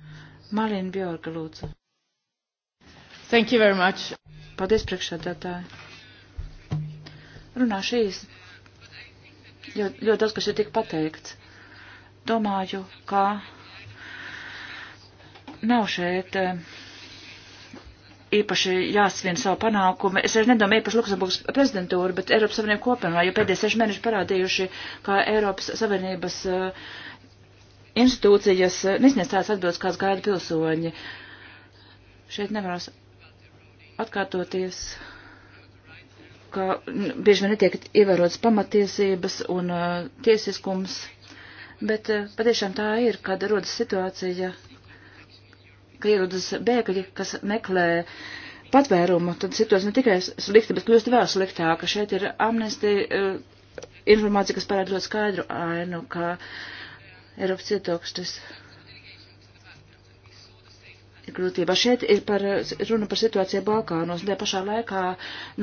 Marlīna Bjorka, lūdzu. Thank you very much. Paldies, priekšsādātāji. Runāšu īsi. Ļoti, ļoti daudz, kas ir tik pateikts. Domāju, ka nav šeit eh, īpaši jāsvien savu panākumu. Es arī nedomāju īpaši Luksemburgas prezidentūru, bet Eiropas Savienību kopumā, jo pēdējie seši mēneši parādījuši, ka Eiropas Savienības uh, institūcijas eh, nesniedz tās atbildes, kāds gaida pilsoņi. Šeit nevaros atkārtoties, ka bieži vien netiek ievērotas pamatiesības un uh, tiesiskums, bet uh, patiešām tā ir, kad rodas situācija, ka ierodas bēgļi, kas meklē patvērumu, tad situācija ne tikai slikta, bet kļūst vēl sliktāka. Šeit ir amnesti uh, informācija, kas parāda ļoti skaidru ainu, ka uh, Eiropas cietokstus grūtībā. Šeit ir par, runa par situāciju Balkānos, un tajā pašā laikā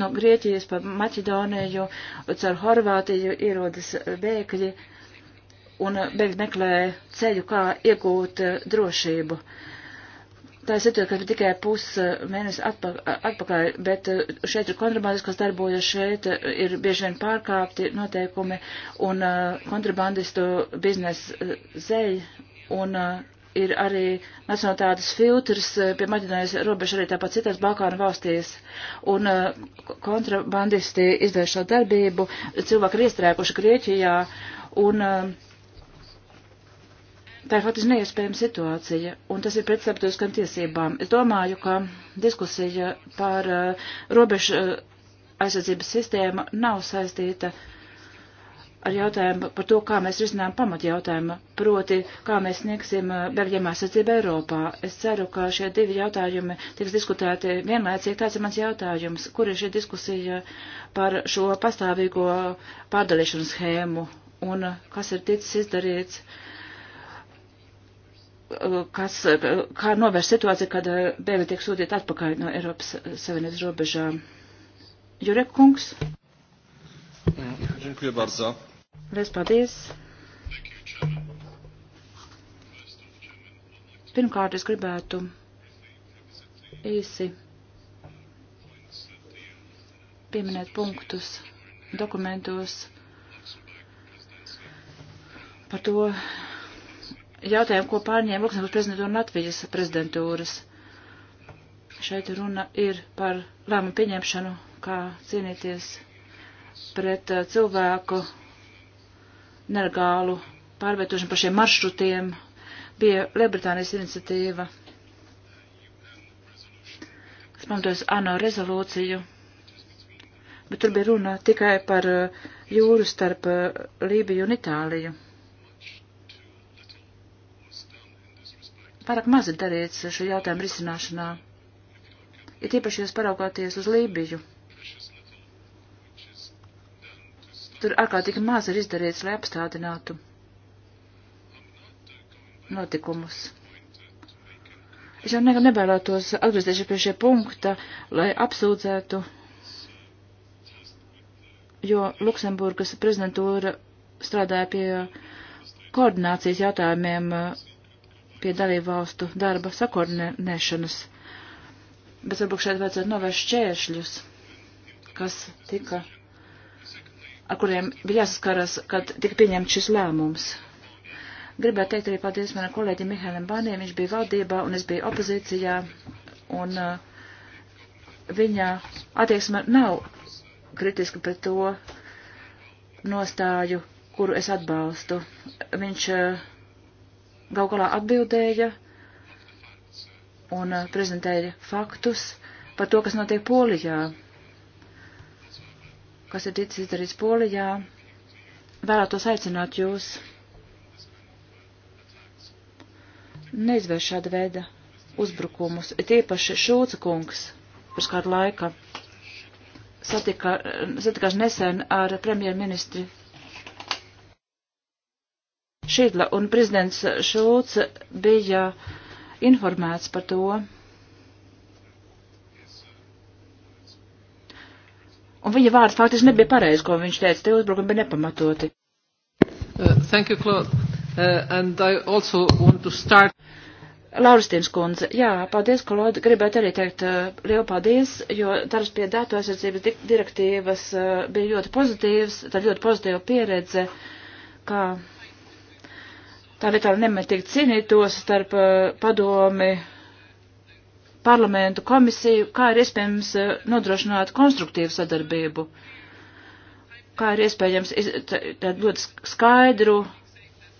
no Grieķijas pa Maķedoniju, caur Horvātiju ierodas bēgļi, un bēgļi meklē ceļu, kā iegūt eh, drošību. Uh, Tā situācija, ka tikai pusmēnesi eh, atpakaļ, bet eh, šeit ir kontrabandisti, kas darbojas šeit, eh, ir bieži vien pārkāpti noteikumi un kontrabandistu biznesa zeļ un ir arī nacionālitātes filtrs pie Maķedonijas robežas arī tāpat citās Balkānu valstīs. Un kontrabandisti izvērš šo darbību, cilvēki ir iestrēguši Grieķijā un uh, Tā ir faktiski neiespējama situācija, un tas ir pret starptautiskām tiesībām. Es domāju, ka diskusija par uh, robežu uh, aizsardzības sistēmu nav saistīta ar jautājumu par to, kā mēs risinām pamatjautājumu, proti, kā mēs sniegsim uh, bēgļiem aizsardzību Eiropā. Es ceru, ka šie divi jautājumi tiks diskutēti vienlaicīgi. Tāds ir mans jautājums, kur ir šī diskusija par šo pastāvīgo pārdalīšanas schēmu un kas ir ticis izdarīts. Uh, Eh, kas, eh, kā novērst situāciju, kad eh, bēgļi tiek sūtīti atpakaļ no Eiropas Savienības robežām. Jurek kungs. Dziękuję bardzo. Lies paldies. Pirmkārt, es gribētu īsi pieminēt punktus dokumentos par to, jautājumu, ko pārņēma Luksemburgas prezidentūra un Latvijas prezidentūras. Šeit runa ir par lēmumu pieņemšanu, kā cīnīties pret uh, cilvēku nelegālu pārvietošanu pa šiem maršrutiem. Bija Lielbritānijas iniciatīva, kas pamatojas ANO rezolūciju, bet tur bija runa tikai par uh, jūru starp uh, Lībiju un Itāliju. pārāk maz ir darīts šī jautājuma risināšanā. Ir īpaši jūs paraugāties uz Lībiju. Tur ārkārtīgi maz ir izdarīts, lai apstādinātu notikumus. Es jau nekad nebēlētos atgriezties pie šie punkta, lai apsūdzētu, jo Luksemburgas prezidentūra strādāja pie koordinācijas jautājumiem pie dalībvalstu darba sakoordinēšanas, bet varbūt šeit vajadzētu novērst šķēršļus, kas tika, ar kuriem bija jāsaskaras, kad tika pieņemts šis lēmums. Gribētu teikt arī paldies manam kolēģim Mihēlam Baniem, viņš bija valdībā un es biju opozīcijā, un uh, viņa attieksme nav kritiska pret to nostāju, kuru es atbalstu. Viņš uh, gal galā atbildēja un uh, prezentēja faktus par to, kas notiek Polijā, kas ir ticis izdarīts Polijā. Vēlētos aicināt jūs neizvērš šāda veida uzbrukumus, it īpaši Šulca kungs pirms kādu laika satika, satikās nesen ar premjerministri Šīdla un prezidents Šulc bija informēts par to. Un viņa vārds faktiski nebija pareizi, ko viņš teica. Tie uzbrukumi bija nepamatoti. Uh, thank you, Claude. Uh, and I also want to start. Lauristīns kundze, jā, paldies, kolodi, gribētu arī teikt uh, lielu paldies, jo darbs pie datu aizsardzības direktīvas uh, bija ļoti pozitīvs, tā ļoti pozitīva pieredze, kā. Ka tā vietā nemitīgi cīnītos starp uh, padomi, parlamentu komisiju, kā ir iespējams uh, nodrošināt konstruktīvu sadarbību, kā ir iespējams tādu ļoti skaidru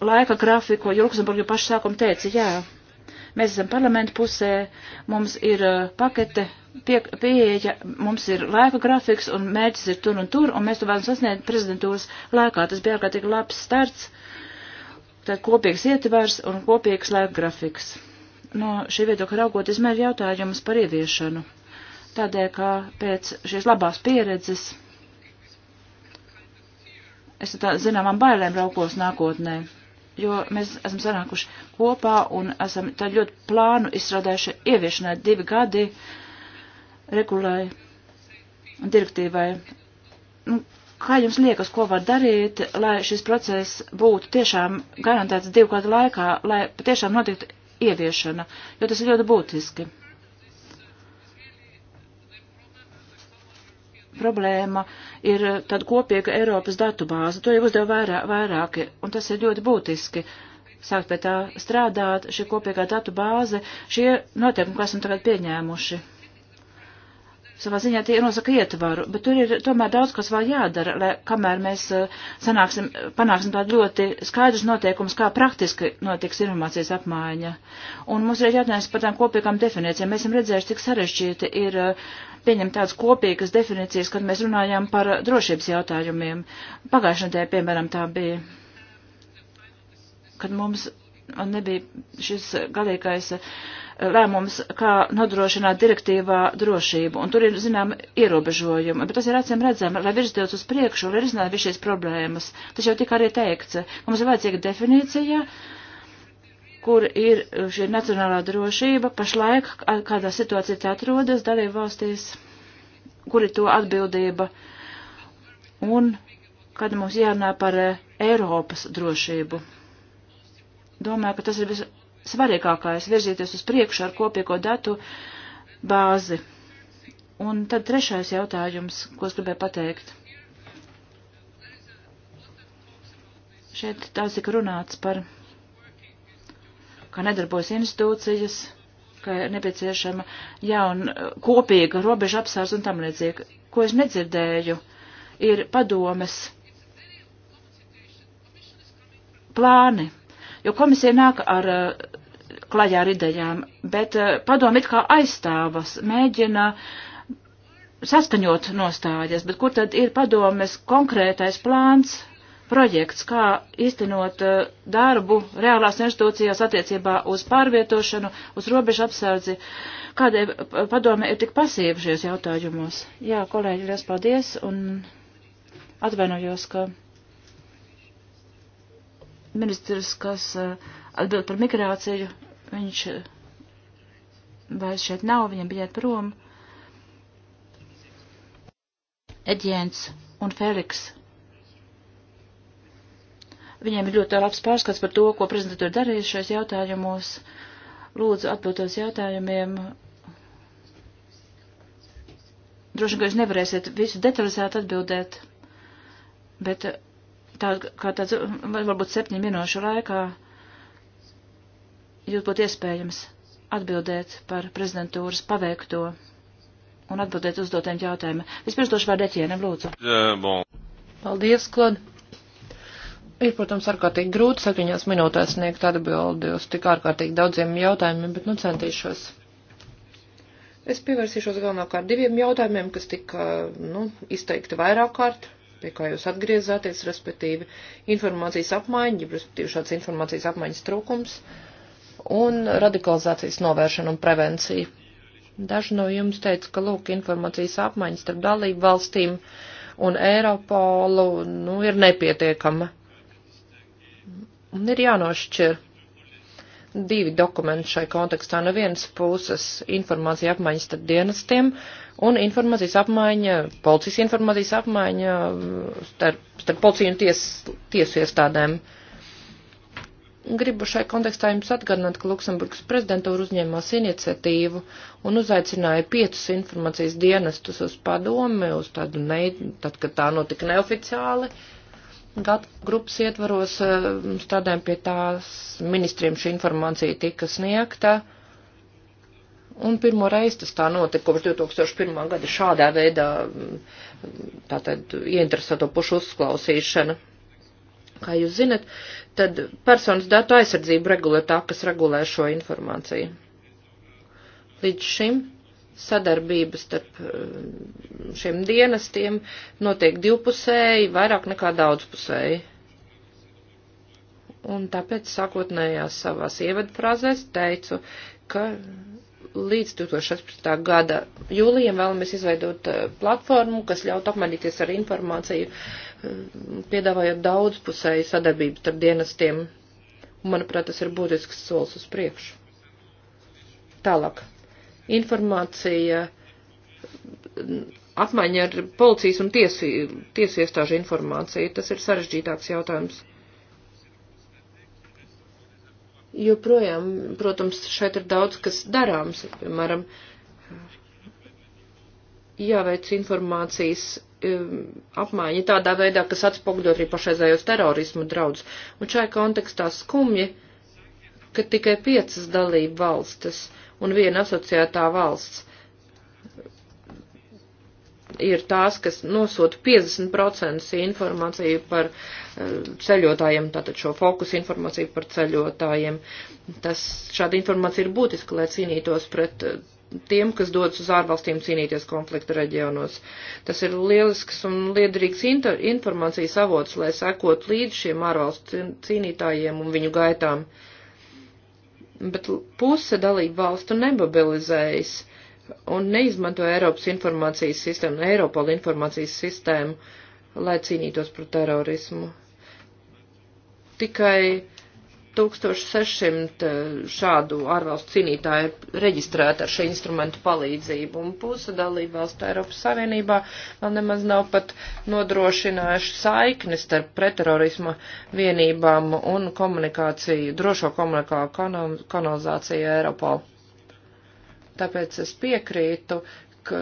laika grafiku, jo Luksemburga pašu sākumu teica, jā, mēs esam parlamentu pusē, mums ir uh, pakete, pie, pieeja, mums ir laika grafiks un mērķis ir tur un tur, un mēs to vēlamies sasniegt prezidentūras laikā. Tas bija ārkārtīgi labs starts, Tad eh, kopīgs ietvers un kopīgs laika grafiks. No šī viedokļa raugoties, man ir jautājums par ieviešanu. Tādēļ, ka pēc šīs labās pieredzes es tā zināmām bailēm raukos nākotnē, jo mēs esam sanākuši kopā un esam tā ļoti plānu izstrādājuši ieviešanai divi gadi regulai direktīvai. Nu, Kā jums liekas, ko var darīt, lai šis process būtu tiešām garantēts divu gadu laikā, lai patiešām notiktu ieviešana, jo tas ir ļoti būtiski. Problēma ir tad kopīga Eiropas datubāze, to jau uzdev vairā, vairāki, un tas ir ļoti būtiski. Sākt pie tā strādāt, šī kopīgā datubāze, šie noteikumi, ko esam tagad pieņēmuši savā ziņā tie nosaka ietvaru, bet tur ir tomēr daudz, kas vēl jādara, lai kamēr mēs eh, sanāksim, panāksim tādu ļoti skaidrus noteikumus, kā praktiski notiks informācijas apmaiņa. Un mums ir jāatnēs par tām kopīgām definīcijām. Mēs esam redzējuši, cik sarežģīti ir eh, pieņemt tādas kopīgas definīcijas, kad mēs runājām par drošības jautājumiem. Pagājušajā nedēļā, piemēram, tā bija, kad mums nebija šis galīgais. Uh, lēmums, kā nodrošināt direktīvā drošību, un tur ir, zinām, ierobežojumi, bet tas ir acīm redzami, lai virzītos uz priekšu, lai risinātu visu šīs problēmas. Tas jau tika arī teikts, ka mums ir vajadzīga definīcija, kur ir šī nacionālā drošība pašlaik, kādā situācijā tā atrodas dalību valstīs, kur ir to atbildība, un kad mums jārunā par eh, Eiropas drošību. Domāju, ka tas ir viss svarīgākais virzīties uz priekšu ar kopīgo datu bāzi. Un tad trešais jautājums, ko es gribēju pateikt. Šeit tās ir runāts par, kā nedarbojas institūcijas, ka ir nepieciešama jauna kopīga robeža apsārs un tam līdzīgi. Ko es nedzirdēju, ir padomes plāni, jo komisija nāk ar klajā ar idejām, bet eh, padomi it kā aizstāvas, mēģina saskaņot nostājas, bet kur tad ir padomes konkrētais plāns, projekts, kā īstenot eh, darbu reālās institūcijās attiecībā uz pārvietošanu, uz robežu apsardzi, kādēļ eh, padome ir tik pasīva šajos jautājumos. Jā, kolēģi, liels paldies un atvainojos, ka ministrs, kas atbild par migrāciju, viņš eh, vairs šeit nav, viņam bija iet prom. Eģēns un Feliks. Viņiem ir ļoti labs pārskats par to, ko prezidentūra darījusi šajos jautājumos. Lūdzu, atbildot jautājumiem. Droši vien, ka jūs nevarēsiet visu detalizēt atbildēt, bet tā, kā tāds varbūt septiņu minūšu laikā jūs būtu iespējams atbildēt par prezidentūras paveikto un atbildēt uzdotiem jautājumiem. Vispirms došu vārdu Etienam, lūdzu. Jā, bon. Paldies, Klod. Ir, protams, ārkārtīgi grūti septiņās minūtēs sniegt atbildi uz tik ārkārtīgi daudziem jautājumiem, bet nu centīšos. Es pievērsīšos galvenokārt diviem jautājumiem, kas tika, nu, izteikti vairāk kārt, pie kā jūs atgriezāties, respektīvi informācijas apmaiņa, respektīvi šāds informācijas apmaiņas trūkums. Uh, un radikalizācijas novēršana un prevencija. Daži no jums teica, ka lūk, informācijas apmaiņas starp dalību valstīm un Eiropolu nu, ir nepietiekama. Un ir jānošķir divi dokumenti šai kontekstā. No vienas puses informācija apmaiņa starp dienestiem un informācijas apmaiņa, policijas informācijas apmaiņa starp, starp policiju un ties, tiesu iestādēm. Uh, Gribu šai kontekstā jums atgādināt, ka Luksemburgas prezidentūra uzņēmās iniciatīvu un uzaicināja piecus informācijas dienestus uz padomi, uz tādu ne, tad, kad tā notika neoficiāli. Gadu grupas ietvaros eh, strādājam pie tās ministriem šī informācija tika sniegta. Un pirmo reizi tas tā notika kopš 2001. gada šādā veidā tātad ieinteresēto pušu uzklausīšana. Kā jūs zinat, tad personas datu aizsardzību regulē tā, kas regulē šo informāciju. Līdz šim sadarbības starp eh, šiem dienestiem notiek divpusēji, vairāk nekā daudzpusēji. Un tāpēc sākotnējās savās ievadfrāzēs teicu, ka līdz 2016. gada jūlijam vēlamies izveidot eh, platformu, kas ļaut apmainīties ar informāciju piedāvājot daudzpusēju sadarbību starp dienestiem. Un, manuprāt, tas ir būtisks solis uz priekšu. Tālāk. Informācija, apmaiņa ar policijas un tiesu, tiesu iestāžu informāciju, tas ir sarežģītāks jautājums. Joprojām, protams, šeit ir daudz, kas darāms, piemēram, jāveic informācijas Um, apmaiņa tādā veidā, kas atspoguļot arī pašreizējos terorismu draudus. Un šai kontekstā skumji, ka tikai piecas dalība valstis un viena asociētā valsts ir tās, kas nosūta 50% informāciju par uh, ceļotājiem, tātad šo fokusu informāciju par ceļotājiem. Tas šāda informācija ir būtiska, lai cīnītos pret uh, tiem, kas dodas uz ārvalstīm cīnīties konflikta reģionos. Tas ir lielisks un liederīgs informācijas avots, lai sekot līdz šiem ārvalstu cīnītājiem un viņu gaitām. Bet puse dalību valstu nemobilizējas un neizmanto Eiropas informācijas sistēmu, Eiropola informācijas sistēmu, lai cīnītos pret terorismu. Tikai 1600 eh, šādu ārvalstu cīnītāju ir reģistrēta ar šo instrumentu palīdzību, un puse dalībvalstu Eiropas Savienībā vēl nemaz nav pat nodrošinājuši saiknes starp preterorisma vienībām un komunikāciju, drošo komunikāciju kanalizāciju Eiropā. Tāpēc es piekrītu ka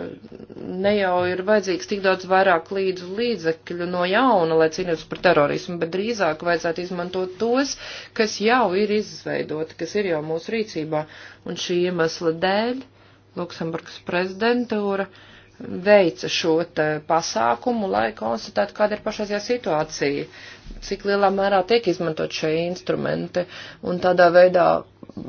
ne jau ir vajadzīgs tik daudz vairāk līdzu līdzekļu no jauna, lai cīnītos par terorismu, bet drīzāk vajadzētu izmantot tos, kas jau ir izveidoti, kas ir jau mūsu rīcībā. Un šī iemesla dēļ Luksemburgas prezidentūra veica šo pasākumu, lai konstatētu, kāda ir pašreizajā situācija, cik lielā mērā tiek izmantot šie instrumenti un tādā veidā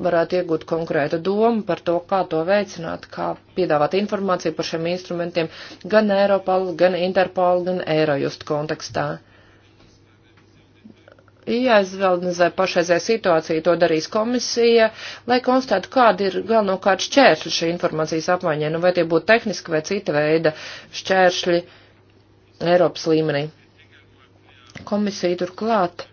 varētu iegūt konkrēta doma par to, kā to veicināt, kā piedāvāt informāciju par šiem instrumentiem gan Eiropal, gan Interpol, gan Eirojust kontekstā. Jāizveldnizē pašreizē situāciju, to darīs komisija, lai konstatētu, kāda ir galvenokārt šķēršļi šī informācijas apmaiņai, nu vai tie būtu tehniski vai cita veida šķēršļi Eiropas līmenī. Komisija turklāt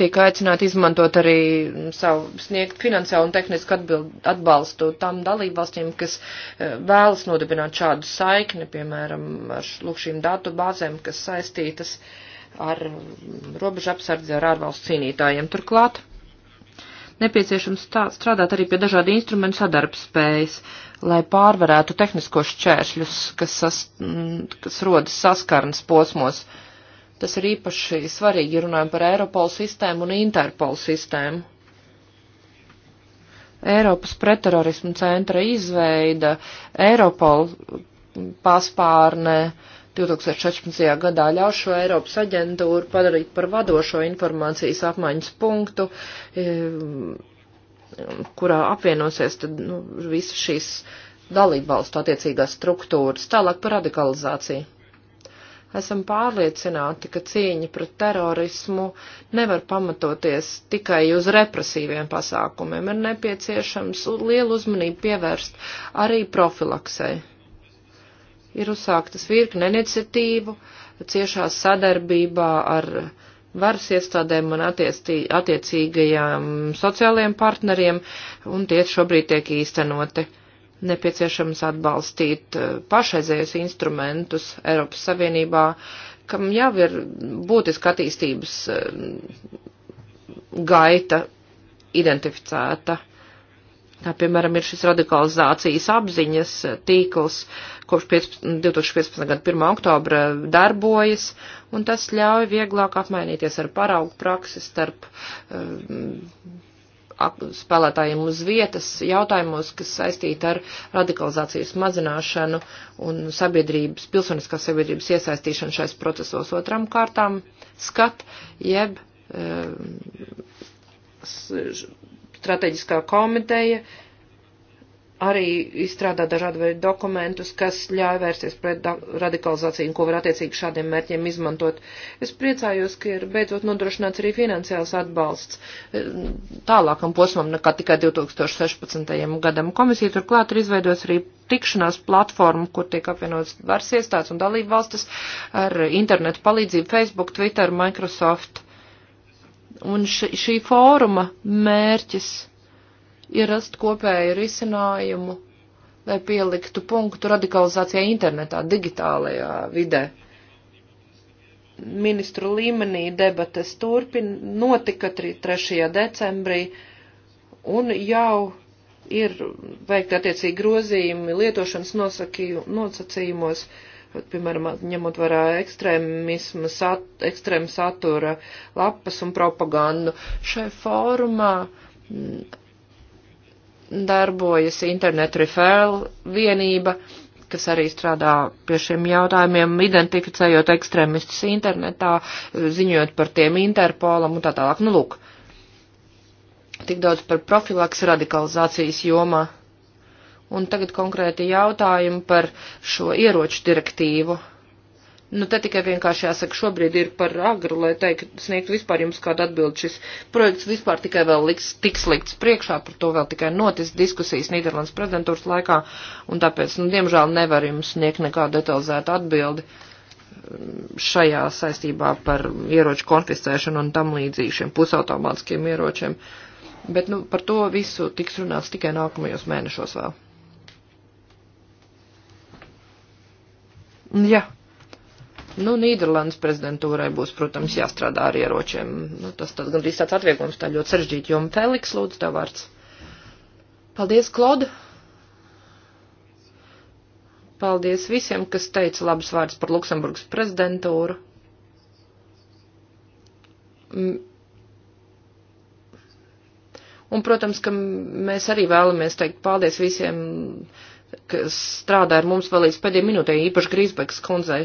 tiek aicināti izmantot arī mm, savu sniegt finansiālu un tehnisku atbild, atbalstu tām dalībvalstīm, kas eh, vēlas nodibināt šādu saikni, piemēram, ar lūk šīm datu bāzēm, kas saistītas ar mm, robežu apsardzi ar ārvalstu cīnītājiem. Turklāt nepieciešams tā, strādāt arī pie dažādu instrumentu sadarbspējas, lai pārvarētu tehniskos šķēršļus, kas, sas, mm, kas rodas saskarnes posmos. Uh, Tas ir īpaši svarīgi, runājot par Eiropolu sistēmu un Interpolu sistēmu. Eiropas pretterorismu centra izveida Eiropolu paspārnē 2016. gadā ļauj šo Eiropas aģentūru padarīt par vadošo informācijas apmaiņas punktu, ehm, kurā apvienosies tad, nu, visas šīs dalībvalstu attiecīgās struktūras, tālāk par radikalizāciju esam pārliecināti, ka cīņa pret terorismu nevar pamatoties tikai uz represīviem pasākumiem. Ir nepieciešams lielu uzmanību pievērst arī profilaksei. Ir uzsāktas virkne iniciatīvu ciešā sadarbībā ar varas iestādēm un attiecīgajām sociālajiem partneriem, un tie šobrīd tiek īstenoti nepieciešams atbalstīt eh, pašreizējos instrumentus Eiropas Savienībā, kam jau ir būtiska attīstības eh, gaita identificēta. Tā, piemēram, ir šis radikalizācijas apziņas tīkls, kopš 15, 2015. gada 1. oktobra darbojas, un tas ļauj vieglāk apmainīties ar paraugu praksi starp um, spēlētājiem uz vietas jautājumos, kas saistīti ar radikalizācijas mazināšanu un sabiedrības, pilsoniskās sabiedrības iesaistīšanu šais procesos otram kārtām skat, jeb e, strateģiskā komiteja e, arī izstrādā dažādu veidu dokumentus, kas ļauj vērsties pret radikalizāciju un ko var attiecīgi šādiem mērķiem izmantot. Es priecājos, ka ir beidzot nodrošināts arī finansiāls atbalsts e, tālākam posmam nekā tikai 2016. gadam. Komisija turklāt ir izveidojusi arī tikšanās platformu, kur tiek apvienotas varas iestādes un dalību valstis ar internetu palīdzību Facebook, Twitter, Microsoft. Un ši, šī fóruma mērķis ir rast kopēju risinājumu, lai pieliktu punktu radikalizācijai internetā, digitālajā vidē. Ministru līmenī debates turpin, notika 3. decembrī, un jau ir veikti attiecīgi grozījumi lietošanas nosacījumos, piemēram, ņemot vērā ekstrēmismu, sat, ekstrēmu satura lapas un propagandu. Šai fórumā mm, darbojas internet referral vienība, kas arī strādā pie šiem jautājumiem, identificējot ekstremistus internetā, ziņot par tiem Interpolam un tā tālāk. Nu, lūk, tik daudz par profilaks radikalizācijas jomā. Un tagad konkrēti jautājumi par šo ieroču direktīvu Nu, te tikai vienkārši jāsaka, šobrīd ir par agru, lai teikt, sniegtu vispār jums kādu atbildi. Šis projekts vispār tikai vēl liks, tiks likts priekšā, par to vēl tikai notis diskusijas Nīderlandes prezidentūras laikā, un tāpēc, nu, diemžēl nevar jums sniegt nekādu detalizētu atbildi mm, šajā saistībā par ieroču konfiscēšanu un tam līdzīgiem pusautomātiskiem ieročiem. Bet nu, par to visu tiks runāts tikai nākamajos mēnešos vēl. Ja, Nu, Nīderlandes prezidentūrai būs, protams, jāstrādā ar ieročiem. Nu, tas tas gandrīz tāds atvieglojums, tā ļoti sarežģīta joma. Feliks, lūdzu, tev vārds. Paldies, Klod! Paldies visiem, kas teica labus vārdus par Luksemburgas prezidentūru. Un, protams, ka mēs arī vēlamies teikt paldies visiem kas strādā ar mums vēl līdz pēdējai minūtē, īpaši Grīsbekas kundzei.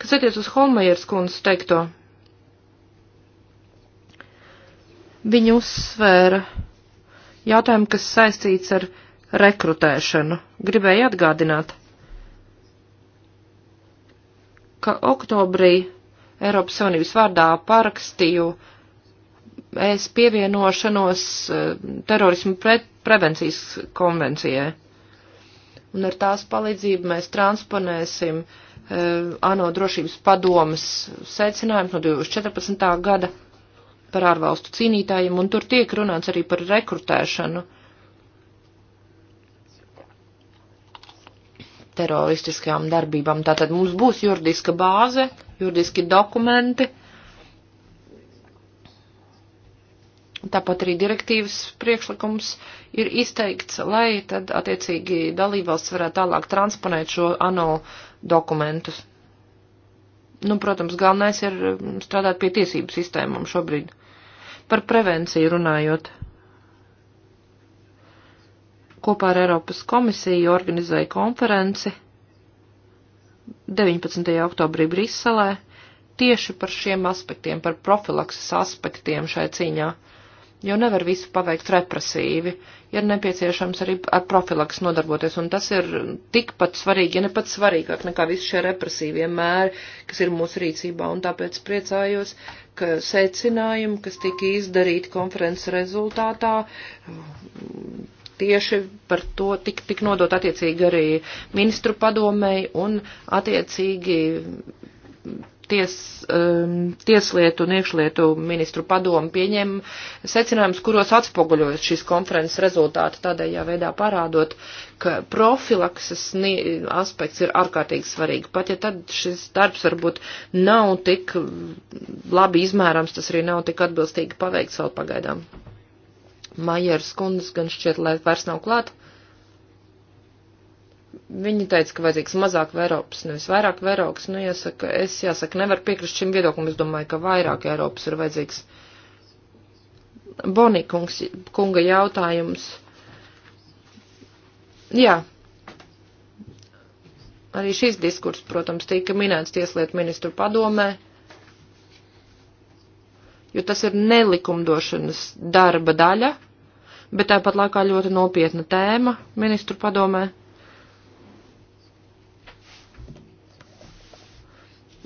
Kas attiec uz Holmajers kundzes teikto? Viņa uzsvēra jautājumu, kas saistīts ar rekrutēšanu. Gribēju atgādināt, ka oktobrī Eiropas Savienības vārdā parakstīju es pievienošanos eh, terorismu pre prevencijas konvencijai un ar tās palīdzību mēs transponēsim uh, ANO drošības padomas secinājumus no 2014. gada par ārvalstu cīnītājiem, un tur tiek runāts arī par rekrutēšanu teroristiskajām darbībām. Tātad mums būs juridiska bāze, juridiski dokumenti, Tāpat arī direktīvas priekšlikums ir izteikts, lai tad attiecīgi dalībvalsts varētu tālāk transponēt šo ANO dokumentus. Nu, protams, galvenais ir mm, strādāt pie tiesību sistēmām šobrīd. Par prevenciju runājot. Kopā ar Eiropas komisiju organizēja konferenci 19. oktobrī Briselē tieši par šiem aspektiem, par profilakses aspektiem šai cīņā jo nevar visu paveikt represīvi. Ir nepieciešams arī ar profilaks nodarboties, un tas ir tikpat svarīgi, ja ne pat svarīgāk nekā visi šie represīvie mēri, kas ir mūsu rīcībā, un tāpēc priecājos, ka secinājumi, kas tika izdarīti konferences rezultātā, tieši par to tik, tik nodot attiecīgi arī ministru padomei un attiecīgi ties, um, tieslietu un iekšlietu ministru padomu pieņēma secinājumus, kuros atspoguļojas šīs konferences rezultāti, tādējā veidā parādot, ka profilakses aspekts ir ārkārtīgi svarīgi. Pat ja tad šis darbs varbūt nav tik labi izmērams, tas arī nav tik atbilstīgi paveikts vēl pagaidām. Majers kundas gan šķiet, lai vairs nav klāt. Uh, Viņi teica, ka vajadzīgs mazāk Eiropas, nevis vairāk Eiropas. Nu, jāsaka, es jāsaka, nevaru piekrist šim viedoklim. Es domāju, ka vairāk Eiropas ir vajadzīgs. Bonikungs, kunga jautājums. Jā. Arī šis diskurs, protams, tika minēts Tieslietu ministru padomē, jo tas ir nelikumdošanas darba daļa, bet tāpat laikā ļoti nopietna tēma ministru padomē.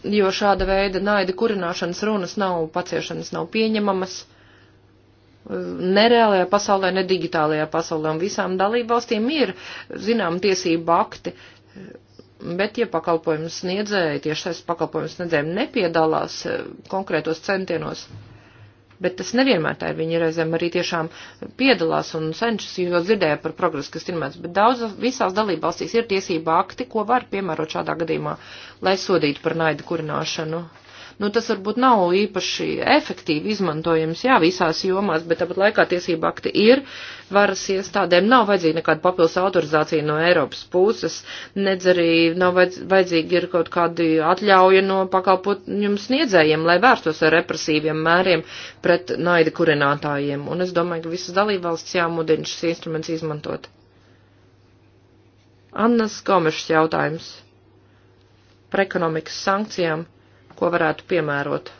jo šāda veida naida kurināšanas runas nav paciešanas, nav pieņemamas e, nereālajā pasaulē, ne digitālajā pasaulē, un visām dalībvalstīm ir, zinām, tiesība akti, e, bet ja pakalpojums sniedzēji, tiešais pakalpojums sniedzējiem nepiedalās e, konkrētos centienos, bet tas nevienmēr tā ir. Viņi reizēm arī tiešām piedalās un senčas, jo dzirdēja par progresu, kas ir mēdz, bet daudz visās dalībvalstīs ir tiesība akti, ko var piemērot šādā gadījumā, lai sodītu par naidu kurināšanu nu tas varbūt nav īpaši efektīvi izmantojams, jā, visās jomās, bet tāpat laikā tiesība akti ir varas iestādēm, nav vajadzīga nekāda papildus autorizācija no Eiropas puses, nedz arī nav vajadzīga ir kaut kādi atļauja no pakalpojumu sniedzējiem, lai vērstos ar represīviem mēriem pret naida kurinātājiem, un es domāju, ka visas dalībvalsts jāmudina šis instruments izmantot. Annas Komešs jautājums par ekonomikas sankcijām ko varētu piemērot.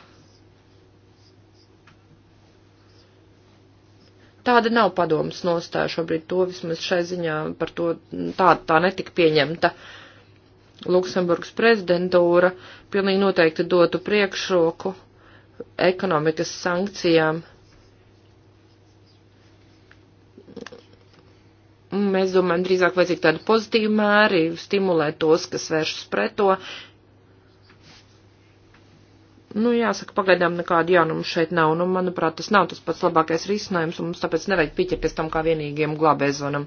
Tāda nav padomas nostāja šobrīd, to vismaz šai ziņā par to tā, tā netika pieņemta. Luksemburgas prezidentūra pilnīgi noteikti dotu priekšroku ekonomikas sankcijām. Mēs domājam, drīzāk vajadzīgi tādi pozitīvi mēri, stimulēt tos, kas vēršas pret to, Nu, jāsaka, pagaidām nekādu jaunumu šeit nav. Nu, manuprāt, tas nav tas pats labākais risinājums, un mums tāpēc nevajag piķerties tam kā vienīgiem glābēzvanam.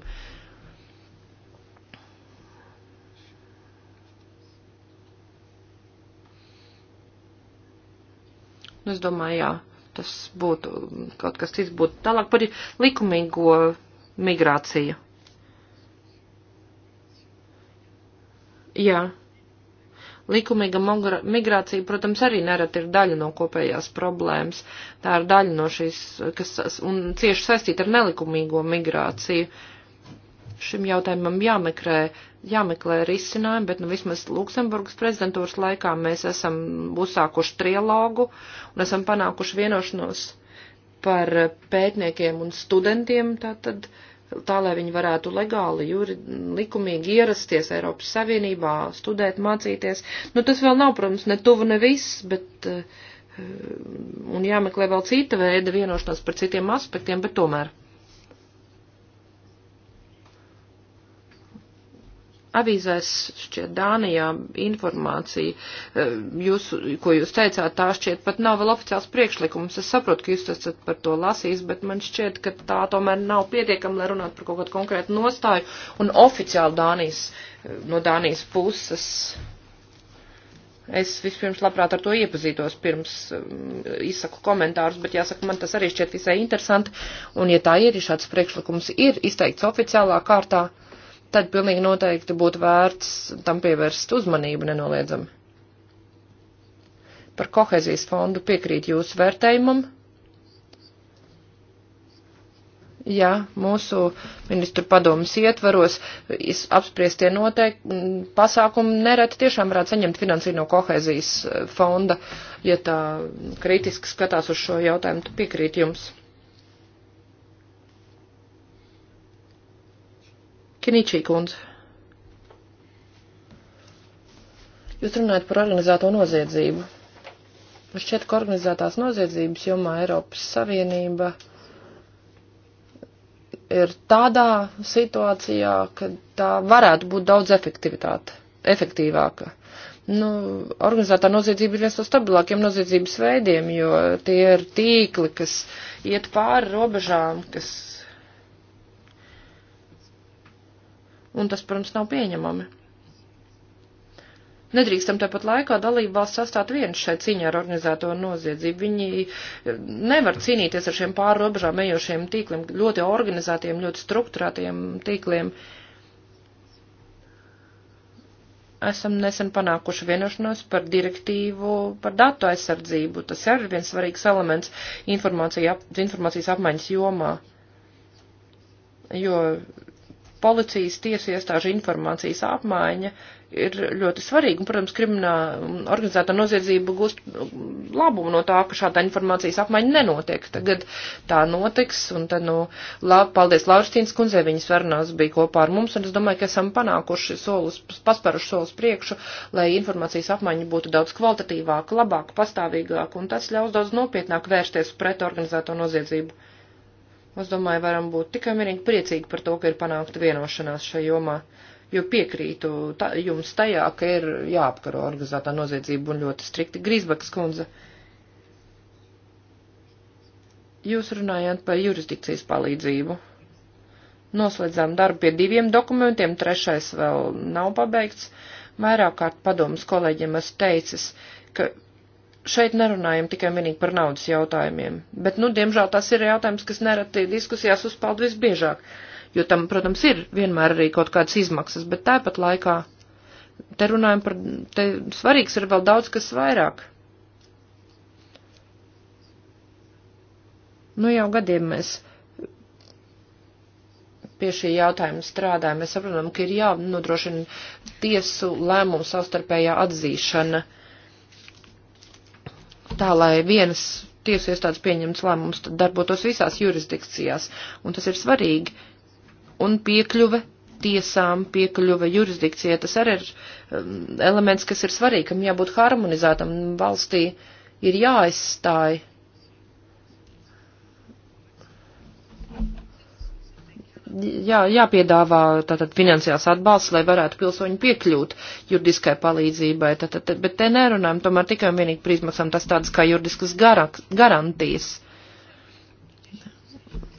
Nu, es domāju, jā, tas būtu mm, kaut kas cits būtu tālāk par likumīgo migrāciju. Jā. Yeah. Likumīga migrācija, protams, arī nerad ir daļa no kopējās problēmas. Tā ir daļa no šīs, kas un cieši saistīta ar nelikumīgo migrāciju. Šim jautājumam jāmeklē, jāmeklē risinājumi, bet nu vismaz Luksemburgas prezidentūras laikā mēs esam uzsākuši trilogu un esam panākuši vienošanos par pētniekiem un studentiem. Tātad, uh, tā, lai viņi varētu legāli, juri, likumīgi ierasties Eiropas Savienībā, studēt, mācīties. Nu, tas vēl nav, protams, ne tuvu, ne viss, bet, eh, un jāmeklē vēl cita veida vienošanās par citiem aspektiem, bet tomēr. avīzēs šķiet Dānijā informācija, e, jūs, ko jūs teicāt, tā šķiet pat nav vēl oficiāls priekšlikums. Es saprotu, ka jūs esat par to lasījis, bet man šķiet, ka tā tomēr nav pietiekama, lai runātu par kaut kādu konkrētu nostāju un oficiāli Dānijas, e, no Dānijas puses. Es vispirms labprāt ar to iepazītos pirms um, izsaku komentārus, bet jāsaka, man tas arī šķiet visai interesanti. Un ja tā ir, ja šāds priekšlikums ir izteikts oficiālā kārtā, uh, tad pilnīgi noteikti būtu vērts tam pievērst uzmanību nenoliedzami. Par kohezijas fondu piekrīt jūsu vērtējumam. Jā, mūsu ministru padomas ietvaros apspriestie noteikti pasākumi nereti tiešām varētu saņemt finansiju no kohēzijas eh, fonda, ja tā kritiski skatās uz šo jautājumu, tu piekrīt jums. Kinīčī kundze. Jūs runājat par organizēto noziedzību. Man šķiet, ka organizētās noziedzības jomā Eiropas Savienība ir tādā situācijā, ka tā varētu būt daudz efektīvāka. Nu, organizētā noziedzība ir viens no stabilākiem noziedzības veidiem, jo tie ir tīkli, kas iet pāri robežām, kas un tas, protams, nav pieņemami. Nedrīkstam tāpat laikā dalību valsts sastāt viens šai cīņā ar organizēto noziedzību. Viņi eh, nevar cīnīties ar šiem pāri robežām ejošiem tīkliem, ļoti organizētiem, ļoti strukturētiem tīkliem. Esam nesen panākuši vienošanos par direktīvu par datu aizsardzību. Tas ir viens svarīgs elements informācija, informācijas apmaiņas jomā. Jo policijas tiesu iestāžu informācijas apmaiņa ir ļoti svarīga. Un, protams, kriminā organizētā noziedzība gūst labumu no tā, ka šāda informācijas apmaiņa nenotiek. Tagad tā notiks, un tad, nu, lab, paldies Lauristīnas kundzei, viņas sarunās bija kopā ar mums, un es domāju, ka esam panākuši solus, pasparuši solus priekšu, lai informācijas apmaiņa būtu daudz kvalitatīvāka, labāka, pastāvīgāka, un tas ļaus daudz nopietnāk vērsties pret organizēto noziedzību. Es domāju, varam būt tikai vienīgi priecīgi par to, ka ir panākta vienošanās šajā jomā, jo piekrītu ta, jums tajā, ka ir jāapkaro organizētā noziedzība un ļoti strikti. Grīsbekas kundze, jūs runājāt par jurisdikcijas palīdzību. Noslēdzām darbu pie diviem dokumentiem, trešais vēl nav pabeigts. Vairāk kārt padomas kolēģiem es teicis, ka šeit nerunājam tikai vienīgi par naudas jautājumiem, bet, nu, diemžēl tas ir jautājums, kas nereti diskusijās uzpeld visbiežāk, jo tam, protams, ir vienmēr arī kaut kādas izmaksas, bet tāpat laikā te runājam par, te svarīgs ir vēl daudz kas vairāk. Nu, jau gadiem mēs pie šī jautājuma strādājam, mēs saprotam, ka ir jānodrošina tiesu lēmumu savstarpējā atzīšana. Uh, tā, lai vienas tiesu iestādes pieņemts lēmums darbotos visās jurisdikcijās, un tas ir svarīgi. Un piekļuve tiesām, piekļuve jurisdikcijai, tas arī ir um, elements, kas ir svarīgi, kam jābūt harmonizētam valstī, ir jāaizstāj jā, jāpiedāvā tātad finansiāls atbalsts, lai varētu pilsoņi piekļūt juridiskai palīdzībai, tātad, bet te nerunājam tomēr tikai un vienīgi par izmaksām tas tādas kā juridiskas garantijas.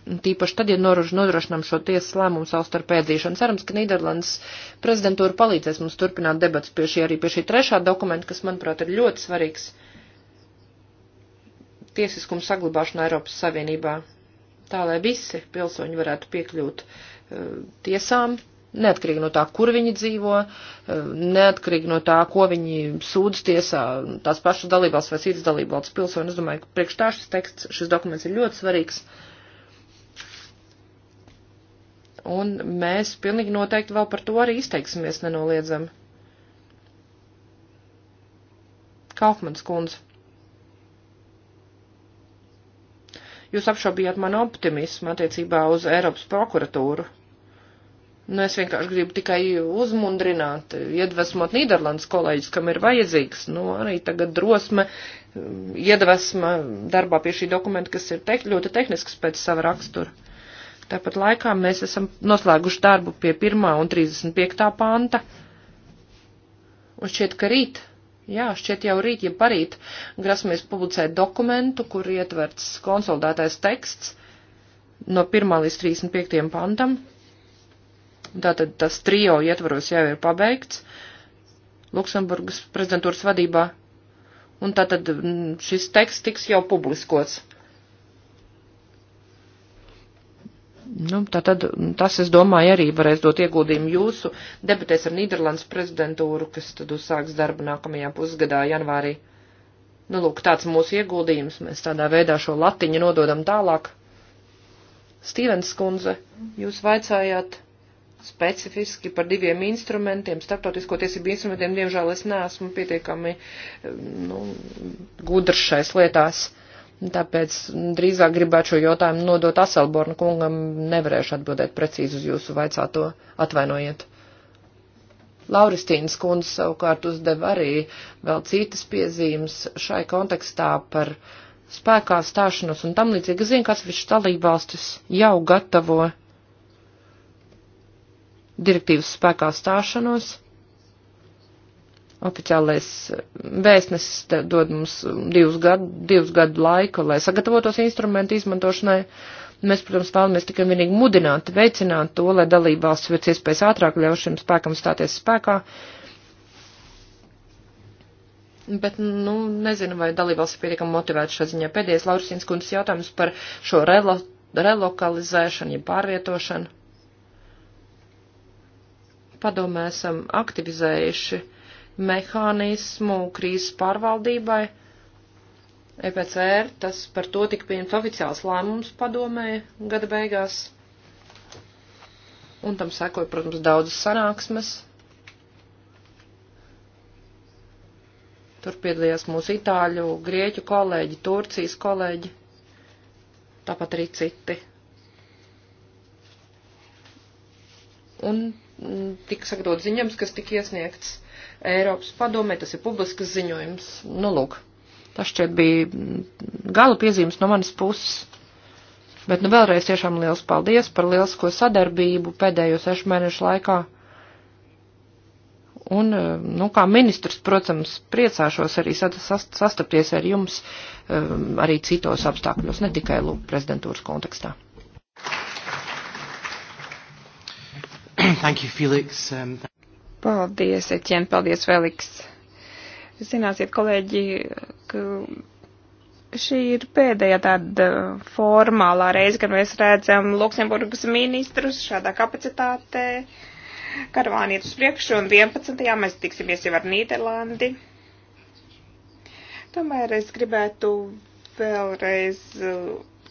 Tīpaši tad, ja nodrošinām šo tiesas lēmumu savstarpēdzīšanu. Cerams, ka Nīderlandes prezidentūra palīdzēs mums turpināt debats pie šī, arī pie šī trešā dokumenta, kas, manuprāt, ir ļoti svarīgs tiesiskuma saglabāšana Eiropas Savienībā tā lai visi pilsoņi varētu piekļūt uh, tiesām, neatkarīgi no tā, kur viņi dzīvo, uh, neatkarīgi no tā, ko viņi sūdz tiesā, tās pašas dalībvalsts vai citas dalībvalsts pilsoņi. Es domāju, ka priekš tā šis teksts, šis dokuments ir ļoti svarīgs. Un mēs pilnīgi noteikti vēl par to arī izteiksimies nenoliedzami. Kaufmans kundze. Jūs apšaubījāt manu optimismu attiecībā uz Eiropas prokuratūru. Nu, es vienkārši gribu tikai uzmundrināt, iedvesmot Nīderlandes kolēģis, kam ir vajadzīgs, nu, arī tagad drosme, iedvesma darbā pie šī dokumenta, kas ir te, ļoti tehnisks pēc sava rakstura. Tāpat laikā mēs esam noslēguši darbu pie 1. un 35. panta. Un šķiet, ka rīt Jā, šķiet jau rīt, ja parīt grasamies publicēt dokumentu, kur ietverts konsolidētais teksts no 1 līdz 35 pantam. Tātad tas trijo ietvaros jau ir pabeigts Luksemburgas prezidentūras vadībā. Un tātad mm, šis teksts tiks jau publiskots. Nu, tātad mm, tas, es domāju, arī varēs dot ieguldījumu jūsu debatēs ar Nīderlandes prezidentūru, kas tad uzsāks darbu nākamajā pusgadā janvārī. Nu, lūk, tāds mūsu ieguldījums. Mēs tādā veidā šo latiņu nododam tālāk. Stīvens Skundze, jūs vaicājāt specifiski par diviem instrumentiem, starptautisko tiesību instrumentiem, diemžēl es neesmu pietiekami eh, nu, gudrs šais lietās. Tāpēc drīzāk gribētu šo jautājumu nodot Aselborna kungam, nevarēšu atbildēt precīzi uz jūsu vaicāto, atvainojiet. Lauristīnas kundze savukārt uzdeva arī vēl citas piezīmes šai kontekstā par spēkā stāšanos un tam līdzīgi. Es zinu, ka atsevišķas dalībvalstis jau gatavo direktīvas spēkā stāšanos Oficiālais mm, vēstnesis dod mums divus gadu, divus gadu laiku, lai sagatavotos instrumentu izmantošanai. Mēs, protams, vēlamies tikai vienīgi mudināt, veicināt to, lai dalībvalsts pēc iespējas ātrāk ļauj šim spēkam stāties spēkā. Bet, nu, nezinu, vai dalībvalsts ir pietiekami motivēta šā ziņā. Pēdējais Laurasīns kundzes jautājums par šo relo, relokalizēšanu, ja pārvietošanu. Padomē esam aktivizējuši mehānismu krīzes pārvaldībai. EPCR, tas par to tika pieņemts oficiāls lēmums padomē gada beigās. Un tam sekoja, protams, daudzas sanāksmes. Tur piedalījās mūsu itāļu, grieķu kolēģi, Turcijas kolēģi, tāpat arī citi. Un mm, tika sagatavot ziņams, kas tika iesniegts Eiropas padomē, tas ir publisks ziņojums. Nu, lūk, tas šķiet bija gala piezīmes no manas puses. Bet nu vēlreiz tiešām liels paldies par lielisko sadarbību pēdējo sešu mēnešu laikā. Un, nu, kā ministrs, protams, priecāšos arī sastapties ar jums um, arī citos apstākļos, ne tikai lūk prezidentūras kontekstā. Thank you, Felix. Um, Paldies, Eķien, paldies, Veliks. Zināsiet, kolēģi, ka šī ir pēdējā tāda formālā reize, kad mēs redzam Luksemburgas ministrus šādā kapacitātē. Karavāni iet uz priekšu un 11. mēs tiksimies jau ar Nīderlandi. Tomēr es gribētu vēlreiz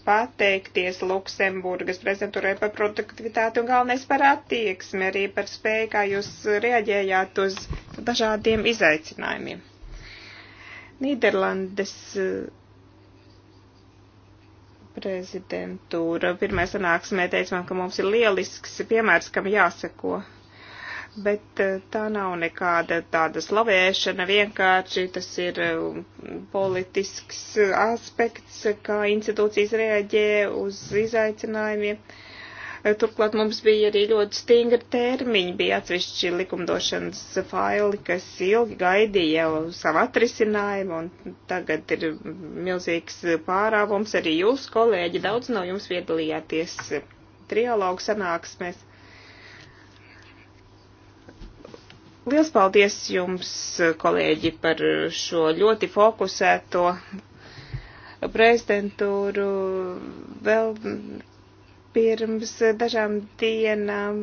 pateikties Luksemburgas prezidentūrai par produktivitāti un galvenais par attieksmi, arī par spēju, kā jūs reaģējāt uz dažādiem izaicinājumiem. Nīderlandes eh, prezidentūra pirmajā sanāksmē teica man, ka mums ir lielisks piemērs, kam jāseko bet eh, tā nav nekāda tāda slavēšana, vienkārši tas ir eh, politisks eh, aspekts, kā institūcijas reaģē uz izaicinājumiem. Turklāt mums bija arī ļoti stingri termiņi, bija atsevišķi likumdošanas faili, kas ilgi gaidīja jau savu atrisinājumu, un tagad ir milzīgs pārāvums. Arī jūs, kolēģi, daudz no jums piedalījāties trialogu sanāksmēs Liels paldies jums, kolēģi, par šo ļoti fokusēto prezidentūru. Vēl pirms dažām dienām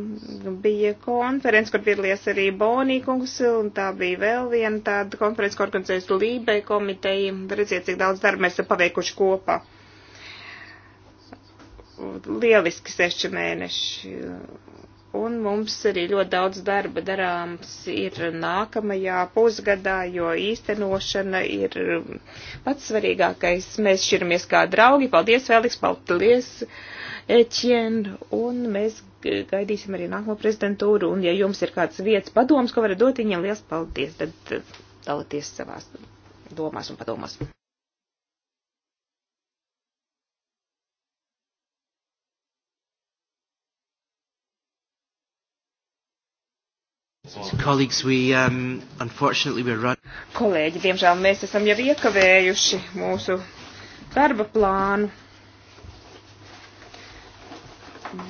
bija konference, kur piedalījās arī Bonī kungs, un tā bija vēl viena tāda konference, ko organizējas Lībē komiteja. Redziet, cik daudz darba mēs esam paveikuši kopā. Lieliski seši mēneši. Un mums arī ļoti daudz darba darāms ir nākamajā pusgadā, jo īstenošana ir pats svarīgākais. Mēs šķiramies kā draugi. Paldies, Feliks, paldies, Etiēn. Un mēs gaidīsim arī nākamo prezidentūru. Un ja jums ir kāds vietas padoms, ko varat dot viņiem, liels paldies, tad dalieties savās domās un padomās. We, um, Kolēģi, diemžēl mēs esam jau iekavējuši mūsu darba plānu,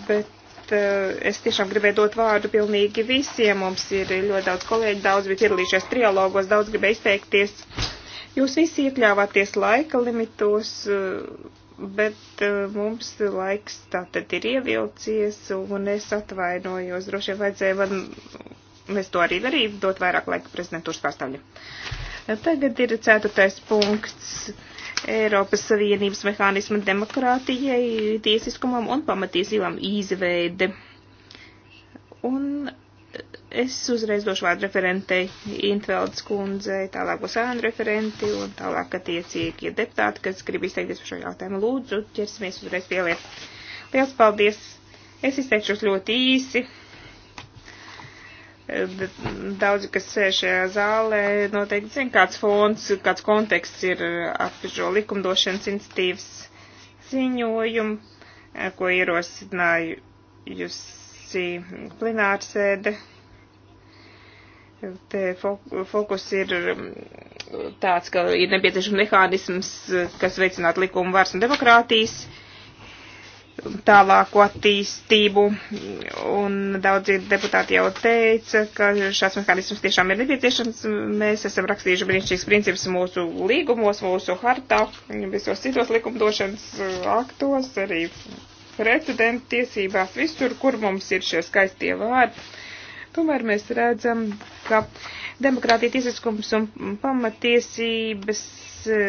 bet uh, es tiešām gribēju dot vārdu pilnīgi visiem. Mums ir ļoti daudz kolēģi, daudz bija piedalījušies trialogos, daudz gribēja izteikties. Jūs visi iekļāvāties laika limitos, eh, bet uh, mums laiks tātad ir ievilcies, un es atvainojos. Droši vien vajadzēja man Es to arī darīju, dot vairāk laika prezidentūras pārstāvjiem. Tagad ir ceturtais punkts Eiropas Savienības mehānisma demokrātijai, tiesiskumam un pamatiesībām izveide. Un es uzreiz došu vārdu referentei Intveldes kundzei, tālāk būs ēnu referenti un tālāk attiecīgie deputāti, kas grib izteikties par šo jautājumu. Lūdzu, ķersimies uzreiz pie lietas. Liels paldies! Es izteikšos ļoti īsi Daudzi, kas sēž šajā zālē, noteikti zina, kāds fons, kāds konteksts ir ap šo likumdošanas institīvas ziņojumu, ko ierosinājusi plenārsēde. Te fokus ir tāds, ka ir nepieciešams mehānisms, kas veicinātu likumu varas un demokrātijas tālāku attīstību. Un daudzi deputāti jau teica, ka šāds mehānisms tiešām ir nepieciešams. Mēs esam rakstījuši brīnišķīgs princips mūsu līgumos, mūsu hartā, visos citos likumdošanas uh, aktos, arī precedentu tiesībās, visur, kur mums ir šie skaistie vārdi. Tomēr mēs redzam, ka Demokrātija, tiesiskums un pamatiesības e,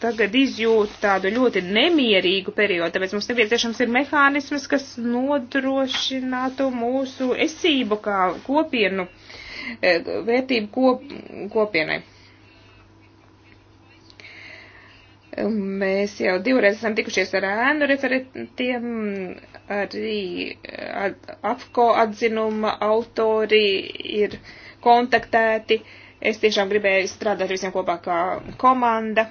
tagad izjūt tādu ļoti nemierīgu periodu, tāpēc mums nepieciešams ir mehānismas, kas nodrošinātu mūsu esību kā kopienu, e, vērtību kop, kopienai. Mēs jau divreiz esam tikušies ar ēnu referentiem, arī AFCO atzinuma autori ir kontaktēti. Es tiešām gribēju strādāt visiem kopā kā komanda.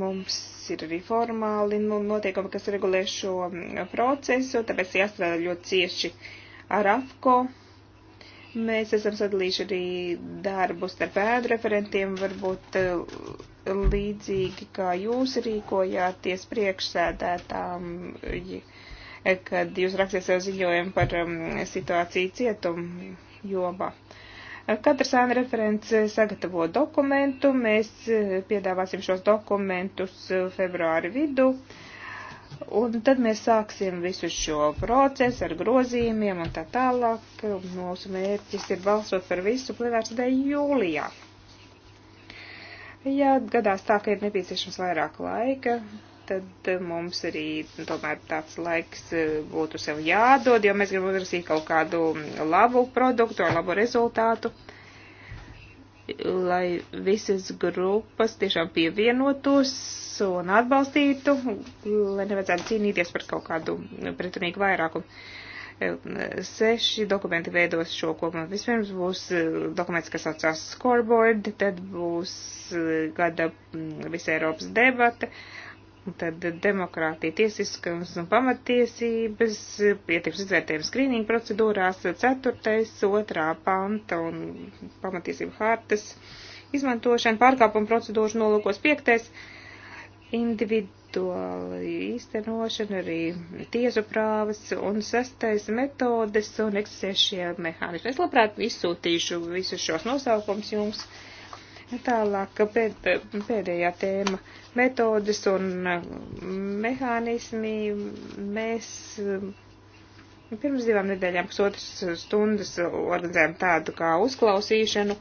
Mums ir arī formāli noteikumi, kas regulē šo procesu, tāpēc jāstrādā ļoti cieši ar AFCO. Mēs esam sadalījuši arī darbu starp ēdu referentiem, varbūt eh, līdzīgi kā jūs rīkojāties priekšsēdētām kad jūs rakstiet savu ziņojumu par um, situāciju cietumu jomā. Katrs ēna referents sagatavo dokumentu, mēs eh, piedāvāsim šos dokumentus eh, februāri vidu, un tad mēs sāksim visu šo procesu ar grozījumiem un tā tālāk. Mūsu mērķis ir balsot par visu plenārsdēju jūlijā. Ja gadās tā, ka ir nepieciešams vairāk laika, tad eh, mums arī tomēr tāds laiks eh, būtu sev jādod, jo mēs gribam uzrasīt kaut kādu mm, labu produktu ar labu rezultātu, lai visas grupas tiešām pievienotos un atbalstītu, lai nevajadzētu cīnīties par kaut kādu mm, pretrunīgu vairākumu eh, seši dokumenti veidos šo kopumu. Vispirms būs dokuments, kas saucās scoreboard, tad būs gada mm, visa Eiropas debata, tad demokrātija, tiesiskums un pamatiesības, ietekmes izvērtējums skrīninga procedūrās, ceturtais, otrā panta un pamatiesība hartas izmantošana, pārkāpuma procedūras nolūkos piektais, individuāli īstenošana, arī tiesu prāvas un sestais metodes un eksistēšie mehānismi. Es labprāt izsūtīšu visus šos nosaukums jums. Uh, Nu, tālāk pēd, pēdējā tēma - metodes un mm, mehānismi. Mēs mm, pirms divām nedēļām pusotras stundas organizējām tādu kā uzklausīšanu,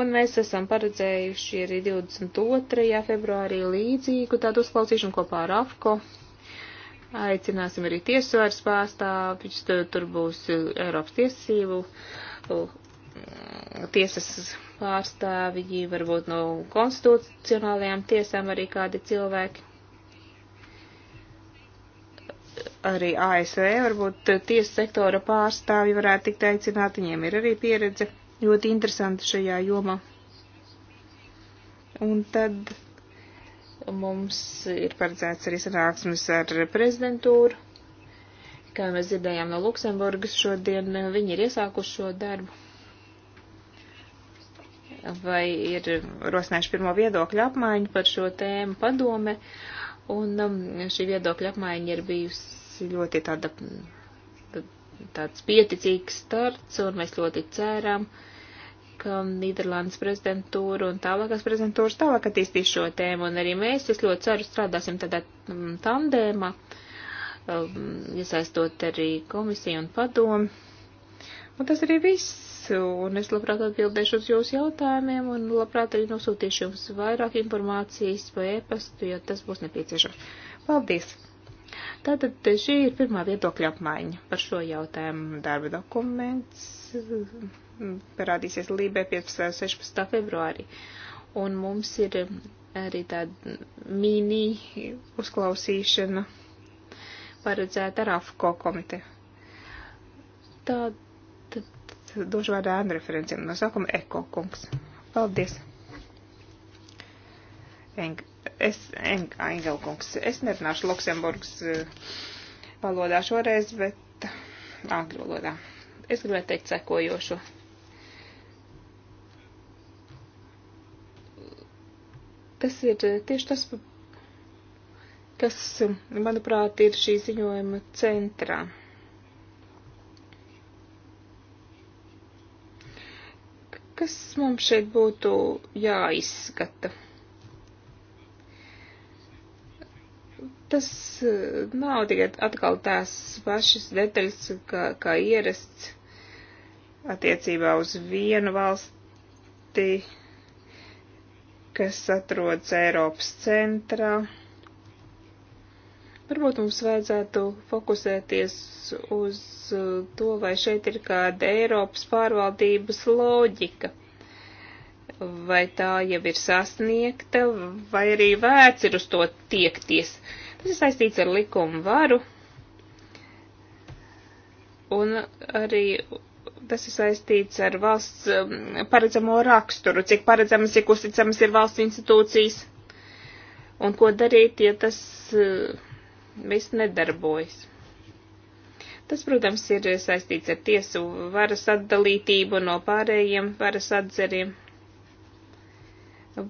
un mēs esam paredzējuši arī 22. februārī līdzīgu tādu uzklausīšanu kopā ar AFKO. Aicināsim arī tiesvaras pārstāvjus, tur būs Eiropas tiesību tiesas pārstāvji, varbūt no konstitucionālajām tiesām arī kādi cilvēki. Arī ASV varbūt tiesa sektora pārstāvji varētu tikt aicināti, viņiem ir arī pieredze ļoti interesanta šajā jomā. Un tad mums ir paredzēts arī sanāksmes ar prezidentūru. Kā mēs dzirdējām no Luksemburgas šodien, viņi ir iesākuši šo darbu vai ir rosinājuši pirmo viedokļu apmaiņu par šo tēmu padome, un um, šī viedokļa apmaiņa ir bijusi ļoti tāda, tāds pieticīgs starts, un mēs ļoti ceram, ka Nīderlandes prezidentūra un tālākās prezidentūras tālāk attīstīs šo tēmu, un arī mēs, es ļoti ceru, strādāsim tādā mm, tandēmā, um, iesaistot arī komisiju un padomu. Un tas arī viss un es labprāt atbildēšu uz jūsu jautājumiem, un labprāt arī nosūtīšu jums vairāk informācijas pa e-pastu, ja tas būs nepieciešams. Paldies! Tātad šī ir pirmā viedokļa apmaiņa par šo jautājumu. Darba dokuments mm, parādīsies Lībē 15. 16. februārī, un mums ir arī tāda mini uzklausīšana paredzēta ar AFCO komiteju. Tāda Tagad došu vārdu ēnu referenciem. No sākuma Eko kungs. Paldies. Eng, es, Eng, Engel kungs. Es nerunāšu Luksemburgas eh, valodā šoreiz, bet angļu valodā. Es gribētu teikt sekojošu. Tas ir eh, tieši tas, kas, manuprāt, ir šī ziņojuma centrā. Kas mums šeit būtu jāizskata? Tas eh, nav tikai atkal tās pašas detaļas, kā, kā ierasts attiecībā uz vienu valsti, kas atrodas Eiropas centrā. Varbūt mums vajadzētu fokusēties uz Uh, to, vai šeit ir kāda Eiropas pārvaldības loģika. Vai tā jau ir sasniegta, vai arī vērts ir uz to tiekties. Tas ir saistīts ar likumu varu, un arī tas ir saistīts ar valsts um, paredzamo raksturu, cik paredzamas, cik uzticamas ir valsts institūcijas, un ko darīt, ja tas uh, viss nedarbojas. Tas, protams, ir saistīts ar tiesu varas atdalītību no pārējiem varas atzariem.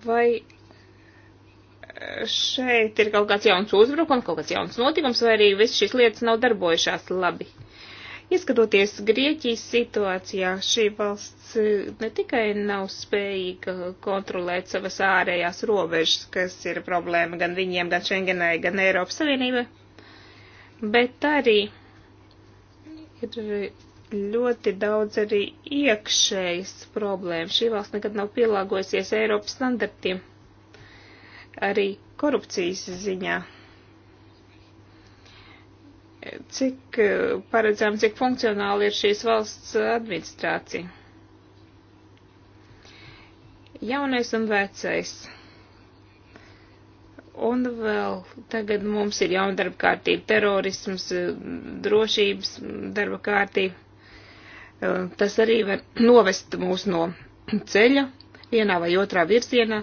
Vai eh, šeit ir kaut kāds jauns uzbrukums, kaut kāds jauns notikums, vai arī viss šīs lietas nav darbojušās labi. Ieskatoties Grieķijas situācijā, šī valsts eh, ne tikai nav spējīga kontrolēt savas ārējās robežas, kas ir problēma gan viņiem, gan Schengenai, gan Eiropas Savienībai, bet arī Ir ļoti daudz arī iekšējas problēmas. Šī valsts nekad nav pielāgojusies Eiropas standartiem, arī korupcijas ziņā. Cik eh, paredzām, cik funkcionāli ir šīs valsts administrācija? Jaunais un vecais Un vēl tagad mums ir jauna darba kārtība, terorisms, drošības darba kārtība. Eh, tas arī var novest mūs no ceļa vienā vai otrā virzienā.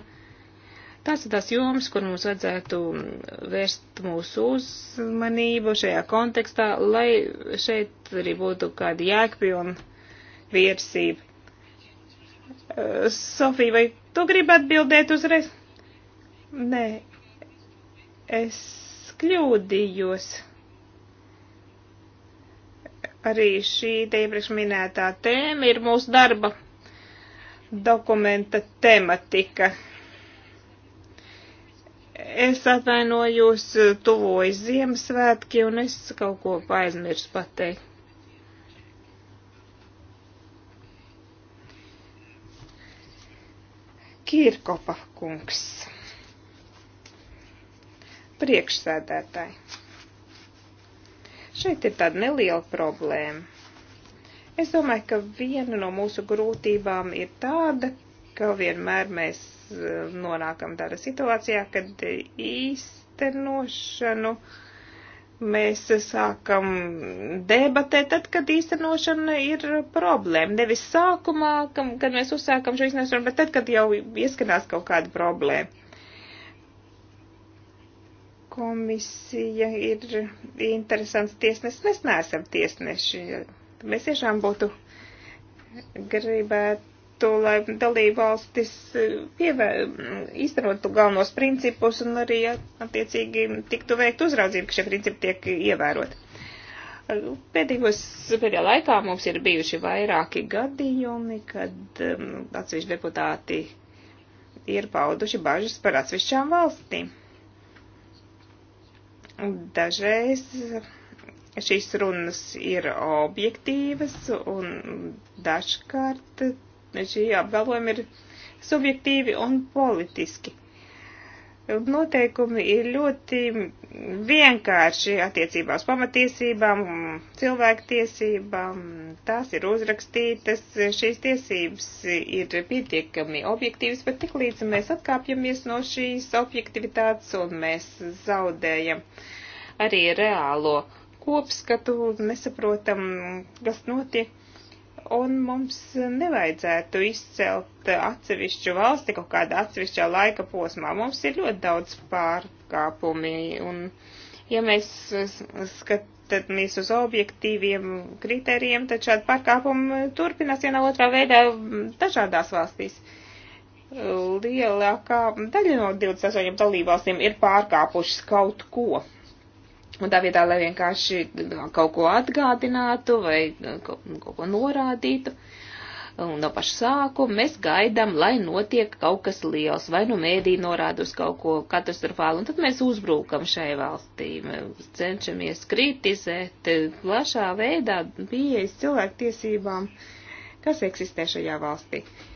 Tās ir tās jomas, kur mums vajadzētu vērst mūsu uzmanību šajā kontekstā, lai šeit arī būtu kāda jēgpilna virsība. Eh, Sofija, vai tu gribi atbildēt uzreiz? Nē, Es kļūdījos. Arī šī te iepriekš minētā tēma ir mūsu darba dokumenta tematika. Es atvainojos, tuvojas Ziemassvētki, un es kaut ko aizmirsu pateikt. Kirkopa kungs priekšsēdētāji. Šeit ir tāda neliela problēma. Es domāju, ka viena no mūsu grūtībām ir tāda, ka vienmēr mēs eh, nonākam tādā situācijā, kad īstenošanu mēs sākam debatēt, tad, kad īstenošana ir problēma. Nevis sākumā, kad mēs uzsākam šo īstenošanu, bet tad, kad jau ieskanās kaut kāda problēma komisija ir interesants tiesnesis. Mēs neesam tiesneši. Mēs tiešām būtu gribētu, lai dalībvalstis e, īstenotu galvenos principus un arī attiecīgi tiktu veikt uzraudzību, ka šie principi tiek ievēroti. Pēdējos, pēdējā laikā mums ir bijuši vairāki gadījumi, kad um, atsevišķi deputāti ir pauduši bažas par atsevišķām valstīm Dažreiz šīs runas ir objektīvas un dažkārt šī apgalvojumi ir subjektīvi un politiski noteikumi ir ļoti vienkārši attiecībā uz pamatiesībām, cilvēktiesībām. Tās ir uzrakstītas, šīs tiesības ir pietiekami objektīvas, bet tik līdz mēs atkāpjamies no šīs objektivitātes un mēs zaudējam arī reālo kopskatu, nesaprotam, kas notiek, un mums nevajadzētu izcelt atsevišķu valsti kaut kādā atsevišķā laika posmā. Mums ir ļoti daudz pārkāpumi, un ja mēs skatāmies uz objektīviem kritērijiem, tad šādi pārkāpumi turpinās vienā otrā veidā dažādās valstīs. Lielākā daļa no 28 dalībvalstīm ir pārkāpušas kaut ko Un tā vietā, lai vienkārši uh, kaut ko atgādinātu vai uh, kaut ko norādītu, un no paša sākuma mēs gaidām, lai notiek kaut kas liels, vai nu mēdī norāda uz kaut ko katastrofālu, un tad mēs uzbrūkam šai valstī, mēs cenšamies kritizēt uh, plašā veidā pieejas cilvēktiesībām, kas eksistē šajā valstī. Uh,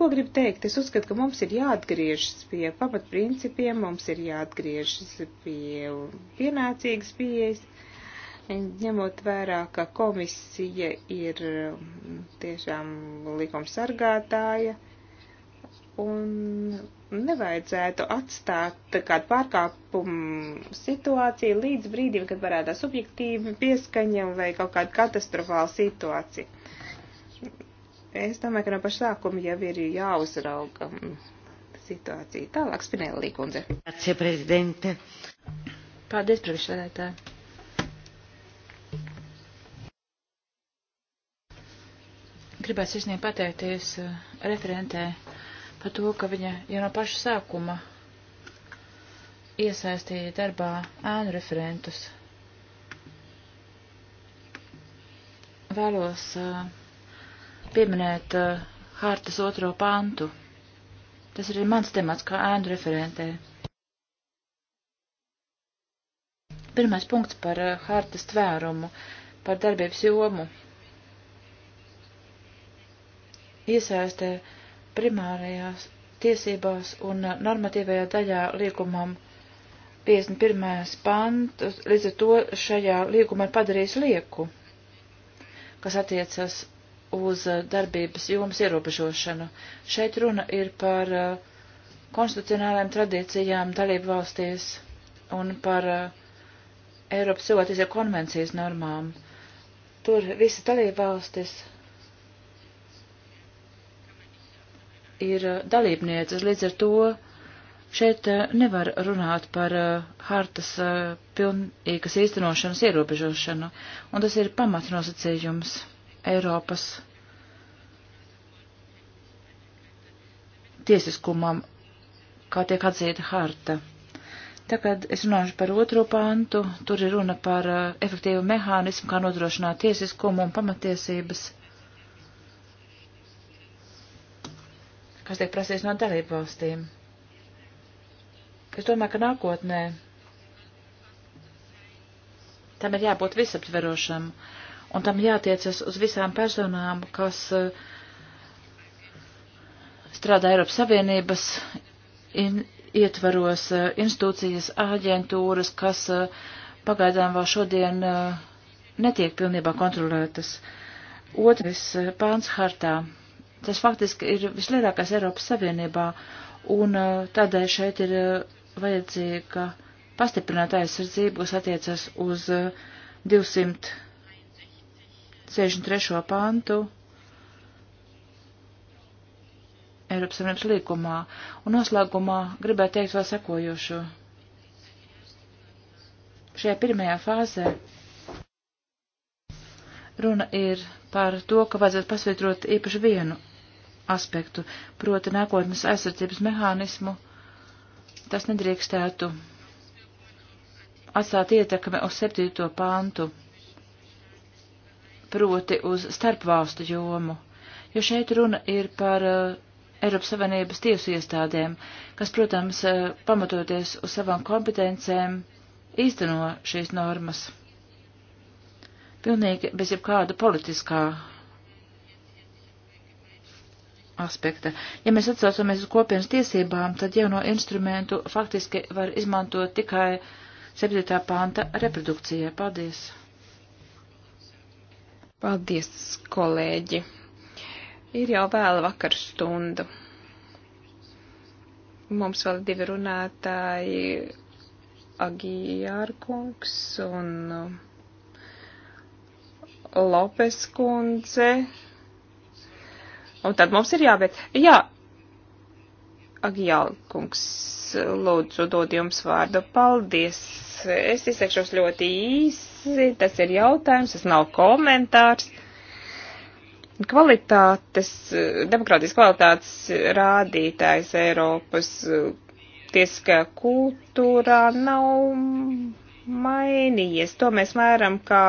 Ko gribu teikt? Es uzskatu, ka mums ir jāatgriežas pie pamatprincipiem, mums ir jāatgriežas pie pienācīgas pieejas, ņemot vērā, ka komisija ir um, tiešām likumsargātāja un nevajadzētu atstāt kādu pārkāpumu situāciju līdz brīdim, kad varētu subjektīvi pieskaņa vai kaut kāda katastrofāla situācija. Es domāju, ka no paša sākuma jau ir jāuzrauga mm, situācija. Tālāk Spinelli kundze. Grazie, prezidente. Paldies, priekšsēdētāji. Gribētu sirsnīgi pateikties eh, referentē par to, ka viņa jau no paša sākuma iesaistīja darbā ēnu referentus. Vēlos uh, pieminēt uh, hartas otro pantu. Tas arī mans temats kā ēnu referentē. Pirmais punkts par uh, hartas tvērumu, par darbības jomu. Iesaistē primārajās tiesībās un uh, normatīvajā daļā līgumam 51. pantus, līdz ar to šajā līgumā padarīs lieku, kas attiecas uz eh, darbības jomas ierobežošanu. Šeit runa ir par eh, konstitucionālajām tradīcijām dalību valstīs un par eh, Eiropas cilvēktiesību konvencijas normām. Tur visas dalību valstis ir dalībnieces, līdz ar to šeit nevar runāt par hartas pilnīgas īstenošanas ierobežošanu, un tas ir pamatnosacījums. Eiropas tiesiskumam, kā tiek atzīta harta. Tagad es runāšu par otro pantu, tur ir runa par uh, efektīvu mehānismu, kā nodrošināt tiesiskumu un pamatiesības, kas tiek prasīts no dalību valstīm. Es domāju, ka nākotnē tam ir jābūt visaptverošam. Uh, un tam jātiecas uz visām personām, kas eh, strādā Eiropas Savienības in, ietvaros eh, institūcijas āģentūras, kas eh, pagaidām vēl šodien netiek pilnībā kontrolētas. Otrais pāns hartā. Tas faktiski ir vislielākais Eiropas Savienībā, un tādēļ šeit ir vajadzīga pastiprināta aizsardzība, kas attiecas uz 200 63. pantu Eiropas Savienības līkumā. Un noslēgumā gribētu teikt vēl sekojošo. Šajā pirmajā fāzē runa ir par to, ka vajadzētu pasvietrot īpaši vienu aspektu, proti nākotnes aizsardzības mehānismu. Tas nedrīkstētu atstāt ietekmi uz 7. pāntu proti uz starpvalstu jomu, jo šeit runa ir par uh, Eiropas Savienības tiesu iestādēm, kas, protams, uh, pamatoties uz savām kompetencēm, īsteno šīs normas. Pilnīgi bez jebkāda politiskā aspekta. Ja mēs atsaucamies uz kopienas tiesībām, tad jauno instrumentu faktiski var izmantot tikai 7. panta reprodukcijai. Paldies! Paldies, kolēģi. Ir jau vēla vakar stunda. Mums vēl divi runātāji, Agijārkungs un uh, Lopes kundze. Un tad mums ir jābeidz. Jā, Agijārkungs, lūdzu, dod jums vārdu. Paldies. Es izteikšos ļoti īsi analīzi, tas ir jautājums, tas nav komentārs. Kvalitātes, demokrātijas kvalitātes rādītājs Eiropas uh, tiesiskajā kultūrā nav mainījies. To mēs mēram kā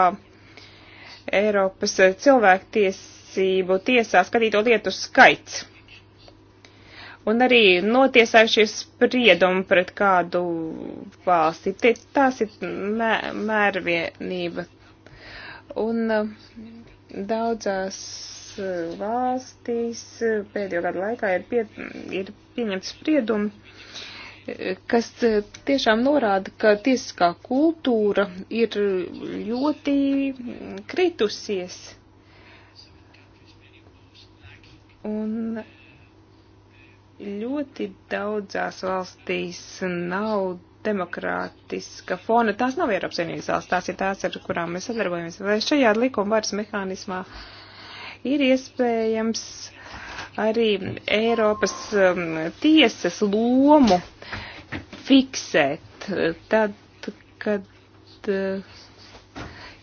Eiropas cilvēktiesību tiesā skatīto lietu skaits un arī notiesājušies spriedumu pret kādu valsti. Tie, tās ir mē, mērvienība. Un eh, daudzās eh, valstīs eh, pēdējo gadu laikā ir, pie, ir pieņemts spriedumi, kas tiešām norāda, ka tiesiskā kultūra ir ļoti kritusies. Un ļoti daudzās valstīs nav demokrātiska fona. Tās nav Eiropas Savienības valsts, tās ir tās, ar kurām mēs sadarbojamies. Vai šajā likuma varas mehānismā ir iespējams arī Eiropas um, tiesas lomu fiksēt uh, tad, kad. Uh,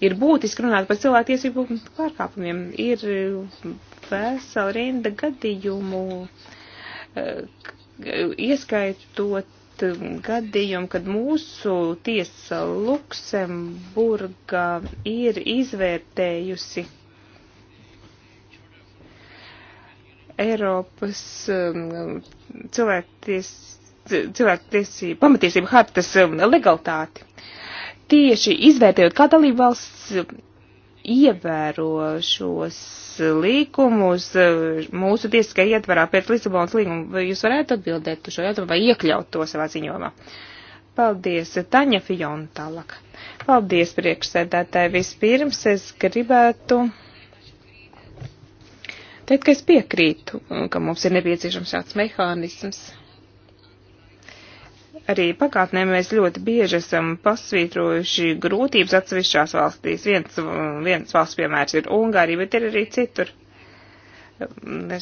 ir būtiski runāt par cilvēktiesību pārkāpumiem. Ir vesela rinda gadījumu uh, ieskaitot um, gadījumu, kad mūsu tiesa Luksemburgā ir izvērtējusi Eiropas um, cilvēkties, cilvēktiesību, pamatiesību hartas um, legalitāti. Tieši izvērtējot, kā dalībvalsts ievēro šos līkumus mūsu tiesiskai ietvarā pēc Lisabonas līguma. Vai jūs varētu atbildēt uz šo jautājumu vai iekļaut to savā ziņojumā? Paldies, Taņa Fijona tālāk. Paldies, priekšsēdētāji. Vispirms es gribētu teikt, ka es piekrītu, ka mums ir nepieciešams šāds mehānisms. Arī pagātnē mēs ļoti bieži esam pasvītrojuši grūtības atsevišķās valstīs. Viens, viens valsts piemērs ir Ungārija, bet ir arī citur.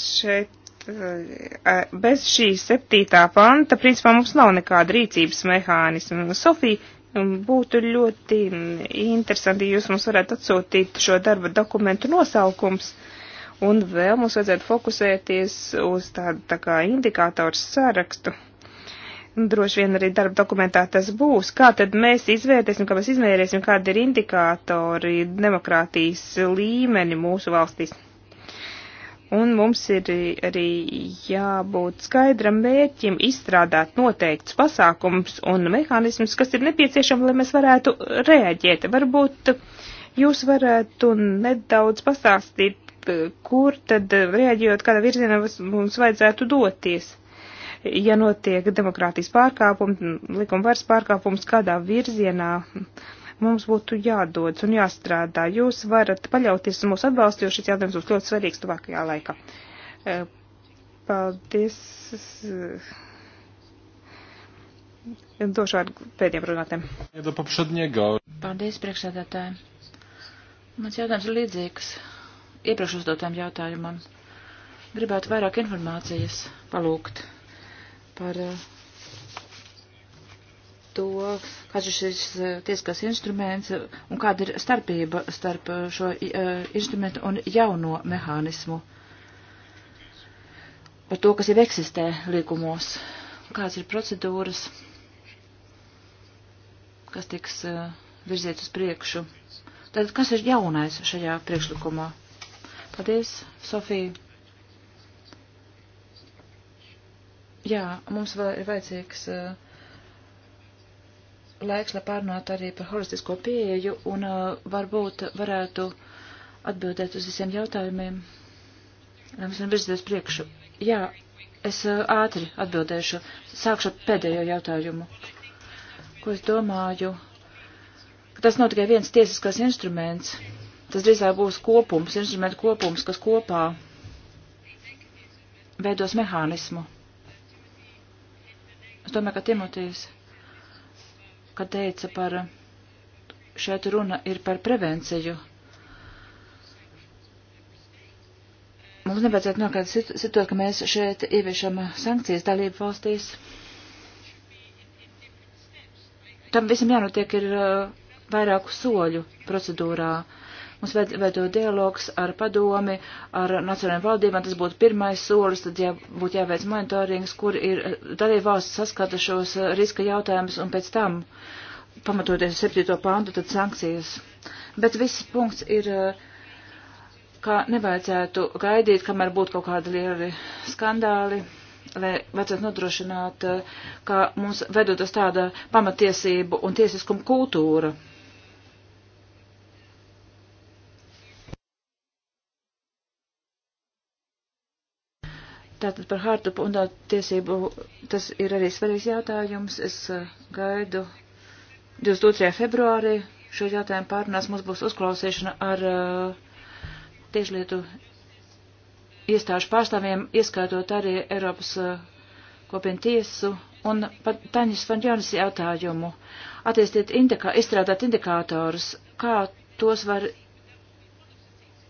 Šeit eh, bez šīs septītā panta, principā mums nav nekāda rīcības mehānisma. Sofija, um, būtu ļoti mm, interesanti, ja jūs mums varētu atsūtīt šo darba dokumentu nosaukums. Un vēl mums vajadzētu fokusēties uz tādu tā kā indikātoru sarakstu. Uh, droši vien arī darba dokumentā tas būs. Kā tad mēs izvērtēsim, kā mēs izmērēsim, kādi ir indikātori demokrātijas līmeni mūsu valstīs? Un mums ir arī jābūt skaidram mērķim izstrādāt noteikts pasākums un mehānismus, kas ir nepieciešami, lai mēs varētu reaģēt. Varbūt jūs varētu nedaudz pastāstīt, kur tad reaģējot, kādā virzienā mums vajadzētu doties ja notiek demokrātijas pārkāpums, likuma varas pārkāpums kādā virzienā, mums būtu jādodas un jāstrādā. Jūs varat paļauties uz mūsu atbalstu, jo šis jautājums būs ļoti svarīgs tuvākajā laikā. E, paldies. Došu vārdu pēdējiem runātēm. Paldies, priekšsēdētāji. Mans jautājums ir līdzīgs iepriekš uzdotam jautājumam. Gribētu vairāk informācijas palūgt par eh, to, kas ir šis eh, tieskās instruments un kāda ir starpība starp eh, šo instrumentu un jauno mehānismu. Par to, kas jau eksistē līkumos, kāds ir procedūras, kas tiks virziet uz priekšu. Tad kas ir jaunais šajā priekšlikumā? Paldies, Sofija. Jā, mums vēl ir vajadzīgs uh, laiks, lai pārnātu arī par holistisko pieeju un uh, varbūt varētu atbildēt uz visiem jautājumiem, lai mēs virzīties priekšu. Jā, es uh, ātri atbildēšu. Sākšu ar pēdējo jautājumu. Ko es domāju? Ka tas nav tikai viens tiesiskās instruments. Tas drīzāk būs kopums, instrumentu kopums, kas kopā veidos mehānismu Es domāju, ka Timotejs, kad teica par, šeit runa ir par prevenciju. Mums nevajadzētu nokāpt situāciju, ka mēs šeit ieviešam sankcijas dalību valstīs. Tam visam jānotiek ir uh, vairāku soļu procedūrā. Uh, Mums vajadzētu dialogs ar padomi, ar nacionālajām valdībām, tas būtu pirmais solis, tad jā, būtu jāveic monitorings, kur ir dalība valsts saskata šos eh, riska jautājumus un pēc tam, pamatoties uz 7. pāntu, tad sankcijas. Bet viss punkts ir. Uh, kā nevajadzētu gaidīt, kamēr būtu kaut kādi lieli skandāli, lai vajadzētu nodrošināt, eh, ka mums vedotas tāda pamatiesību un tiesiskuma kultūra Tātad par hartu un tā tiesību tas ir arī svarīgs jautājums. Es uh, gaidu 22. februārī šo jautājumu pārunās. Mums būs uzklausīšana ar uh, tiešlietu iestāžu pārstāvjiem, ieskaitot arī Eiropas uh, kopienu tiesu un par Taņas Fanģonas jautājumu. Attīstīt indikā, izstrādāt indikātorus, kā tos var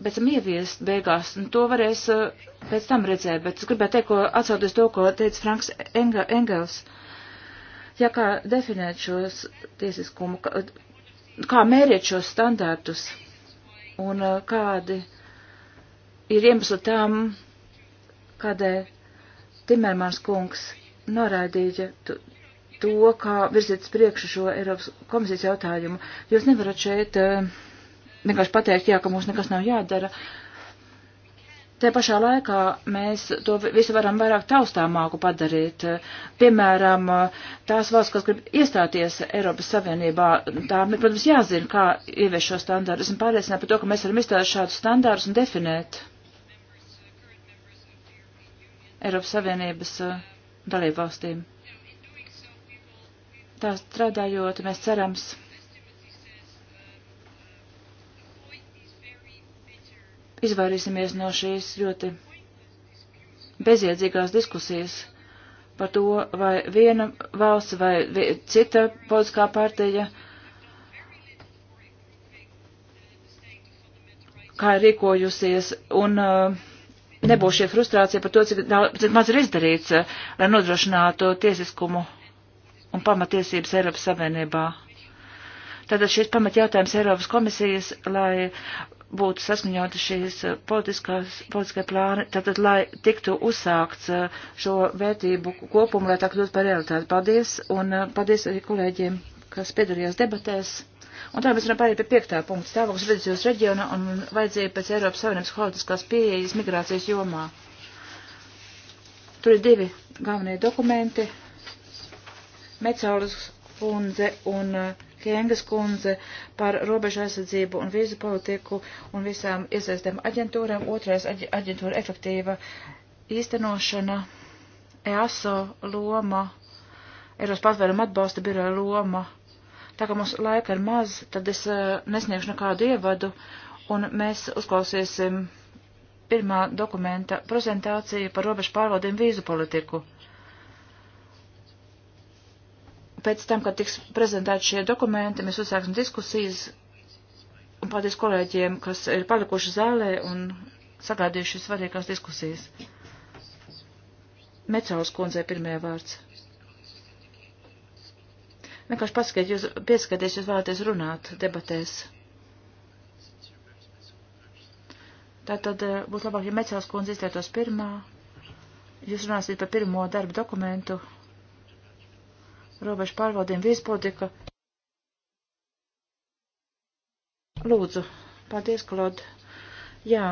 pēc tam ieviest beigās, un to varēs eh, pēc tam redzēt, bet es gribētu teikt, ko atsauties to, ko teica Franks Engels, ja kā definēt šos tiesiskumu, kā, kā mērīt šos standārtus, un eh, kādi ir iemesli tām, kādēļ Timermans kungs noraidīja to, kā virzīt priekšu šo Eiropas komisijas jautājumu. Jūs nevarat šeit uh, vienkārši pateikt, jā, ka mums nekas nav jādara. Te pašā laikā mēs to visu varam vairāk taustāmāku padarīt. Piemēram, tās valsts, kas grib iestāties Eiropas Savienībā, tām ir, protams, jāzina, kā ievies šo standārdu. Esmu pārliecināta par to, ka mēs varam izstādīt šādus standārdus un definēt Eiropas Savienības uh, dalību valstīm. Tā strādājot, mēs cerams. izvairīsimies no šīs ļoti bezjēdzīgās diskusijas par to, vai viena valsts vai cita politiskā partija, kā ir rīkojusies, un uh, nebūs šie frustrācija par to, cik, daudz, cik maz ir izdarīts, uh, lai nodrošinātu tiesiskumu un pamatiesības Eiropas Savienībā. Tātad šis pamatjautājums Eiropas komisijas, lai būtu saskaņoti šīs eh, politiskie plāni, tātad, lai tiktu uzsākts eh, šo vērtību kopumu, lai tā kļūtu par realitāti. Paldies, un eh, paldies arī kolēģiem, kas piedalījās debatēs. Un tā mēs varam pāriet pie piektā punkta stāvoklis vidusjūras reģiona un vajadzība pēc Eiropas Savienības haotiskās pieejas migrācijas jomā. Tur ir divi galvenie dokumenti. Mecaulas kundze un uh, Kiengas kundze par robežu aizsardzību un vīzu politiku un visām iesaistēm aģentūrām. Otrais aģ aģentūra efektīva īstenošana, EASO loma, Eiros patvērumu atbalsta biroja loma. Tā kā mums laika ir maz, tad es uh, nesniegšu nekādu ievadu un mēs uzklausīsim pirmā dokumenta prezentāciju par robežu pārvaldību vīzu politiku. pēc tam, kad tiks prezentēti šie dokumenti, mēs uzsāksim diskusijas. Un paldies kolēģiem, kas ir palikuši zālē un sagādījuši svarīgās diskusijas. Mecāls kundzei pirmie vārds. Vienkārši paskatiet, jūs pieskaties, jūs vēlaties runāt debatēs. Tātad eh, būtu labāk, ja Mecāls kundze izlietos pirmā. Jūs runāsiet par pirmo darbu dokumentu robežu pārvaldību vīzpolitika. Lūdzu, paldies, Klod. Jā,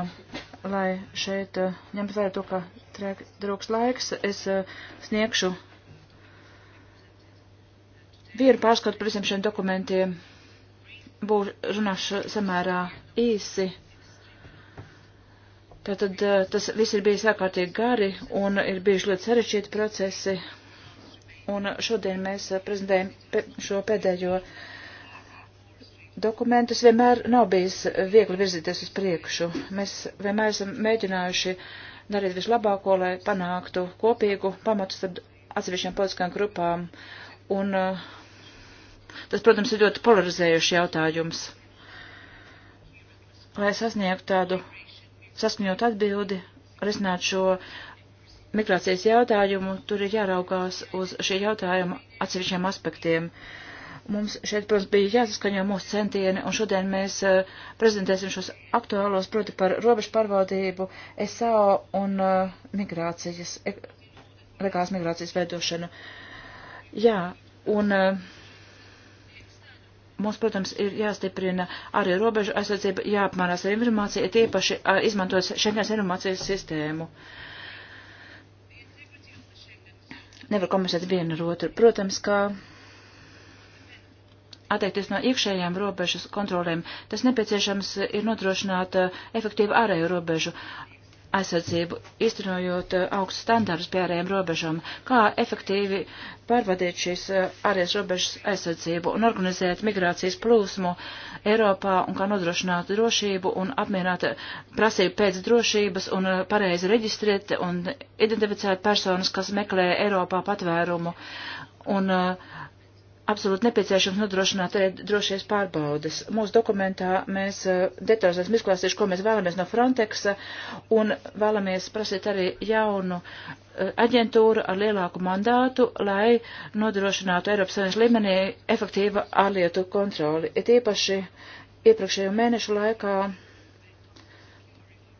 lai šeit eh, ņemt vērā to, ka trāk, drūks laiks, es eh, sniegšu vienu pārskatu par visiem šiem dokumentiem. Būs runāšu samērā īsi. Tātad eh, tas viss ir bijis ārkārtīgi gari un ir bijuši ļoti sarežģīti procesi Un šodien mēs eh, prezentējam šo pēdējo dokumentus. Vienmēr nav bijis viegli virzīties uz priekšu. Mēs vienmēr esam mēģinājuši darīt vislabāko, lai panāktu kopīgu pamatu starp atsevišķām politiskām grupām. Un eh, tas, protams, ir ļoti polarizējuši jautājums. Lai sasniegtu tādu saskaņot atbildi, risināt šo migrācijas jautājumu, tur ir jāraugās uz šī jautājuma atsevišķiem aspektiem. Mums šeit, protams, bija jāsaskaņo mūsu centieni, un šodien mēs uh, prezentēsim šos aktuālos, proti par robežu pārvaldību, SAO un uh, migrācijas, e, legālas migrācijas veidošanu. Jā, un uh, mums, protams, ir jāstiprina arī robežu aizsardzība, jāapmērās ar informāciju, tīpaši izmantojot šengens informācijas sistēmu. Uh, nevar kompensēt vienu ar otru. Protams, kā atteikties no iekšējām robežas kontrolēm, tas nepieciešams ir nodrošināt eh, efektīvu ārēju robežu aizsardzību, iztenojot eh, augstus standārus pie ārējiem robežām, kā efektīvi pārvadīt šīs eh, ārējas robežas aizsardzību un organizēt migrācijas plūsmu Eiropā un kā nodrošināt drošību un apmierināt eh, prasību pēc drošības un pareizi reģistrēt un identificēt personas, kas meklē Eiropā patvērumu. Un uh, absolūti nepieciešams nodrošināt arī drošies pārbaudas. Mūsu dokumentā mēs eh, detaļās esam izklāstījuši, ko mēs vēlamies no Frontexa un vēlamies prasīt arī jaunu eh, aģentūru ar lielāku mandātu, lai nodrošinātu Eiropas Savienības līmenī efektīvu ārlietu kontroli. Ir īpaši iepriekšējo mēnešu laikā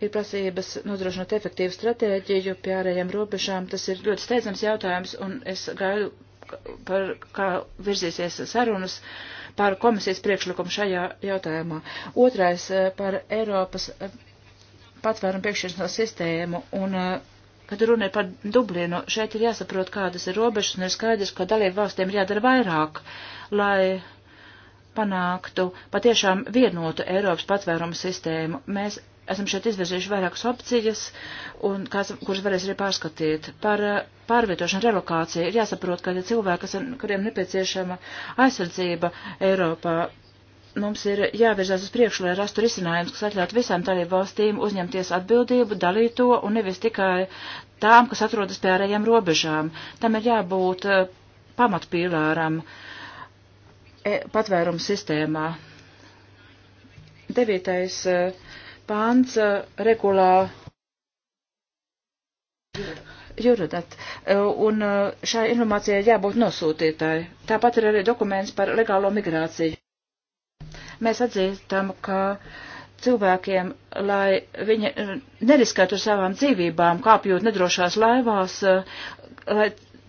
ir prasības nodrošināt efektīvu stratēģiju pie ārējām robežām. Tas ir ļoti steidzams jautājums, un es gaidu par kā virzīsies sarunas par komisijas priekšlikumu šajā jautājumā. Otrais eh, par Eiropas eh, patvērumu piekšanas sistēmu un eh, Kad runa ir par Dublinu, šeit ir jāsaprot, kādas ir robežas, un ir skaidrs, ka dalību valstīm ir jādara vairāk, lai panāktu patiešām vienotu Eiropas patvērumu sistēmu. Mēs esam šeit izvirzījuši vairākas opcijas, un kāds, kuras varēs arī pārskatīt. Par eh, pārvietošanu, relokāciju ir jāsaprot, ka ir cilvēki, kas, kuriem nepieciešama aizsardzība Eiropā. Mums ir jāvirzās uz priekšu, lai rastu risinājums, kas atļautu visām dalību valstīm uzņemties atbildību, dalīt to, un nevis tikai tām, kas atrodas pie ārējām robežām. Tam ir jābūt eh, pamatpīlāram eh, patvērumu sistēmā. Devītais uh, pāns uh, regulā Jurudat. Uh, un uh, šai informācijai jābūt nosūtītāji. Tāpat ir arī dokuments par legālo migrāciju. Mēs atzīstam, ka cilvēkiem, lai viņi neriskētu ar savām dzīvībām, kāpjot nedrošās laivās, lai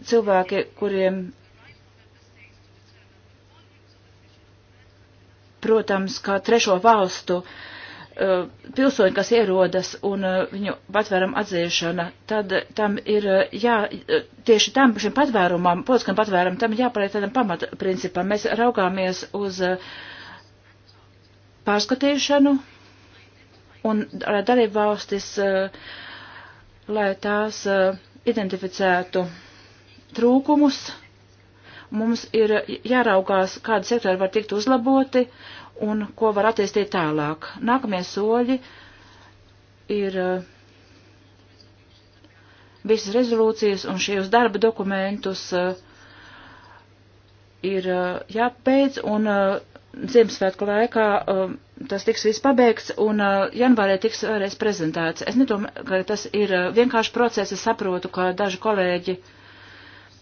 cilvēki, kuriem, protams, kā trešo valstu uh, Uh, pilsoņi, kas ierodas un uh, viņu patvērumu atzīšana, tad tam ir uh, jā, tieši tam, šim patvērumam, politiskam patvērumu, tam jāpaliek tādam pamatprincipam. Mēs raugāmies uz pārskatīšanu un dalību valstis, lai tās identificētu trūkumus. Mums ir jāraugās, kādi sektori var tikt uzlaboti, un ko var attīstīt tālāk. Nākamie soļi ir eh, visas rezolūcijas un šīs darba dokumentus eh, ir eh, jāpabeidz un Ziemassvētku laikā tas tiks viss pabeigts un janvārī tiks vēlreiz prezentēts. Es nedomāju, ka tas ir vienkārši process, es saprotu, ka daži kolēģi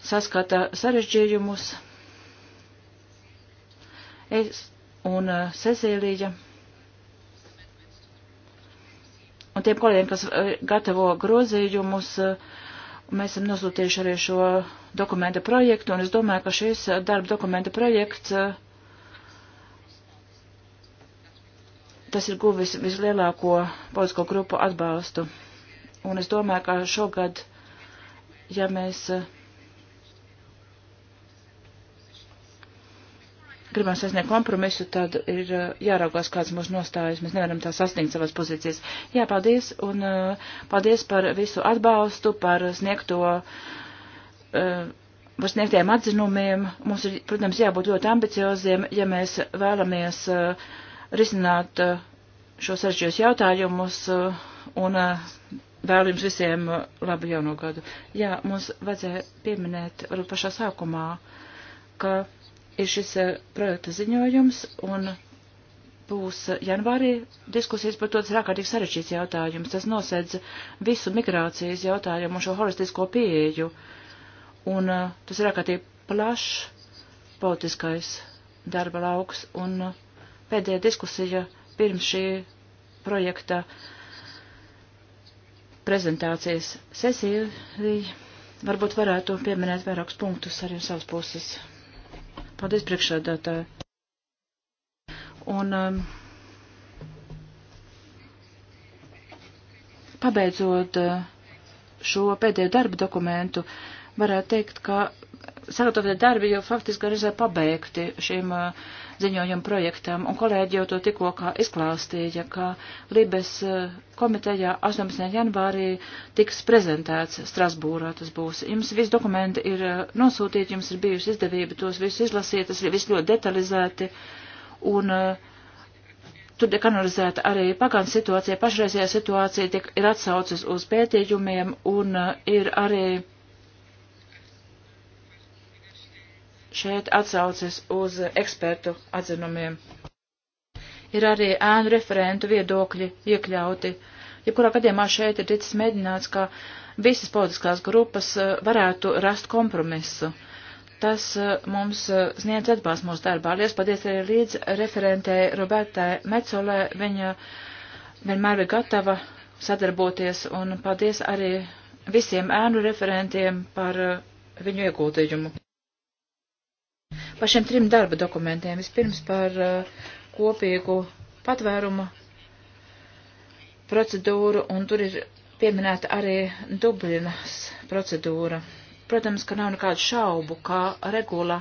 saskata sarežģījumus. Es un uh, eh, Cezīlija. Un tiem kolēģiem, kas uh, gatavo grozījumus, uh, mēs esam nosūtījuši arī šo dokumenta projektu, un es domāju, ka šis darba dokumenta projekts, tas ir guvis vislielāko politisko grupu atbalstu. Un es domāju, ka šogad, ja mēs uh, gribam sasniegt kompromisu, tad ir uh, jāraugās, kāds mūsu nostājas. Mēs nevaram tā sasniegt savas pozīcijas. Jā, paldies, un uh, paldies par visu atbalstu, par sniegto, uh, par sniegtiem atzinumiem. Mums ir, protams, jābūt ļoti ambicioziem, ja mēs vēlamies risināt šo sarežģījus jautājumus, un vēlu jums visiem labu jauno gadu. Jā, mums vajadzēja pieminēt, varbūt pašā sākumā, ka ir šis eh, projekta ziņojums un būs eh, janvārī diskusijas par to, tas ir ārkārtīgi sarežģīts jautājums. Tas nosedz visu migrācijas jautājumu un šo holistisko pieeju. Un eh, tas ir ārkārtīgi plašs politiskais darba lauks. Un pēdējā diskusija pirms šī projekta prezentācijas sesija varbūt varētu pieminēt vairākus punktus arī savas puses. Paldies, priekšsēdētāji. Un um, pabeidzot uh, šo pēdējo darba dokumentu, uh, varētu teikt, ka sagatavotie darbi jau faktiski arī pabeigti šim ziņojumu projektam, un kolēģi jau to tikko izklāstīja, ka Libes komitejā 18. janvārī tiks prezentēts Strasbūrā tas būs. Jums visi dokumenti ir nosūtīti, jums ir bijusi izdevība tos visus izlasīt, tas ir viss ļoti detalizēti, un tur tiek analizēta arī pagātnes situācija, pašreizējā situācija tiek, ir atsaucas uz pētījumiem, un ir arī šeit atsaucas uz ekspertu atzinumiem. Ir arī ēnu referentu viedokļi iekļauti. Jebkurā ja gadījumā šeit ir ticis mēģināts, ka visas politiskās grupas eh, varētu rast kompromisu. Tas eh, mums eh, sniedz atbalstu mūsu darbā. Lies paldies arī līdz referentē Robertai Mecolē. Viņa vienmēr bija gatava sadarboties un paldies arī visiem ēnu referentiem par viņu ieguldījumu. Par šiem trim darba dokumentiem vispirms par eh, kopīgu patvērumu procedūru, un tur ir pieminēta arī Dublinas procedūra. Protams, ka nav nekādu šaubu, ka regula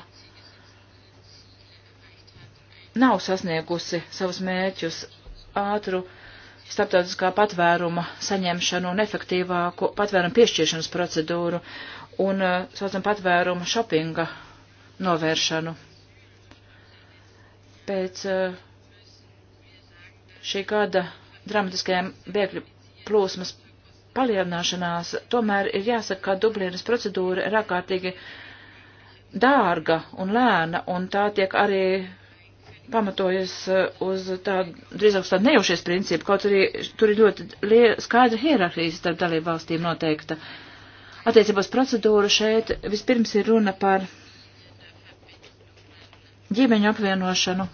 nav sasniegusi savus mērķus ātru starptautiskā patvēruma saņemšanu un efektīvāku patvērumu piešķiršanas procedūru un, eh, saucam, patvērumu šopinga novēršanu. Pēc eh, šī gada dramatiskajām bēgļu plūsmas palielināšanās, tomēr ir jāsaka, ka Dublinas procedūra ir ārkārtīgi dārga un lēna, un tā tiek arī pamatojas eh, uz tādu drīzāk tādu nejušies principu, kaut arī tur ir ļoti skaidra hierarhija starp dalību valstīm noteikta. Attiecībās procedūru šeit vispirms ir runa par ģimeņu apvienošanu.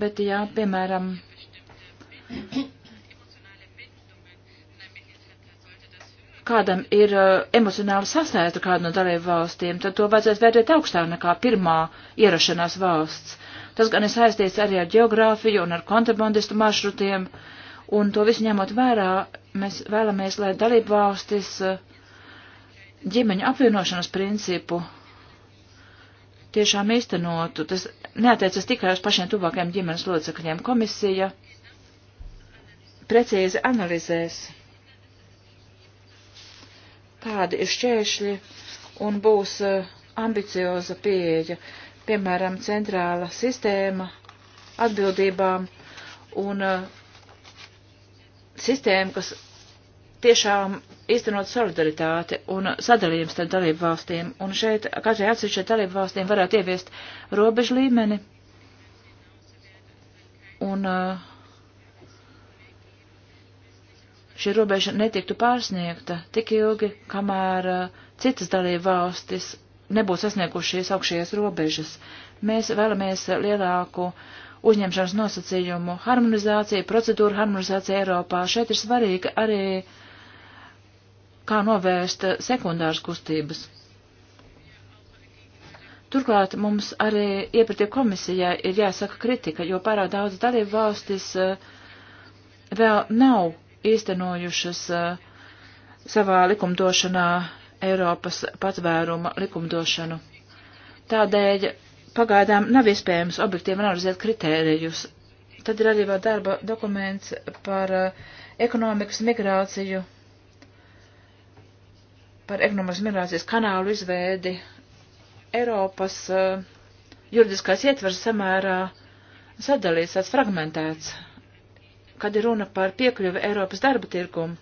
Bet, ja, piemēram, kādam ir uh, emocionāli sasaista kādu no dalību valstīm, tad to vajadzēs vērtēt augstāk nekā pirmā ierašanās valsts. Tas gan ir saistīts arī ar geogrāfiju un ar kontrabandistu maršrutiem, un to visu ņemot vērā, mēs vēlamies, lai dalību valstis uh, ģimeņu apvienošanas principu tiešām īstenotu. Tas neatiecas tikai uz pašiem tuvākajiem ģimenes locekļiem. Komisija precīzi analizēs, kādi ir šķēršļi un būs eh, ambicioza pieeja, piemēram, centrāla sistēma atbildībām un eh, sistēma, kas tiešām īstenot solidaritāti un sadalījums starp dalību valstīm, un šeit katrai atsevišķai dalību valstīm varētu ieviest robežu līmeni, un eh, šī robeža netiktu pārsniegta tik ilgi, kamēr eh, citas dalību valstis nebūs sasniegušies augšējās robežas. Mēs vēlamies lielāku uzņemšanas nosacījumu harmonizāciju, procedūru harmonizāciju Eiropā. Šeit ir svarīga arī uh, kā novērst sekundāras kustības. Turklāt mums arī iepratie komisijai ir jāsaka kritika, jo pārāk daudz dalību valstis eh, vēl nav īstenojušas eh, savā likumdošanā Eiropas patvēruma likumdošanu. Tādēļ pagaidām nav iespējams objektīvi analizēt kritērijus. Tad ir arī vēl darba dokuments par eh, ekonomikas migrāciju par ekonomikas migrācijas kanālu izveidi Eiropas uh, juridiskās ietvers samērā sadalīts, tāds fragmentēts, kad ir runa par piekļuvi Eiropas darba tirkumu.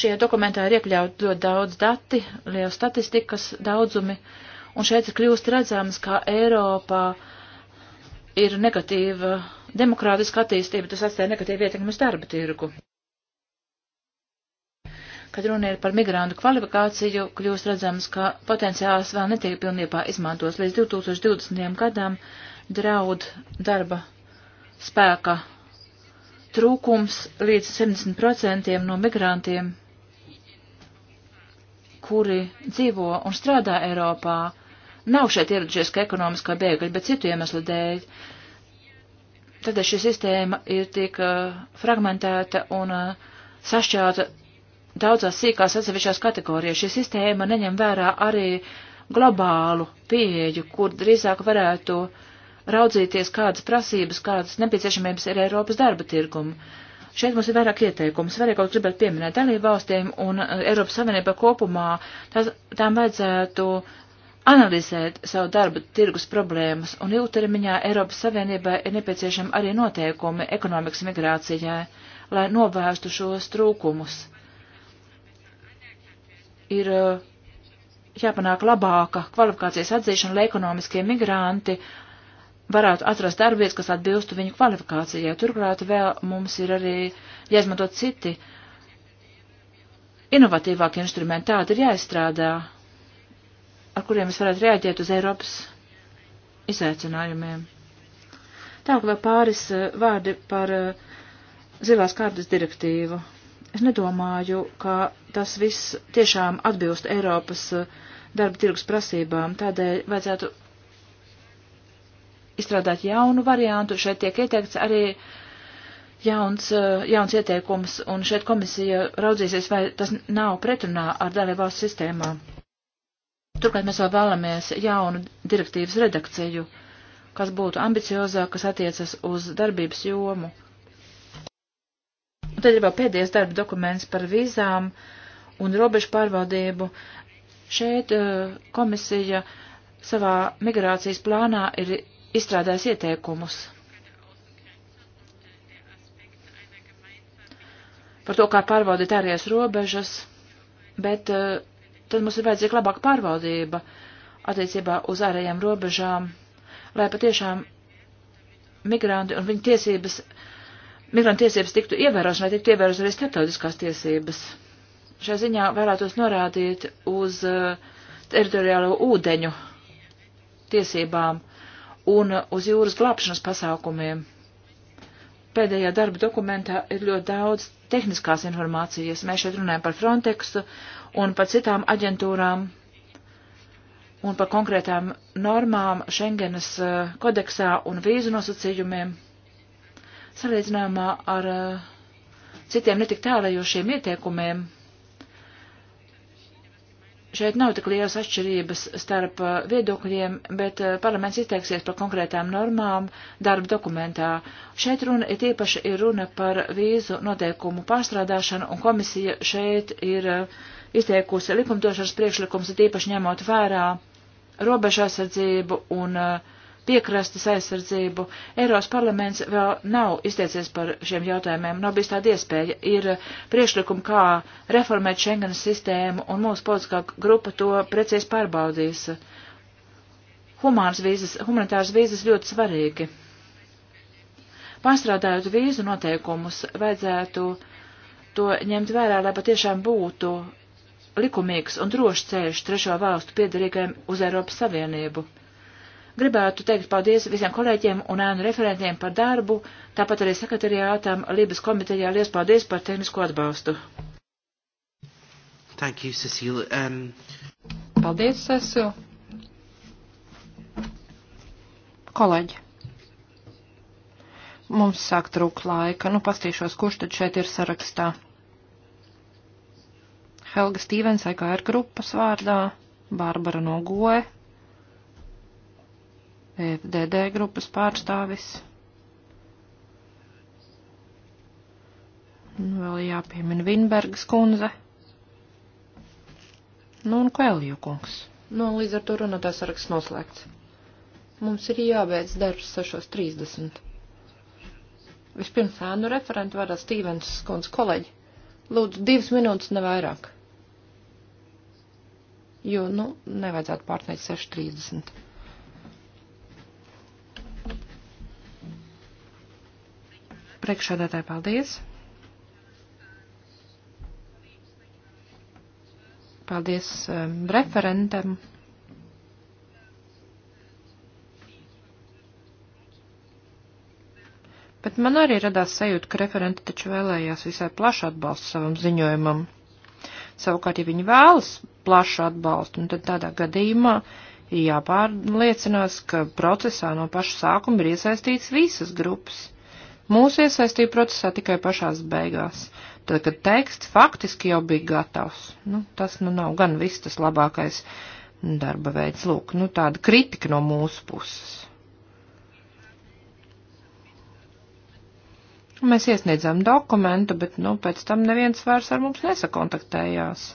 Šajā dokumentā ir iekļaut ļoti daudz dati, liels statistikas daudzumi, un šeit ir kļūst redzams, kā Eiropā ir negatīva demokrātiska attīstība, tas atstāja negatīvu ietekmi uz darba tirgu kad runa ir par migrantu kvalifikāciju, kļūst redzams, ka potenciāls vēl netiek pilnībā izmantots. Līdz 2020. gadam draud darba spēka trūkums līdz 70% no migrantiem, kuri dzīvo un strādā Eiropā, nav šeit ieradušies kā ekonomiskā bēgļa, bet citu iemeslu dēļ. Tādēļ šī sistēma ir tik eh, fragmentēta un eh, sašķēlta daudzās sīkās atsevišķās kategorijās. Šī sistēma neņem vērā arī globālu pieeju, kur drīzāk varētu raudzīties, kādas prasības, kādas nepieciešamības ir Eiropas darba tirgumu. Šeit mums ir vairāk ieteikumu. Svarīgi, ko gribētu pieminēt dalību valstīm un uh, Eiropas Savienība kopumā, tās, tām vajadzētu analizēt savu darbu tirgus problēmas, un ilgtermiņā Eiropas Savienībai ir nepieciešama arī noteikumi ekonomikas migrācijai, lai novērstu šos trūkumus ir eh, jāpanāk labāka kvalifikācijas atzīšana, lai ekonomiskie migranti varētu atrast darbvietas, kas atbilstu viņu kvalifikācijai. Turklāt vēl mums ir arī jāizmanto citi inovatīvāki instrumenti, tādi ir jāizstrādā, ar kuriem es varētu reaģēt uz Eiropas izaicinājumiem. Tālāk vēl pāris eh, vārdi par eh, zilās kārtas direktīvu. Es nedomāju, ka tas viss tiešām atbilst Eiropas eh, darba tirgus prasībām, tādēļ vajadzētu izstrādāt jaunu variantu. Šeit tiek ieteikts arī jauns, eh, jauns ieteikums, un šeit komisija raudzīsies, vai tas nav pretrunā ar dalībvalsts sistēmām. Turklāt mēs vēl vēlamies jaunu direktīvas redakciju, kas būtu ambiciozāk, kas attiecas uz darbības jomu. Un tad ir vēl pēdējais darba dokuments par vīzām un robežu pārvaldību. Šeit uh, komisija savā migrācijas plānā ir izstrādājis ieteikumus par to, kā pārvaldīt ārējās robežas, bet uh, tad mums ir vajadzīga labāka pārvaldība attiecībā uz ārējām robežām, lai patiešām migranti un viņu tiesības uh, migrantu tiesības tiktu ievērošanai, tiktu ievēros arī starptautiskās tiesības. Šajā ziņā vēlētos norādīt uz eh, teritoriālo ūdeņu tiesībām un uz jūras glābšanas pasākumiem. Pēdējā darba dokumentā ir ļoti daudz tehniskās informācijas. Mēs šeit runājam par Frontexu un par citām aģentūrām un par konkrētām normām Schengenas eh, kodeksā un vīzu nosacījumiem salīdzinājumā ar uh, citiem netik tālajošiem ieteikumiem. Šeit nav tik lielas atšķirības starp eh, viedokļiem, bet eh, parlaments izteiksies par konkrētām normām darba dokumentā. Šeit runa ir tiepaši ir runa par vīzu noteikumu pārstrādāšanu, un komisija šeit ir izteikusi likumdošanas priekšlikums, ir tiepaši ņemot vērā robežasardzību un uh, piekrastes aizsardzību. Eiros parlaments vēl nav izteicies par šiem jautājumiem, nav bijis tāda iespēja. Ir priekšlikumi, kā reformēt Schengenas sistēmu, un mūsu politiskā grupa to precīzi pārbaudīs. Humāns vīzes, humanitārs vīzes ļoti svarīgi. Pārstrādājot vīzu noteikumus, vajadzētu to ņemt vērā, lai patiešām būtu likumīgs un drošs ceļš trešo valstu piedarīgajiem uz Eiropas Savienību. Gribētu teikt paldies visiem kolēģiem un ēnu referentiem par darbu, tāpat arī sekretariātam Lības komitejā liels paldies par tehnisko atbalstu. Thank you, Cecile. Um... Paldies, Cecil. Kolēģi. Mums sāk trūkt laika. Nu, pastīšos, kurš tad šeit ir sarakstā. Helga Stīvens, EKR grupas vārdā, Bārbara Nogoe. FDD grupas pārstāvis. Un vēl jāpiemina Vinbergas kundze. Nu un Kvēlju kungs. Nu, līdz ar to runātājs saraksts noslēgts. Mums ir jābeidz darbs 6.30. Vispirms ēnu referentu vārdā Stīvens skundz kolēģi. Lūdzu, divas minūtes nevairāk. Jo, nu, nevajadzētu pārsniegt 6.30. Priekšādātāji, paldies! Paldies um, referentam. Bet man arī radās sajūta, ka referenti taču vēlējās visai plašu atbalstu savam ziņojumam. Savukārt, ja viņi vēlas plašu atbalstu, nu tad tādā gadījumā ir jāpārliecinās, ka procesā no paša sākuma ir iesaistīts visas grupas. Mūsu iesaistīja procesā tikai pašās beigās. Tad, kad teksts faktiski jau bija gatavs. Nu, tas nu nav gan viss tas labākais darba veids. Lūk, nu tāda kritika no mūsu puses. Mēs iesniedzām dokumentu, bet, nu, pēc tam neviens vairs ar mums nesakontaktējās.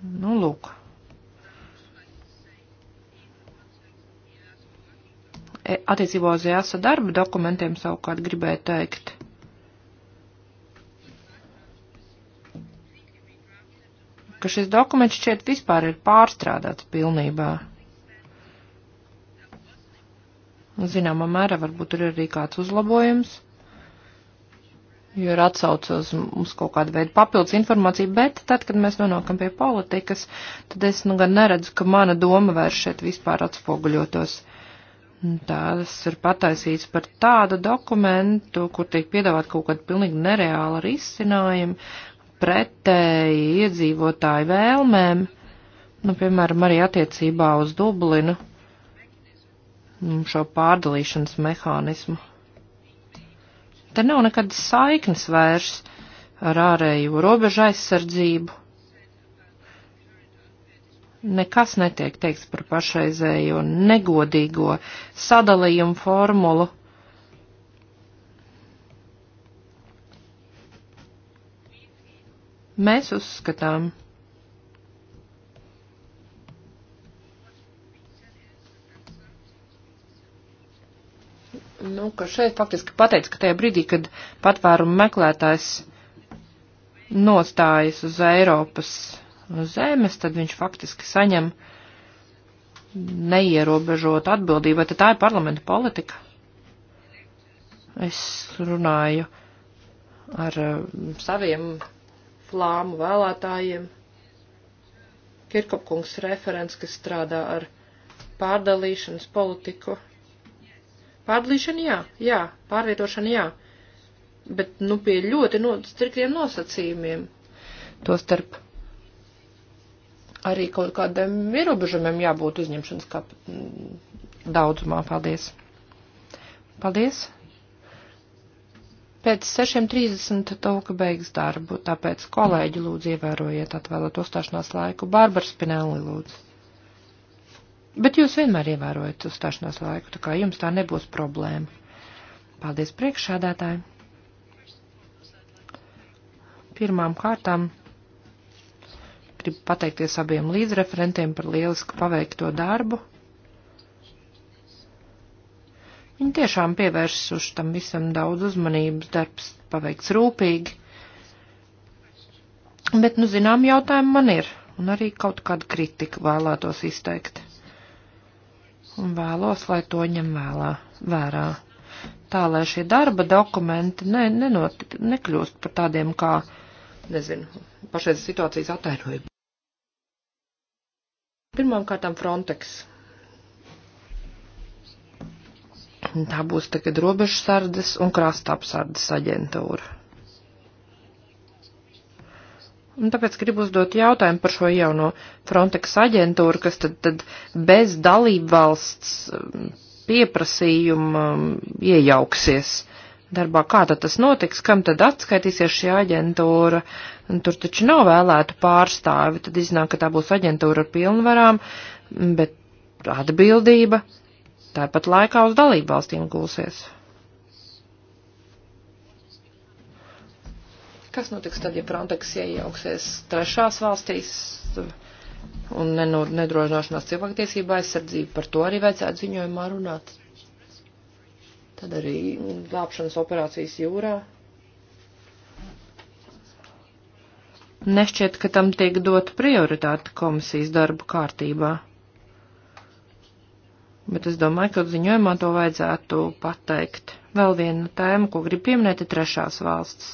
Nu, lūk. E, attiecībā uz jāsa darba dokumentiem savukārt gribēju teikt. ka šis dokuments šķiet vispār ir pārstrādāts pilnībā. Zināmā mērā varbūt tur ir arī kāds uzlabojums, jo ir atsauce uz, uz kaut kādu veidu papildus informāciju, bet tad, kad mēs nonākam pie politikas, tad es nu gan neredzu, ka mana doma vairs šeit vispār atspoguļotos. Uh, Tādas ir pataisīts par tādu dokumentu, kur tiek piedāvāt kaut kāda pilnīgi nereāla risinājuma pretēji iedzīvotāju vēlmēm, nu, piemēram, arī attiecībā uz Dublinu mm, šo pārdalīšanas mehānismu. Te nav nekādas saiknes vairs ar ārēju robežu aizsardzību nekas netiek teiks par pašreizējo negodīgo sadalījumu formulu. Mēs uzskatām, nu, ka šeit faktiski pateica, ka tajā brīdī, kad patvērumu meklētājs nostājas uz Eiropas zemes, tad viņš faktiski saņem neierobežot atbildību, vai tā ir parlamenta politika? Es runāju ar um, saviem flāmu vēlētājiem. Kirkopkungs referents, kas strādā ar pārdalīšanas politiku. Pārdalīšana jā, jā, pārvietošana jā, bet nu pie ļoti no, striktiem nosacījumiem. Tostarp arī kaut kādiem ierobežumiem jābūt uzņemšanas kā daudzumā. Paldies! Paldies! Pēc 6.30 tauka beigas darbu, tāpēc kolēģi lūdzu ievērojiet atvēlēt uzstāšanās laiku. Bārbara Spinelli lūdzu. Bet jūs vienmēr ievērojat uzstāšanās laiku, tā kā jums tā nebūs problēma. Paldies priekšsādātāji! Pirmām kārtām. Gribu pateikties abiem līdzreferentiem par lielisku paveikto darbu. Viņi tiešām pievēršas uz tam visam daudz uzmanības, darbs paveikts rūpīgi. Bet, nu, zinām, jautājumi man ir, un arī kaut kādu kritiku vēlētos izteikt. Un vēlos, lai to ņem vēlā, vērā. Tā, lai šie darba dokumenti ne, nenot, nekļūst par tādiem kā, nezinu, pašreiz situācijas atainojumu. Pirmām kārtām Frontex. Tā būs tagad robežsardes un krasta apsardes aģentūra. Un tāpēc gribu uzdot jautājumu par šo jauno Frontex aģentūru, kas tad, tad bez dalībvalsts um, pieprasījuma um, iejauksies darbā. Kā tad tas notiks, kam tad atskaitīsies šī aģentūra? Un tur taču nav vēlētu pārstāvi, tad iznāk, ka tā būs aģentūra ar pilnvarām, bet atbildība tāpat laikā uz dalību valstīm gulsies. Kas notiks tad, ja Frontex iejauksies trešās valstīs? un nedrošināšanās cilvēktiesība aizsardzība. Par to arī vajadzētu ziņojumā runāt tad arī glābšanas operācijas jūrā. Nešķiet, ka tam tiek dota prioritāte komisijas darbu kārtībā. Bet es domāju, ka ziņojumā to vajadzētu pateikt. Vēl viena tēma, ko grib pieminēt, ir trešās valsts.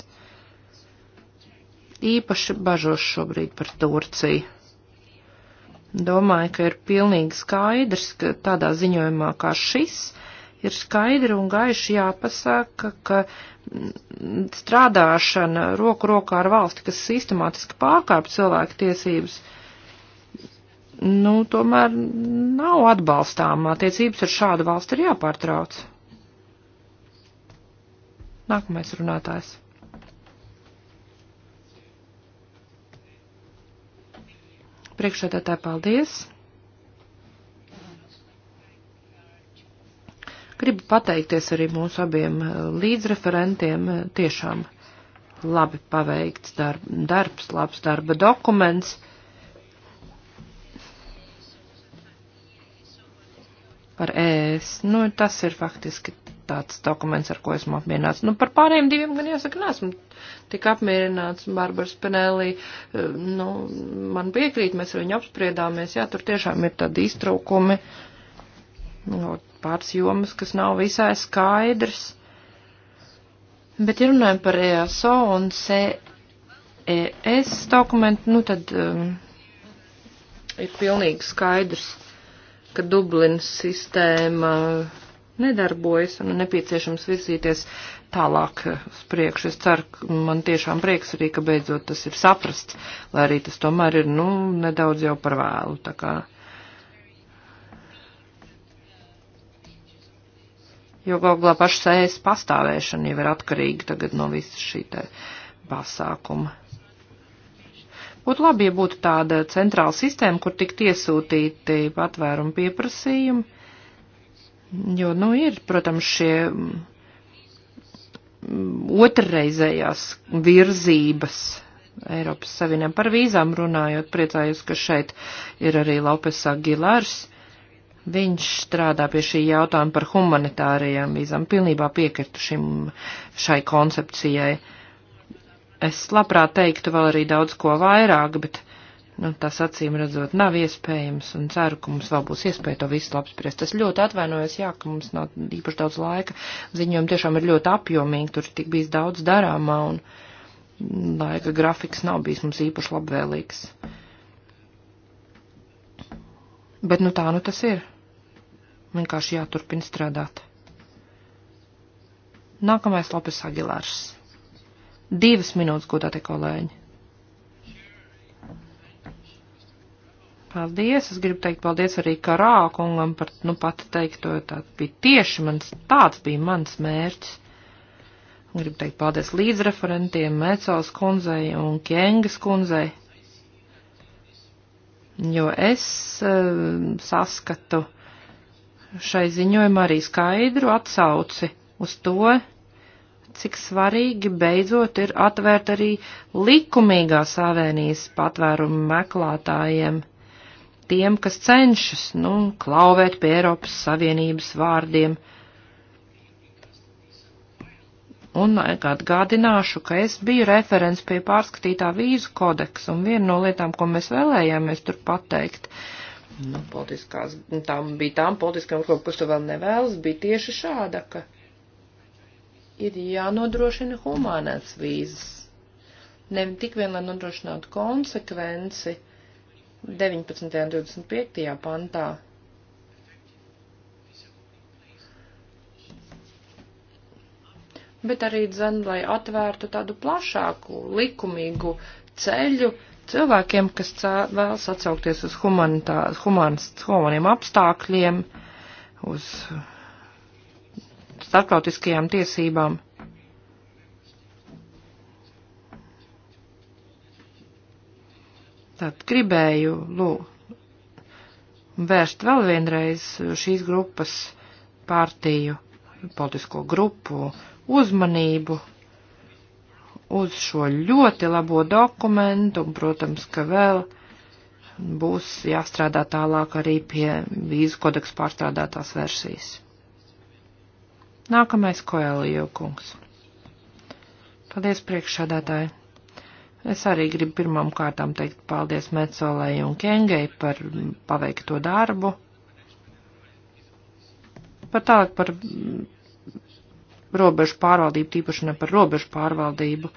Īpaši bažos šobrīd par Turciju. Domāju, ka ir pilnīgi skaidrs, ka tādā ziņojumā kā šis ir skaidri un gaiši jāpasaka, ka strādāšana roku rokā ar valsti, kas sistemātiski pārkāp cilvēku tiesības, nu, tomēr nav atbalstām. Attiecības ar šādu valsti ir jāpārtrauc. Nākamais runātājs. Priekšsēdētāji, paldies! Gribu pateikties arī mūsu abiem eh, līdzreferentiem. Eh, tiešām labi paveikts darb, darbs, labs darba dokuments. Par ES. Nu, tas ir faktiski tāds dokuments, ar ko esmu apmierināts. Nu, par pārējiem diviem gan jāsaka, nesmu tik apmierināts. Barbara Spinelli, eh, nu, man piekrīt, mēs ar viņu apspriedāmies, jā, tur tiešām ir tādi iztraukumi. Uh, no nu, pāris jomas, kas nav visai skaidrs. Bet, ja runājam par EASO un CES dokumentu, nu tad um, ir pilnīgi skaidrs, ka Dublinas sistēma nedarbojas un nepieciešams virzīties tālāk uz priekšu. Es ceru, ka man tiešām prieks arī, ka beidzot tas ir saprasts, lai arī tas tomēr ir, nu, nedaudz jau par vēlu. Tā kā jo galu galā pašas ēs pastāvēšana jau ir atkarīga tagad no visa šī te pasākuma. Būtu labi, ja būtu tāda centrāla sistēma, kur tiktu iesūtīti patvērumu pieprasījumi, jo, nu, ir, protams, šie mm, otrreizējās virzības Eiropas Savienībā par vīzām runājot, priecājos, ka šeit ir arī Lopesā Gilārs Viņš strādā pie šī jautājuma par humanitārajām vīzām. Pilnībā piekrītu šim, šai koncepcijai. Es labprāt teiktu vēl arī daudz ko vairāk, bet nu, tas acīm redzot nav iespējams un ceru, ka mums vēl būs iespēja to visu apspriest. Es ļoti atvainojos, jā, ka mums nav īpaši daudz laika. Ziņojumi tiešām ir ļoti apjomīgi, tur tik bijis daudz darāmā un laika grafiks nav bijis mums īpaši labvēlīgs. Bet nu tā nu tas ir. Vienkārši jāturpina strādāt. Nākamais Lopes Agilārs. Divas minūtes, godātie kolēģi. Paldies! Es gribu teikt paldies arī Karākungam par, nu, pati teikto, tāds bija tieši mans, tāds bija mans mērķis. Gribu teikt paldies līdzreferentiem, Mecels kundzei un Kjengas kundzei, jo es uh, saskatu šai ziņojumā arī skaidru atsauci uz to, cik svarīgi beidzot ir atvērt arī likumīgās avēnijas patvērumu meklētājiem, tiem, kas cenšas, nu, klauvēt pie Eiropas Savienības vārdiem. Un atgādināšu, ka es biju referents pie pārskatītā vīzu kodeksa, un viena no lietām, ko mēs vēlējāmies tur pateikt, uh, nu, politiskās, nu, tām bija tām politiskām grupām, kas to vēl nevēlas, bija tieši šāda, ka ir jānodrošina humānās vīzas. Ne tik vien, lai nodrošinātu konsekvenci 19. un 25. pantā. Bet arī dzen, lai atvērtu tādu plašāku likumīgu ceļu, uh, cilvēkiem, kas vēlas atsaukties uz humānas, humaniem apstākļiem, uz starptautiskajām tiesībām. Tad gribēju lū, vērst vēl vienreiz šīs grupas pārtīju, politisko grupu uzmanību uz šo ļoti labo dokumentu, un, protams, ka vēl būs jāstrādā tālāk arī pie vīzu kodeksa pārstrādātās versijas. Nākamais Koelijo kungs. Paldies priekšsādātāji. Es arī gribu pirmām kārtām teikt paldies Metsolai un Kengei par paveikto darbu. Par tālāk par robežu pārvaldību, tīpaši ne par robežu pārvaldību.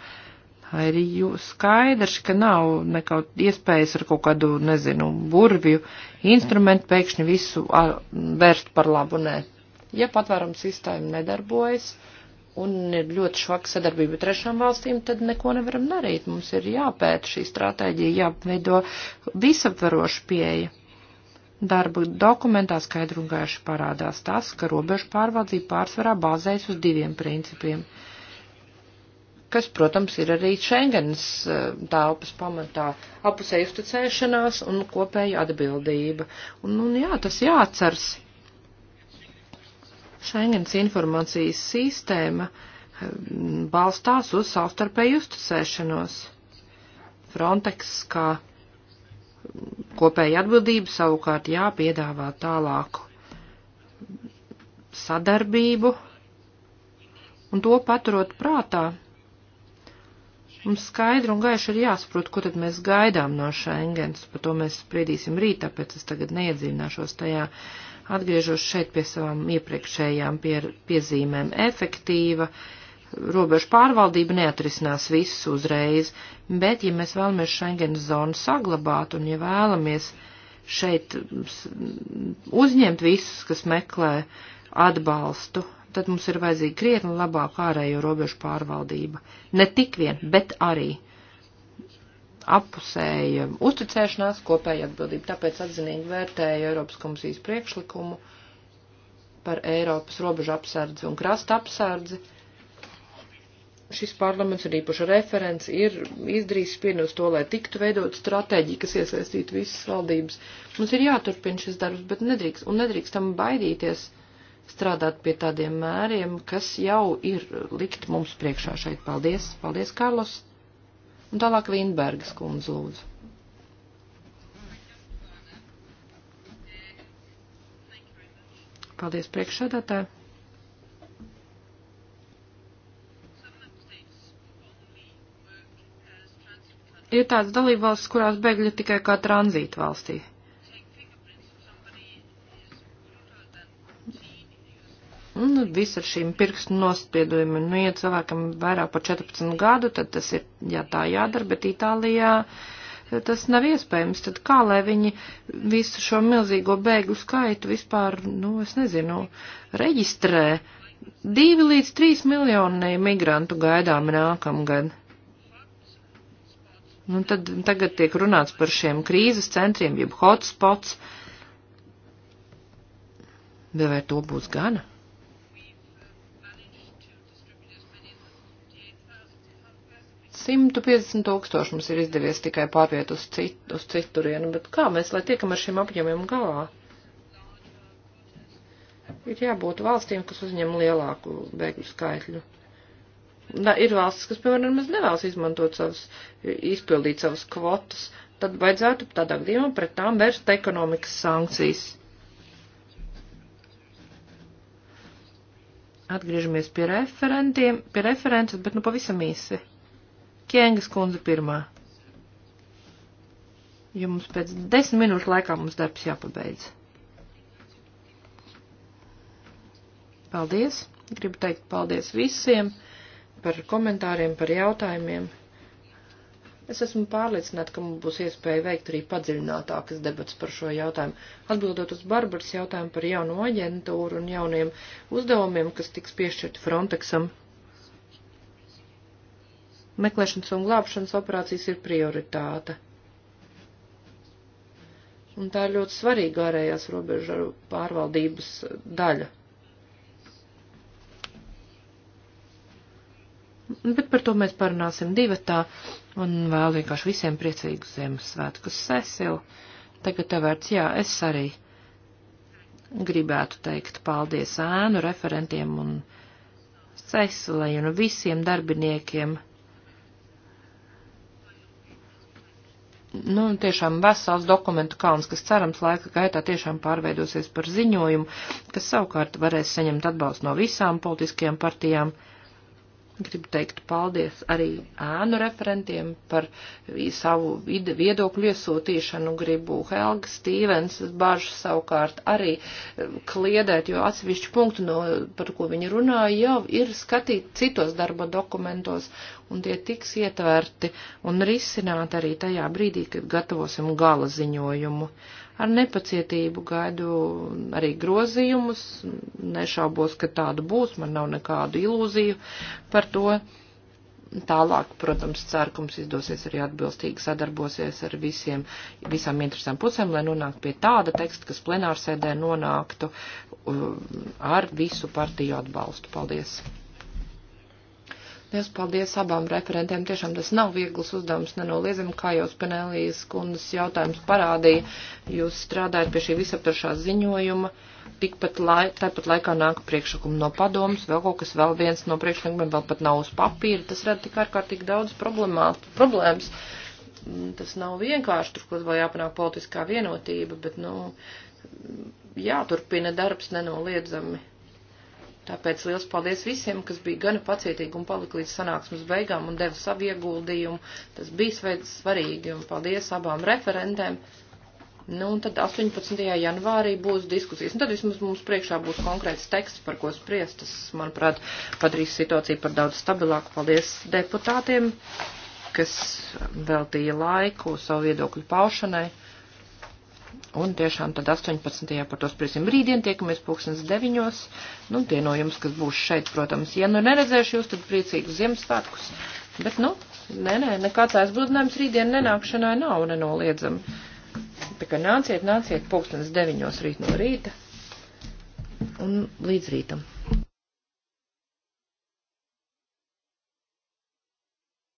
Ir skaidrs, ka nav nekaut iespējas ar kaut kādu, nezinu, burvju instrumentu pēkšņi visu vērst par labu, nē. Ja patvērums sistēma nedarbojas un ir ļoti švaka sadarbība trešām valstīm, tad neko nevaram darīt. Mums ir jāpēta šī stratēģija, jāveido visaptvaroša pieeja Darba dokumentā skaidru un gaišu parādās tas, ka robežu pārvaldība pārsvarā bāzējas uz diviem principiem, kas, protams, ir arī Schengens eh, telpas pamatā - apusēju uzticēšanās un kopēja atbildība. Un, un jā, tas jāatceras. Schengens informācijas sistēma eh, balstās uz savstarpēju uzticēšanos. Frontex kā Kopēja atbildība savukārt jāpiedāvā tālāku sadarbību un to paturot prātā. Mums skaidri un gaiši ir jāsaprot, ko tad mēs gaidām no Schengens, par to mēs spriedīsim rīt, tāpēc es tagad neiedzīvināšos tajā, atgriežos šeit pie savām iepriekšējām pie, piezīmēm efektīva, uh, robežu pārvaldība neatrisinās visu uzreiz, bet, ja mēs vēlamies Schengen zonu saglabāt un ja vēlamies šeit uzņemt visus, kas meklē atbalstu, tad mums ir vajadzīga krietni labāka ārējo robežu pārvaldība. Ne tik vien, bet arī apusēja uzticēšanās, kopēja atbildība. Tāpēc atzinīgi vērtēja Eiropas komisijas priekšlikumu par Eiropas robežu apsardzi un krasta apsardzi šis parlaments un īpaši referents ir izdarījis spiedienu uz to, lai tiktu veidot stratēģiju, kas iesaistītu visas valdības. Mums ir jāturpina šis darbs, bet nedrīkst, un nedrīkstam baidīties strādāt pie tādiem mēriem, kas jau ir likt mums priekšā šeit. Paldies, paldies, Karlos. Un tālāk Vīnbergas kundze lūdzu. Paldies priekšsēdētāji. ir tāds dalībvalsts, kurās bēgļi tikai kā tranzīta valstī. Un nu, viss ar šīm pirkstu nospiedojumiem, nu, ja cilvēkam vairāk par 14 gadu, tad tas ir, jā, tā jādara, bet Itālijā eh, tas nav iespējams. Tad kā, lai viņi visu šo milzīgo bēgļu skaitu vispār, nu, es nezinu, reģistrē? Divi līdz trīs miljoni migrantu gaidām nākamgad. Nu, tad tagad tiek runāts par šiem krīzes centriem, jeb hotspots. Bet vai to būs gana? Simtu piecdesmit tūkstoši mums ir izdevies tikai pārviet uz, cit, uz citurienu, bet kā mēs lai tiekam ar šiem apjomiem galā? Ir jābūt valstīm, kas uzņem lielāku bēgļu skaitļu da, ir valstis, kas, piemēram, nemaz nevēlas izmantot savus, izpildīt savus kvotas, tad vajadzētu tādā gadījumā pret tām vērst ekonomikas sankcijas. Atgriežamies pie referentiem, pie references, bet nu pavisam īsi. Kiengas kundze pirmā. Jo mums pēc desmit minūšu laikā mums darbs jāpabeidz. Paldies! Gribu teikt paldies visiem! par komentāriem, par jautājumiem. Es esmu pārliecināta, ka mums būs iespēja veikt arī padziļinātākas debats par šo jautājumu. Atbildot uz Barbaras jautājumu par jauno aģentūru un jauniem uzdevumiem, kas tiks piešķirti Frontexam. Meklēšanas un glābšanas operācijas ir prioritāte. Un tā ir ļoti svarīga ārējās robežu pārvaldības daļa. bet par to mēs parunāsim divatā, un vēl vienkārši visiem priecīgu Ziemassvētkus sesilu. Tagad tev vērts, jā, es arī gribētu teikt paldies ēnu referentiem un sesilai un visiem darbiniekiem. nu, tiešām vesels dokumentu kalns, kas cerams laika gaitā tiešām pārveidosies par ziņojumu, kas savukārt varēs saņemt atbalstu no visām politiskajām partijām. Gribu teikt paldies arī ēnu referentiem par savu viedokļu iesūtīšanu. Gribu Helga Stīvens bažu savukārt arī eh, kliedēt, jo atsevišķi punktu, no, par ko viņi runāja, jau ir skatīt citos darba dokumentos, un tie tiks ietverti un risināt arī tajā brīdī, kad gatavosim gala ziņojumu. Ar nepacietību gaidu arī grozījumus, nešaubos, ka tādu būs, man nav nekādu ilūziju par to. Tālāk, protams, ceru, ka mums izdosies arī atbilstīgi sadarbosies ar visiem, visām interesantām pusēm, lai nonāktu pie tāda teksta, kas plenārsēdē nonāktu uh, ar visu partiju atbalstu. Paldies! Liels paldies abām referentiem. Tiešām tas nav viegls uzdevums, nenoliedzami, kā jau Spenelijas kundas jautājums parādīja. Jūs strādājat pie šī visaptaršā ziņojuma. Tikpat lai, tāpat laikā nāk priekšlikumi no padomas, vēl kaut kas vēl viens no priekšlikumiem vēl pat nav uz papīra. Tas rada tik ārkārtīgi daudz problēmas. Mm, tas nav vienkārši, tur kaut vai jāpanāk politiskā vienotība, bet, nu, jāturpina darbs nenoliedzami Tāpēc liels paldies visiem, kas bija gana pacietīgi un palika līdz sanāksmes beigām un deva savu ieguldījumu. Tas bija svarīgi un paldies abām referentēm. Nu, un tad 18. janvārī būs diskusijas. Un tad vismaz mums priekšā būs konkrēts teksts, par ko spriest. Tas, manuprāt, padarīs situāciju par daudz stabilāku. Paldies deputātiem, kas veltīja laiku savu viedokļu paušanai. Un tiešām tad 18. par to spriesim rītdien, tiekamies pulkstens deviņos. Nu, tie no jums, kas būs šeit, protams, ja nu neredzēšu jūs, tad priecīgu Ziemassvētkus. Bet, nu, nē, nē, nekāds aizbildinājums rītdien nenākšanai nav nenoliedzami. Tā kā nāciet, nāciet pulkstens deviņos rīt no rīta un līdz rītam.